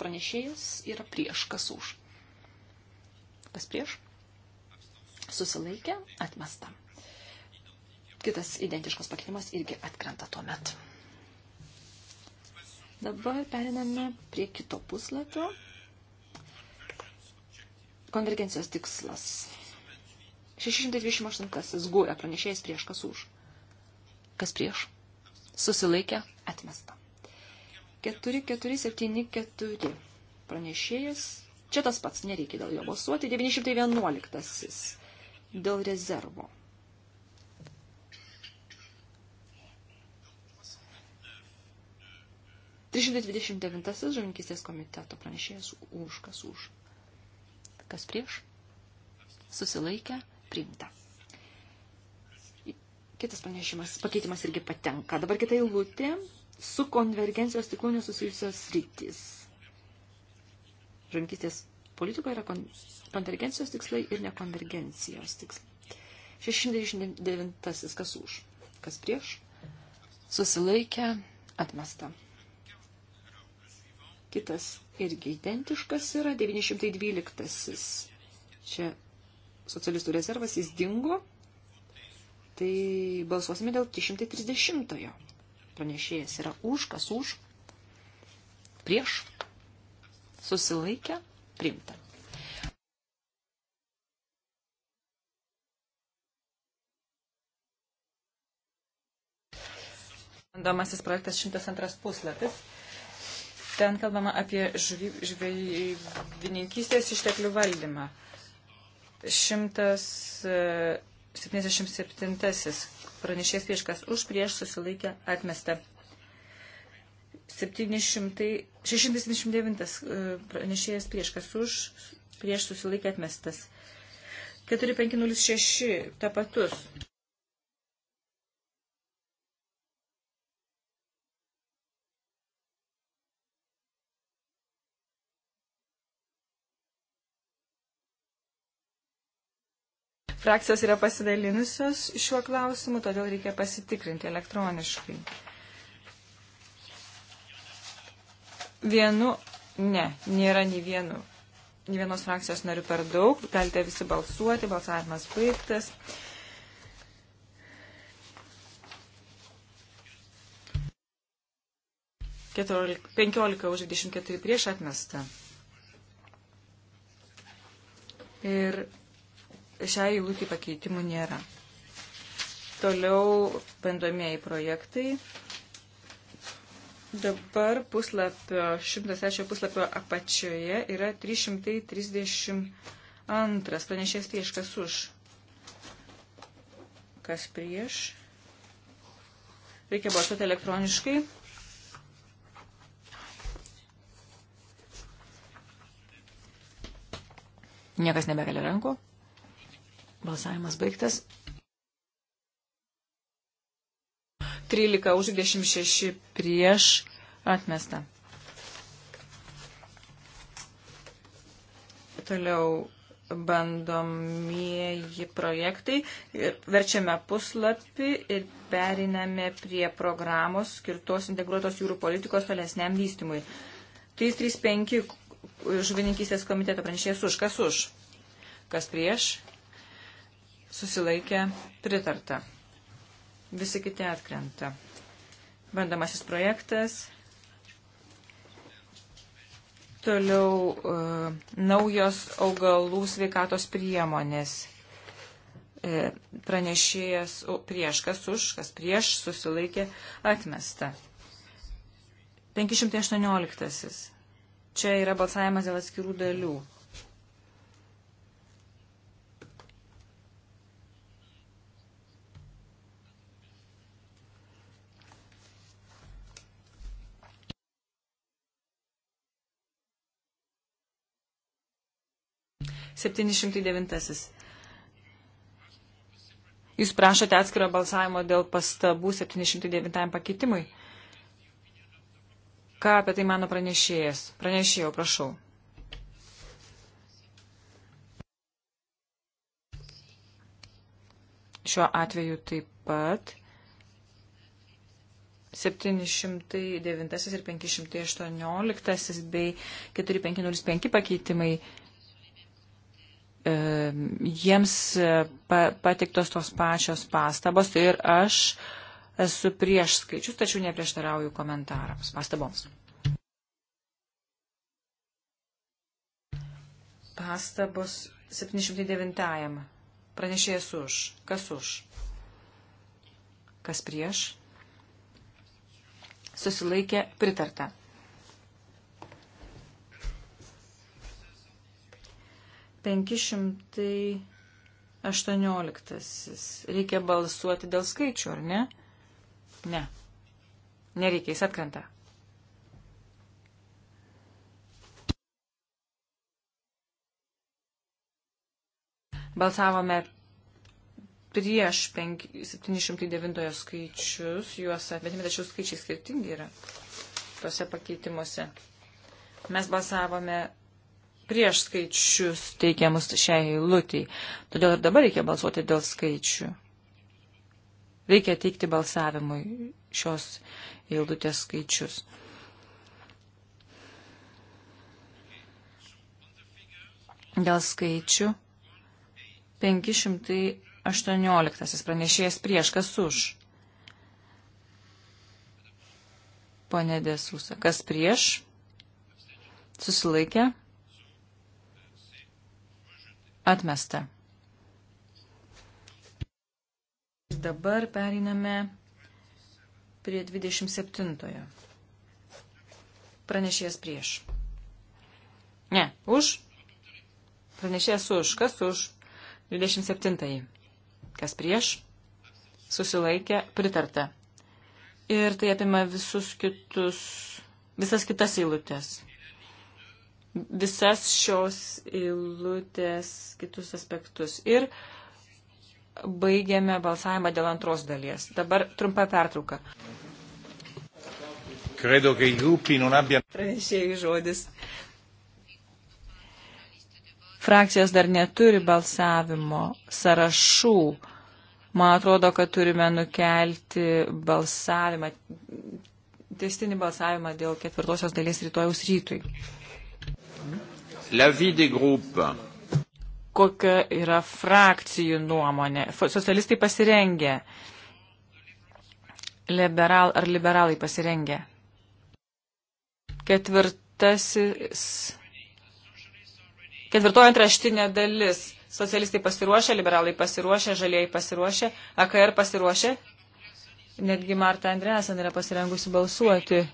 pranešėjas yra prieš, kas už. Kas prieš? Susilaikė atmesta. Kitas identiškas pakeitimas irgi atkrenta tuo metu. Dabar periname prie kito puslapio. Konvergencijos tikslas 628 gūja pranešėjas prieš kas už. Kas prieš? Susilaikė atmesta. 4474 pranešėjas. Čia tas pats, nereikia dėl jo balsuoti. 911 dėl rezervo. Trišimtai dvidešimt devintasis žavinkistės komiteto pranešėjas už kas už. Kas prieš? Susilaikę? priimta. Kitas pranešimas, pakeitimas irgi patenka. Dabar kita eilutė su konvergencijos tiklų nesusijusios rytis. Žankystės politikoje yra kon konvergencijos tikslai ir nekonvergencijos tikslai. 699. Kas už? Kas prieš? Susilaikę atmesta. Kitas irgi identiškas yra 912. Čia socialistų rezervas, jis dingo. Tai balsuosime dėl 330-ojo. Pranešėjas yra už, kas už, prieš, susilaikę, priimta. Bandomasis projektas 102 puslapis. Ten kalbama apie žvejininkystės išteklių valdymą. 177. E, pranešės prieškas už prieš susilaikę atmestą. 679. Pranešėjas prieškas už prieš susilaikę atmestas. 4506. Tapatus. Frakcijos yra pasidalinusios šiuo klausimu, todėl reikia pasitikrinti elektroniškai. Vienu, ne, nėra nei vienu. Nė vienos frakcijos narių per daug, galite visi balsuoti, balsavimas baigtas. Keturiolik, 15 už 24 prieš atmestą. Ir šiai eilutį pakeitimų nėra. Toliau bandomieji projektai. Dabar puslapio, 106 puslapio apačioje yra 332 pranešės prieš kas už. Kas prieš? Reikia balsuoti elektroniškai. Niekas nebekelia rankų. Balsavimas baigtas. 13 už 26 prieš atmestą. Toliau bandomieji projektai. Verčiame puslapį ir periname prie programos skirtos integruotos jūrų politikos tolesniam vystymui. 335 žuvininkystės komiteto pranešėjas už. Kas už? Kas prieš? susilaikė pritarta. Visi kiti atkrenta. Bandamasis projektas. Toliau e, naujos augalų sveikatos priemonės. E, pranešėjas o, prieš, kas už, kas prieš, susilaikė atmesta. 518. Čia yra balsavimas dėl atskirų dalių. 709. Jūs prašote atskiro balsavimo dėl pastabų 709 pakeitimui. Ką apie tai mano pranešėjas? Pranešėjau, prašau. Šiuo atveju taip pat 709 ir 518 bei 4505 pakeitimai jiems e, patiktos tos pačios pastabos ir aš esu prieš skaičius, tačiau neprieštarauju komentarams, pastaboms. Pastabos 709. Pranešėjas už. Kas už? Kas prieš? Susilaikė pritarta. 518. Reikia balsuoti dėl skaičių, ar ne? Ne. Nereikia, jis atkrenta. Balsavome prieš 5, 709 skaičius, juos atmetėme, tačiau skaičiai skirtingi yra tose pakeitimuose. Mes balsavome prieš skaičius teikiamus šiai eilutį. Todėl ir dabar reikia balsuoti dėl skaičių. Reikia teikti balsavimui šios eilutės skaičius. Dėl skaičių 518 pranešėjas prieš kas už. Pone Desusa, kas prieš? Susilaikė? Atmesta. Ir dabar periname prie 27. Pranešėjas prieš. Ne, už. Pranešėjas už. Kas už? 27. Kas prieš? Susilaikė, pritarta. Ir tai apima visus kitus, visas kitas eilutės visas šios eilutės kitus aspektus. Ir baigiame balsavimą dėl antros dalies. Dabar trumpa pertrauka. Credo che i gruppi non abbiano. Pranešėjai žodis. Frakcijos dar neturi balsavimo sąrašų. Man atrodo, kad turime nukelti balsavimą, testinį balsavimą dėl ketvirtosios dalies rytojaus rytui. Kokia yra frakcijų nuomonė? Socialistai pasirengė. Liberal ar liberalai pasirengė? Ketvirtasis. Ketvirtoji antraštinė dalis. Socialistai pasiruošę, liberalai pasiruošę, žalieji pasiruošę, AKR pasiruošę. Netgi Marta Andreasen yra pasirengusi balsuoti.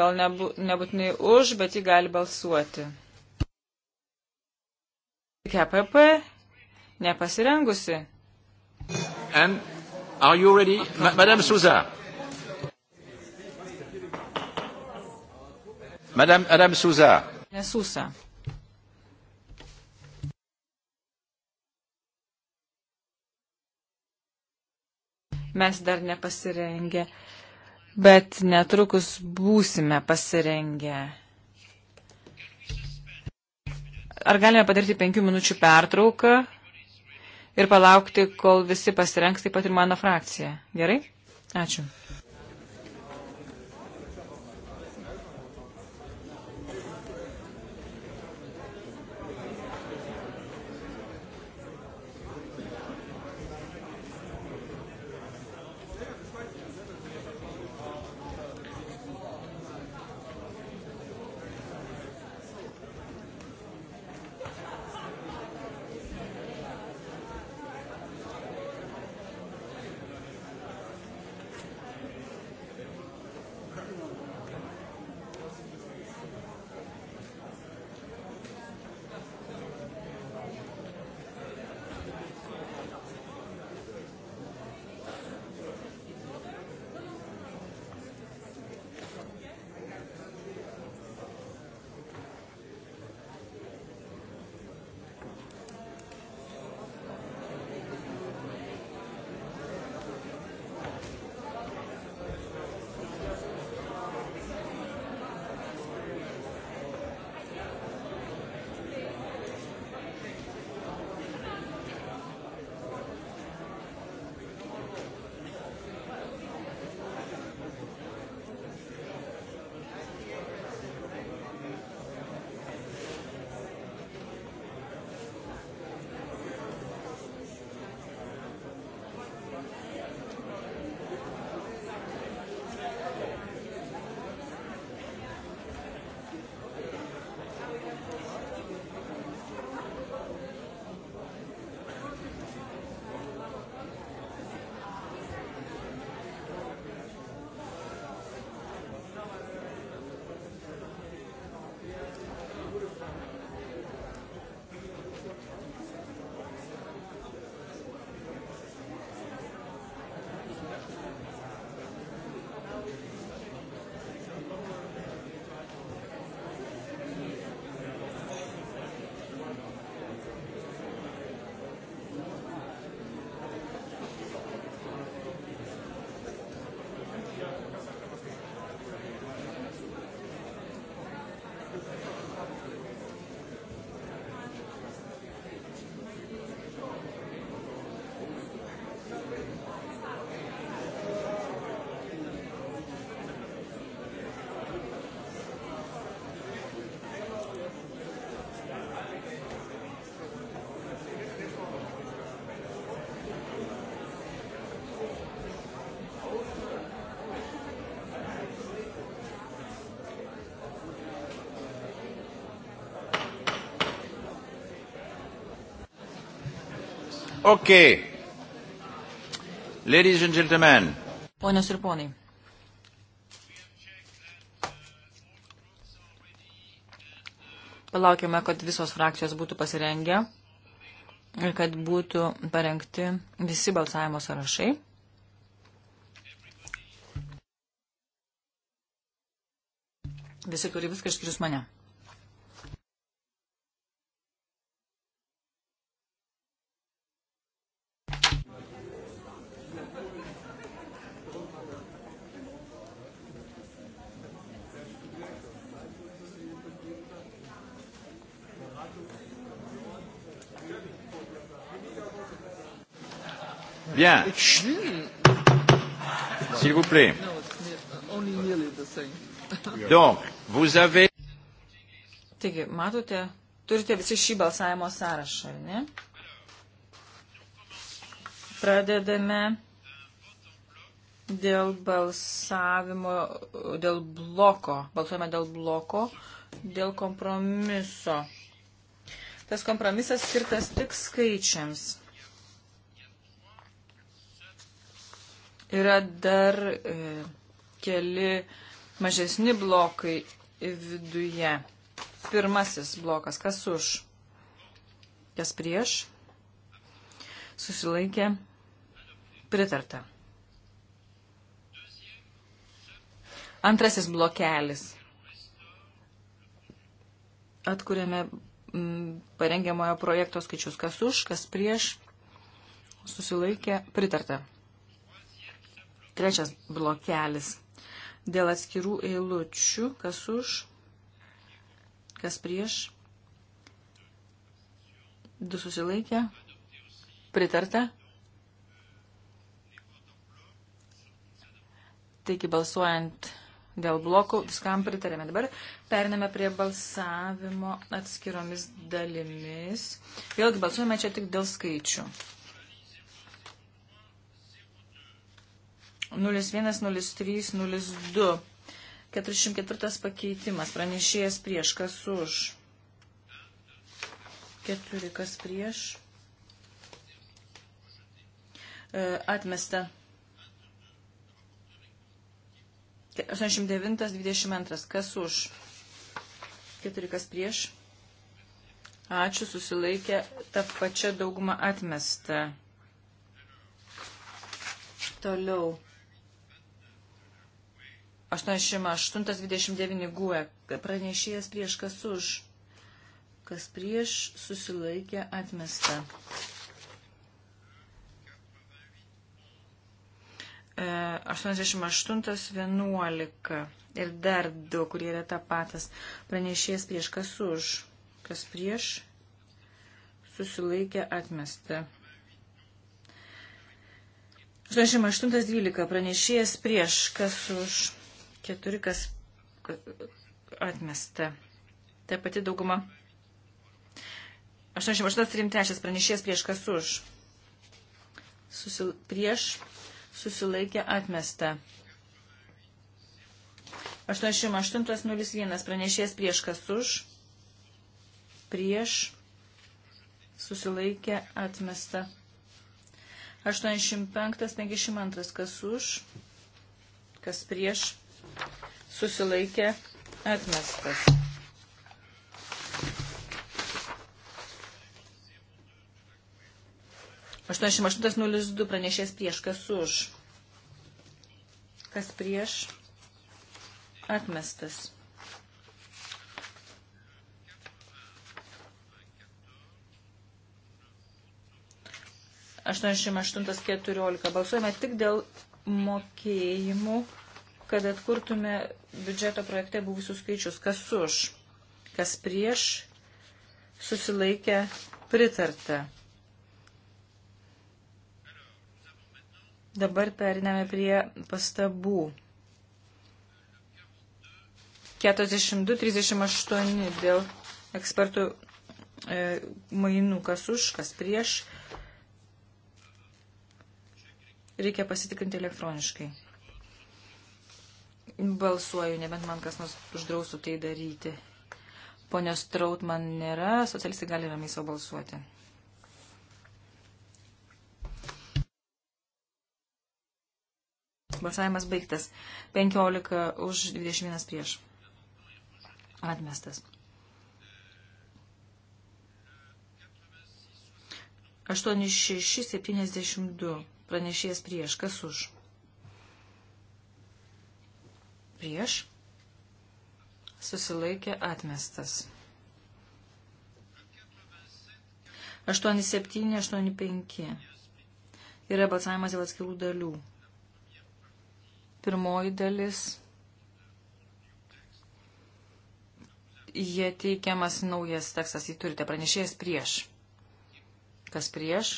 Gal nebu, nebūtinai už, bet ji gali balsuoti. HPP nepasirengusi. And are you ready, Ma Madame Souza? Madame, Madame Souza. Souza. Mes dar nepasirengę, bet netrukus būsime pasirengę. Ar galime padaryti penkių minučių pertrauką ir palaukti, kol visi pasirenks, taip pat ir mano frakcija. Gerai? Ačiū. Ok. Ladies and gentlemen. Ponios ir ponai. Palaukime, kad visos frakcijos būtų pasirengę ir kad būtų parengti visi balsavimo sąrašai. Visi turi viską išskyrus mane. Bien. S'il vous plaît. Donc, vous avez. Taigi, matote, turite visi šį balsavimo sąrašą, ne? Pradedame dėl balsavimo, dėl bloko. Balsuojame dėl bloko, dėl kompromiso. Tas kompromisas skirtas tik skaičiams. Yra dar e, keli mažesni blokai viduje. Pirmasis blokas, kas už, kas prieš, susilaikė, pritarta. Antrasis blokelis. Atkuriame mm, parengiamojo projekto skaičius, kas už, kas prieš, susilaikė, pritarta. Trečias blokelis. Dėl atskirų eilučių, kas už, kas prieš, du susilaikę, pritarta. Taigi balsuojant dėl blokų viskam pritarėme. Dabar periname prie balsavimo atskiromis dalimis. Vėlgi balsuojame čia tik dėl skaičių. 01, 03, 02. 404 pakeitimas. Pranešėjas prieš. Kas už? 4. Kas prieš? E, atmesta. 89.22. Kas už? 4. Kas prieš? Ačiū, susilaikė tą pačią daugumą atmestą. Toliau. 88-29 guė. E. Pranešėjas prieš kas už. Kas prieš susilaikė atmesta. E, 88-11. Ir dar du, kurie yra ta patas. Pranešėjas prieš kas už. Kas prieš susilaikė atmesta. 88-12 pranešėjas prieš, kas už 4, kas atmesta. Ta pati dauguma. 88.3 pranešės prieš kas už. Susil, prieš susilaikė atmesta. 88.01 pranešės prieš kas už. Prieš susilaikė atmesta. 85.52 kas už. Kas prieš susilaikė atmestas. Aštuoniasdešimt aštuntas nulis du pranešės prieš, kas už, kas prieš, atmestas. Aštuoniasdešimt aštuntas keturiolika balsuojame tik dėl mokėjimų kad atkurtume biudžeto projekte buvusius skaičius, kas už, kas prieš, susilaikę pritarta. Dabar periname prie pastabų. 42-38 dėl ekspertų e, mainų, kas už, kas prieš. Reikia pasitikrinti elektroniškai balsuoju, nebent man kas nors uždrausų tai daryti. Ponios Traut man nėra, socialistai gali ramiai savo balsuoti. Balsavimas baigtas. 15 už 21 prieš. Atmestas. 8672. Pranešėjas prieš. Kas už? prieš, susilaikė atmestas. 8785 yra balsavimas dėl atskirų dalių. Pirmoji dalis jie teikiamas naujas tekstas, jį turite pranešėjas prieš. Kas prieš?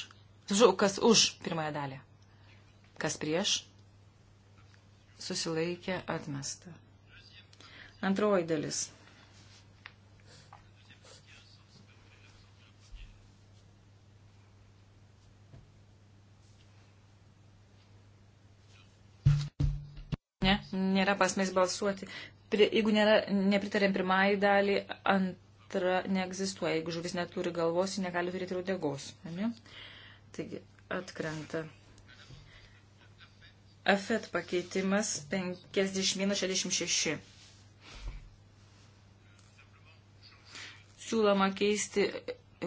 Žinau, kas už pirmąją dalį. Kas prieš? susilaikė atmesta. Antroji dalis. Ne, nėra pasmės balsuoti. Pri, jeigu nėra, nepritarėm pirmąjį dalį, antra neegzistuoja. Jeigu žuvis neturi galvos, ji negali turėti rudegos. Ne? Taigi atkrenta. Afet pakeitimas 5166. Siūloma keisti e,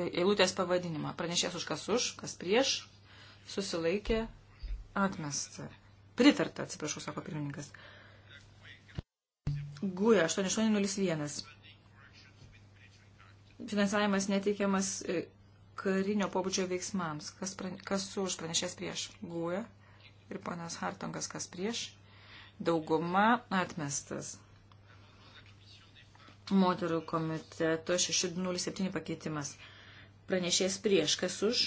eilutės pavadinimą. Pranešės už kas už, kas prieš, susilaikė, atmesta. Pritarta, atsiprašau, sako pirmininkas. Guja 8801. Finansavimas neteikiamas e, karinio pobūdžio veiksmams. Kas, prane, kas už pranešės prieš? Guja 8801 ir ponas Hartongas kas prieš. Dauguma atmestas. Moterų komiteto 607 pakeitimas. Pranešės prieš. Kas už?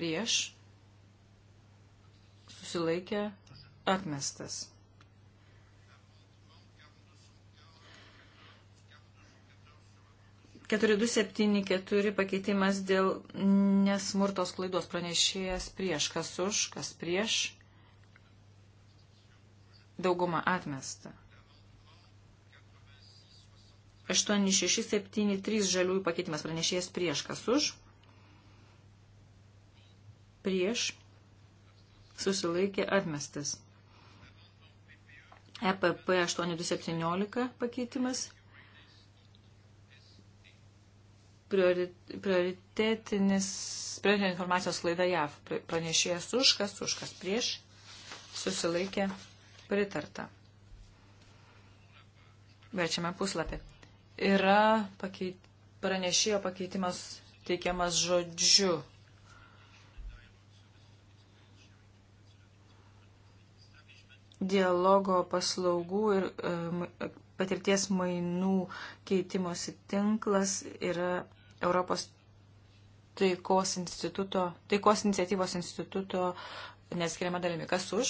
Prieš. Susilaikė. Atmestas. 4274 pakeitimas dėl nesmurtos klaidos pranešėjas prieš, kas už, kas prieš, dauguma atmesta. 8673 žaliųjų pakeitimas pranešėjas prieš, kas už, prieš, susilaikė atmestas. E EPP 8217 pakeitimas prioritetinis, prioritetinė informacijos klaida JAV. Pranešėjas už, kas už, kas prieš, susilaikė pritarta. Verčiame puslapį. Yra pakeit, pranešėjo pakeitimas teikiamas žodžiu. Dialogo paslaugų ir e, patirties mainų keitimosi tinklas yra Europos taikos, instituto, taikos iniciatyvos instituto neskiriama dalimi. Kas už?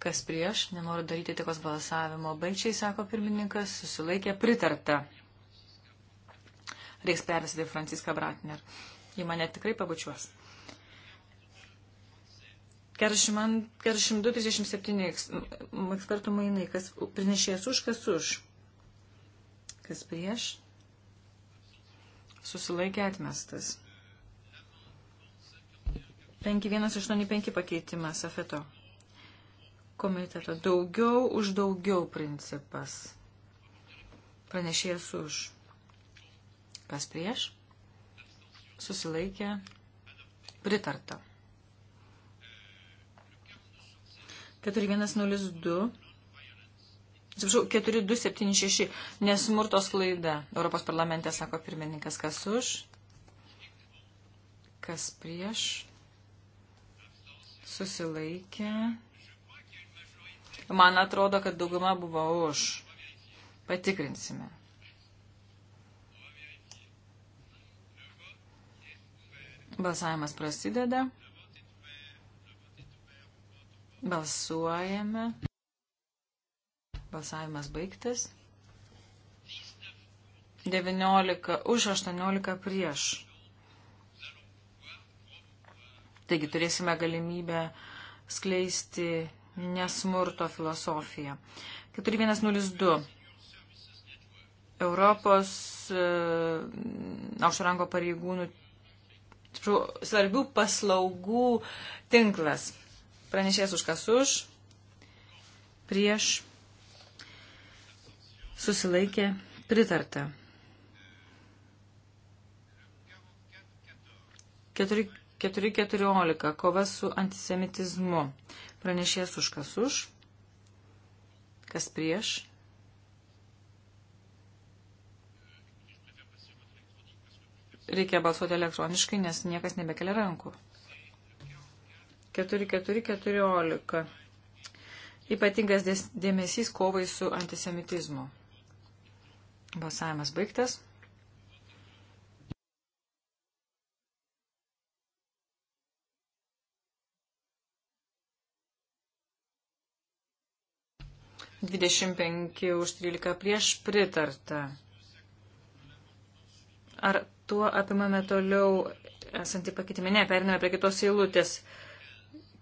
Kas prieš? Nenoriu daryti tikos balsavimo. Baigčiai, sako pirmininkas, susilaikė pritarta. Reiks pervesti Franciską Bratner. Ji mane tikrai pabučiuos. 42-37 ekspertų mainai, kas prinešėjas už, kas už, kas prieš, susilaikė atmestas. 5185 pakeitimas afeto komiteto. Daugiau už daugiau principas. Pranešėjas už. Kas prieš? Susilaikė. Pritarta. 4102 Atsiprašau, 4276, nesmurto sklaida. Europos parlamente sako pirmininkas, kas už, kas prieš, susilaikė. Man atrodo, kad dauguma buvo už. Patikrinsime. Balsavimas prasideda. Balsuojame. Balsavimas baigtas. 19 už 18 prieš. Taigi turėsime galimybę skleisti nesmurto filosofiją. 4102. Europos uh, e, aukšrango pareigūnų svarbių paslaugų tinklas. Pranešės už kas už, prieš susilaikė pritarta. 4.14. Kova su antisemitizmu. Pranešės už kas už, kas prieš. Reikia balsuoti elektroniškai, nes niekas nebekelia rankų. 4.4.14. Ypatingas dėmesys kovai su antisemitizmu. Balsavimas baigtas. Dvidešimt penki už trylika prieš pritarta. Ar tuo apimame toliau esantį pakeitimą? Ne, periname prie kitos eilutės.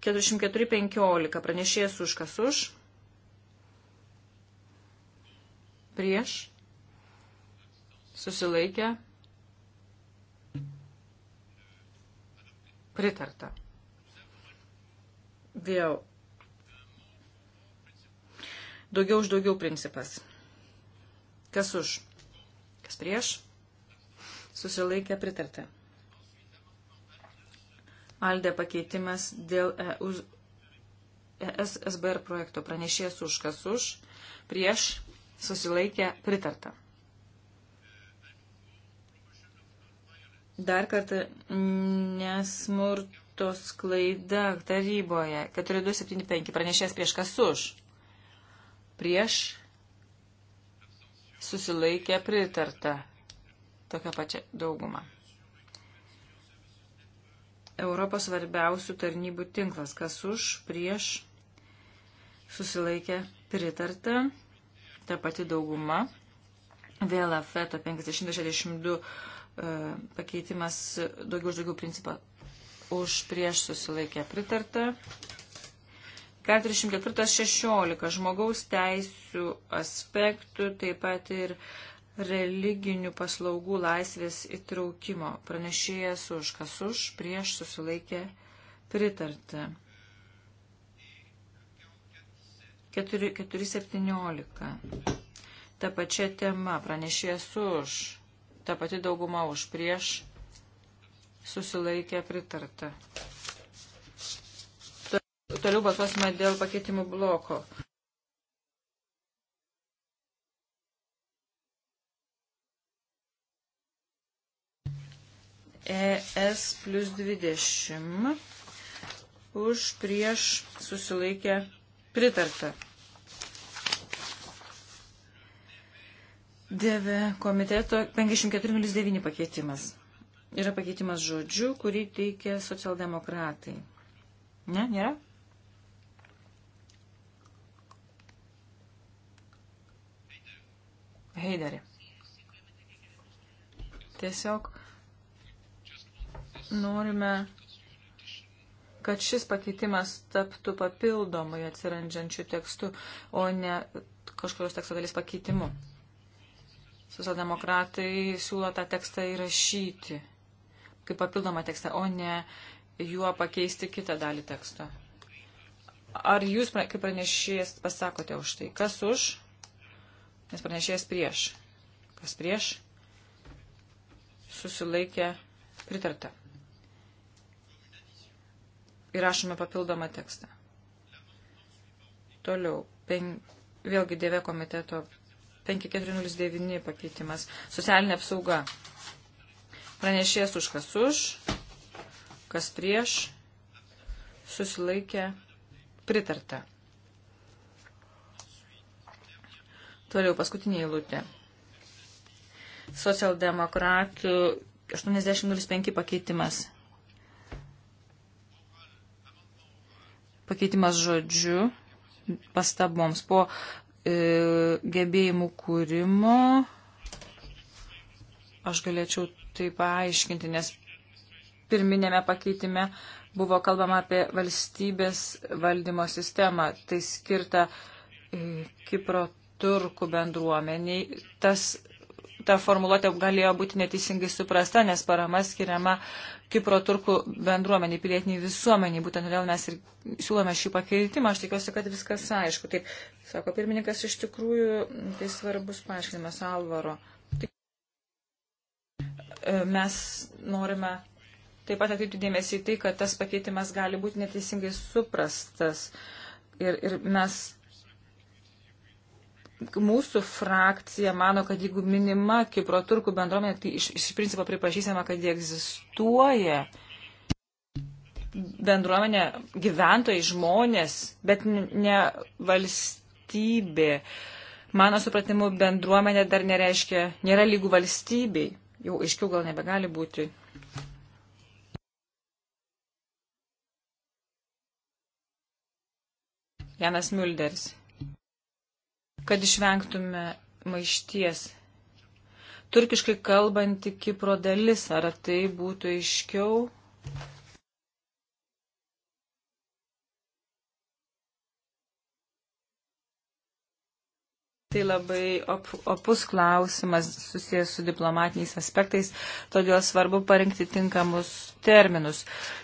44.15 pranešėjas už kas už. Prieš susilaikė, pritarta. Vėl daugiau už daugiau principas. Kas už, kas prieš, susilaikė pritarta. Aldė pakeitimas dėl ESSBR e projekto pranešės už, kas už, prieš, susilaikė pritarta. Dar kartą nesmurto sklaida taryboje. 4275 pranešės prieš kas už. Prieš susilaikė pritarta. Tokia pačia dauguma. Europos svarbiausių tarnybų tinklas. Kas už, prieš susilaikė pritarta. Ta pati dauguma. Vėl afeto 562 E, pakeitimas daugiau už daugiau principą už prieš susilaikę pritarta. 44.16. Žmogaus teisų aspektų, taip pat ir religinių paslaugų laisvės įtraukimo. Pranešėjas už kas už prieš susilaikė pritarta. 4.17. Ta pačia tema. Pranešėjas už Ta pati dauguma už prieš susilaikė pritarta. Toliau balsuosime dėl pakeitimų bloko. ES plus 20 už prieš susilaikę pritartą. Dėve komiteto 5409 pakeitimas. Yra pakeitimas žodžių, kurį teikia socialdemokratai. Ne, nėra? Heiderį. Tiesiog norime, kad šis pakeitimas taptų papildomai atsirandžiančių tekstų, o ne kažkurios teksto dalis pakeitimu. Socialdemokratai siūlo tą tekstą įrašyti kaip papildomą tekstą, o ne juo pakeisti kitą dalį teksto. Ar jūs, kaip pranešėjas, pasakote už tai? Kas už? Nes pranešėjas prieš. Kas prieš? Susilaikė pritarta. Įrašome papildomą tekstą. Toliau. Pen... Vėlgi dėvė komiteto 5409 pakeitimas. Socialinė apsauga. Pranešės už kas už, kas prieš, susilaikė, pritarta. Toliau paskutinė eilutė. Socialdemokratų 8005 pakeitimas. Pakeitimas žodžiu pastaboms. Po E, gebėjimų kūrimo. Aš galėčiau tai paaiškinti, nes pirminėme pakeitime buvo kalbama apie valstybės valdymo sistemą. Tai skirta e, Kipro turkų bendruomeniai. Tas ta formuluotė galėjo būti neteisingai suprasta, nes parama skiriama Kipro turkų bendruomeniai, pilietiniai visuomeniai. Būtent todėl mes ir siūlome šį pakeitimą. Aš tikiuosi, kad viskas aišku. Taip, sako pirmininkas, iš tikrųjų tai svarbus paaiškinimas Alvaro. Tik e, mes norime taip pat atkreipti dėmesį į tai, kad tas pakeitimas gali būti neteisingai suprastas. Ir, ir mes mūsų frakcija mano, kad jeigu minima Kipro turkų bendruomenė, tai iš, iš principo pripažįstama, kad jie egzistuoja bendruomenė, gyventojai, žmonės, bet ne valstybė. Mano supratimu, bendruomenė dar nereiškia, nėra lygų valstybei. Jau aiškiau gal nebegali būti. Janas Mulderis kad išvengtume maišties. Turkiškai kalbanti Kipro dalis, ar tai būtų aiškiau? Tai labai op, opus klausimas susijęs su diplomatiniais aspektais, todėl svarbu parinkti tinkamus terminus.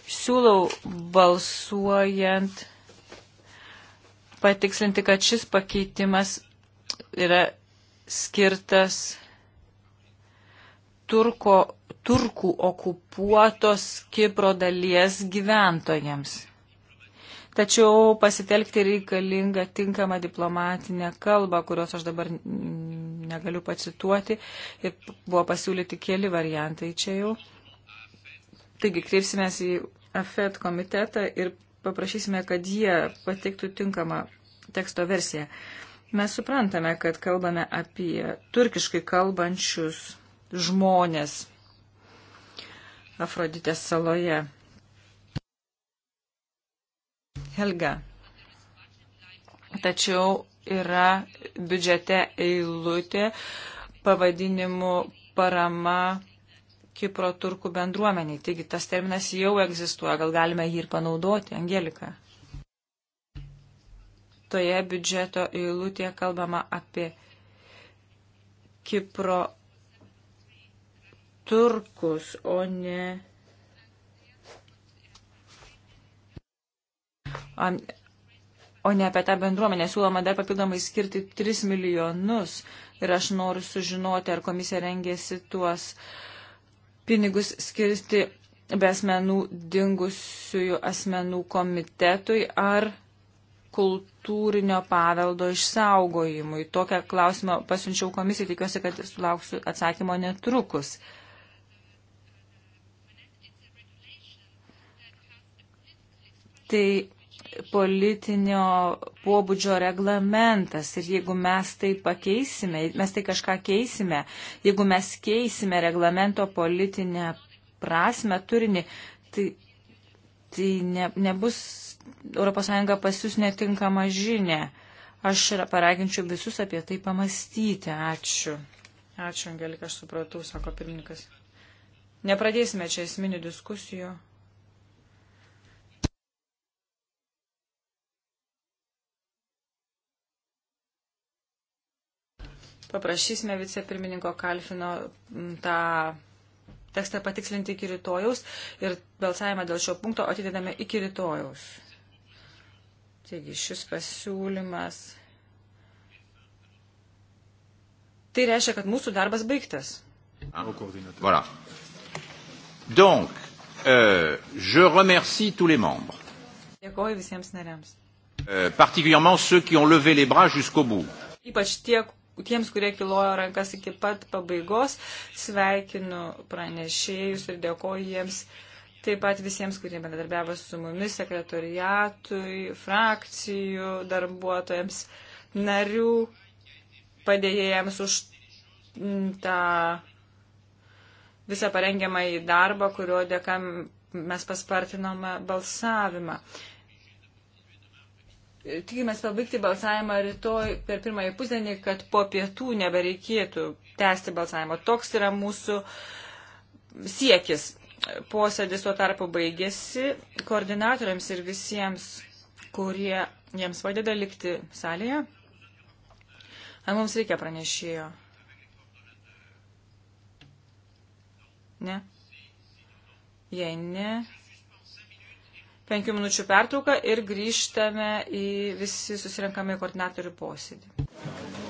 Siūlau balsuojant patikslinti, kad šis pakeitimas yra skirtas turko, turkų okupuotos Kipro dalies gyventojams. Tačiau pasitelkti reikalinga tinkama diplomatinė kalba, kurios aš dabar negaliu pacituoti, ir buvo pasiūlyti keli variantai čia jau. Taigi kreipsimės į AFET komitetą ir paprašysime, kad jie pateiktų tinkamą teksto versiją. Mes suprantame, kad kalbame apie turkiškai kalbančius žmonės Afroditės saloje. Helga. Tačiau yra biudžete eilutė pavadinimu parama Kipro turkų bendruomeniai. Taigi tas terminas jau egzistuoja, gal galime jį ir panaudoti. Angelika toje biudžeto eilutėje kalbama apie Kipro turkus, o ne. O ne apie tą bendruomenę. Siūloma dar papildomai skirti 3 milijonus. Ir aš noriu sužinoti, ar komisija rengėsi tuos pinigus skirti be asmenų dingusiųjų asmenų komitetui ar kultūrai kultūrinio paveldo išsaugojimui. Tokią klausimą pasiunčiau komisijai, tikiuosi, kad sulauksiu atsakymo netrukus. Tai politinio pobūdžio reglamentas ir jeigu mes tai pakeisime, mes tai kažką keisime, jeigu mes keisime reglamento politinę prasme, turinį, tai, tai ne, nebus ES pasiūs netinkamą žinę. Aš paraginčiau visus apie tai pamastyti. Ačiū. Ačiū, Angelika, aš supratau, sako pirmininkas. Nepradėsime čia esminių diskusijų. paprašysime vicepirmininko Kalfino mm, tą tekstą patikslinti iki rytojaus ir balsavimą dėl šio punkto atidedame iki rytojaus. Taigi šis pasiūlymas. Tai reiškia, kad mūsų darbas baigtas. Voilà. Donc, euh, je remercie tous les membres. Dėkoju visiems nariams. Euh, particulièrement ceux qui ont levé les bras jusqu'au bout. Ypač tie, tiems, kurie kilojo rankas iki pat pabaigos, sveikinu pranešėjus ir dėkoju jiems. Euh, Taip pat visiems, kurie bendradarbiavo su mumis, sekretoriatui, frakcijų, darbuotojams, narių, padėjėjams už mm, tą visą parengiamą į darbą, kurio dėka mes paspartinome balsavimą. Tikimės pabaigti balsavimą rytoj per pirmąjį pusdienį, kad po pietų nebereikėtų tęsti balsavimo. Toks yra mūsų siekis posėdis tuo tarpu baigėsi koordinatoriams ir visiems, kurie jiems padeda likti salėje. Ar mums reikia pranešėjo? Ne? Jei ne, penkių minučių pertrauką ir grįžtame į visi susirinkame į koordinatorių posėdį.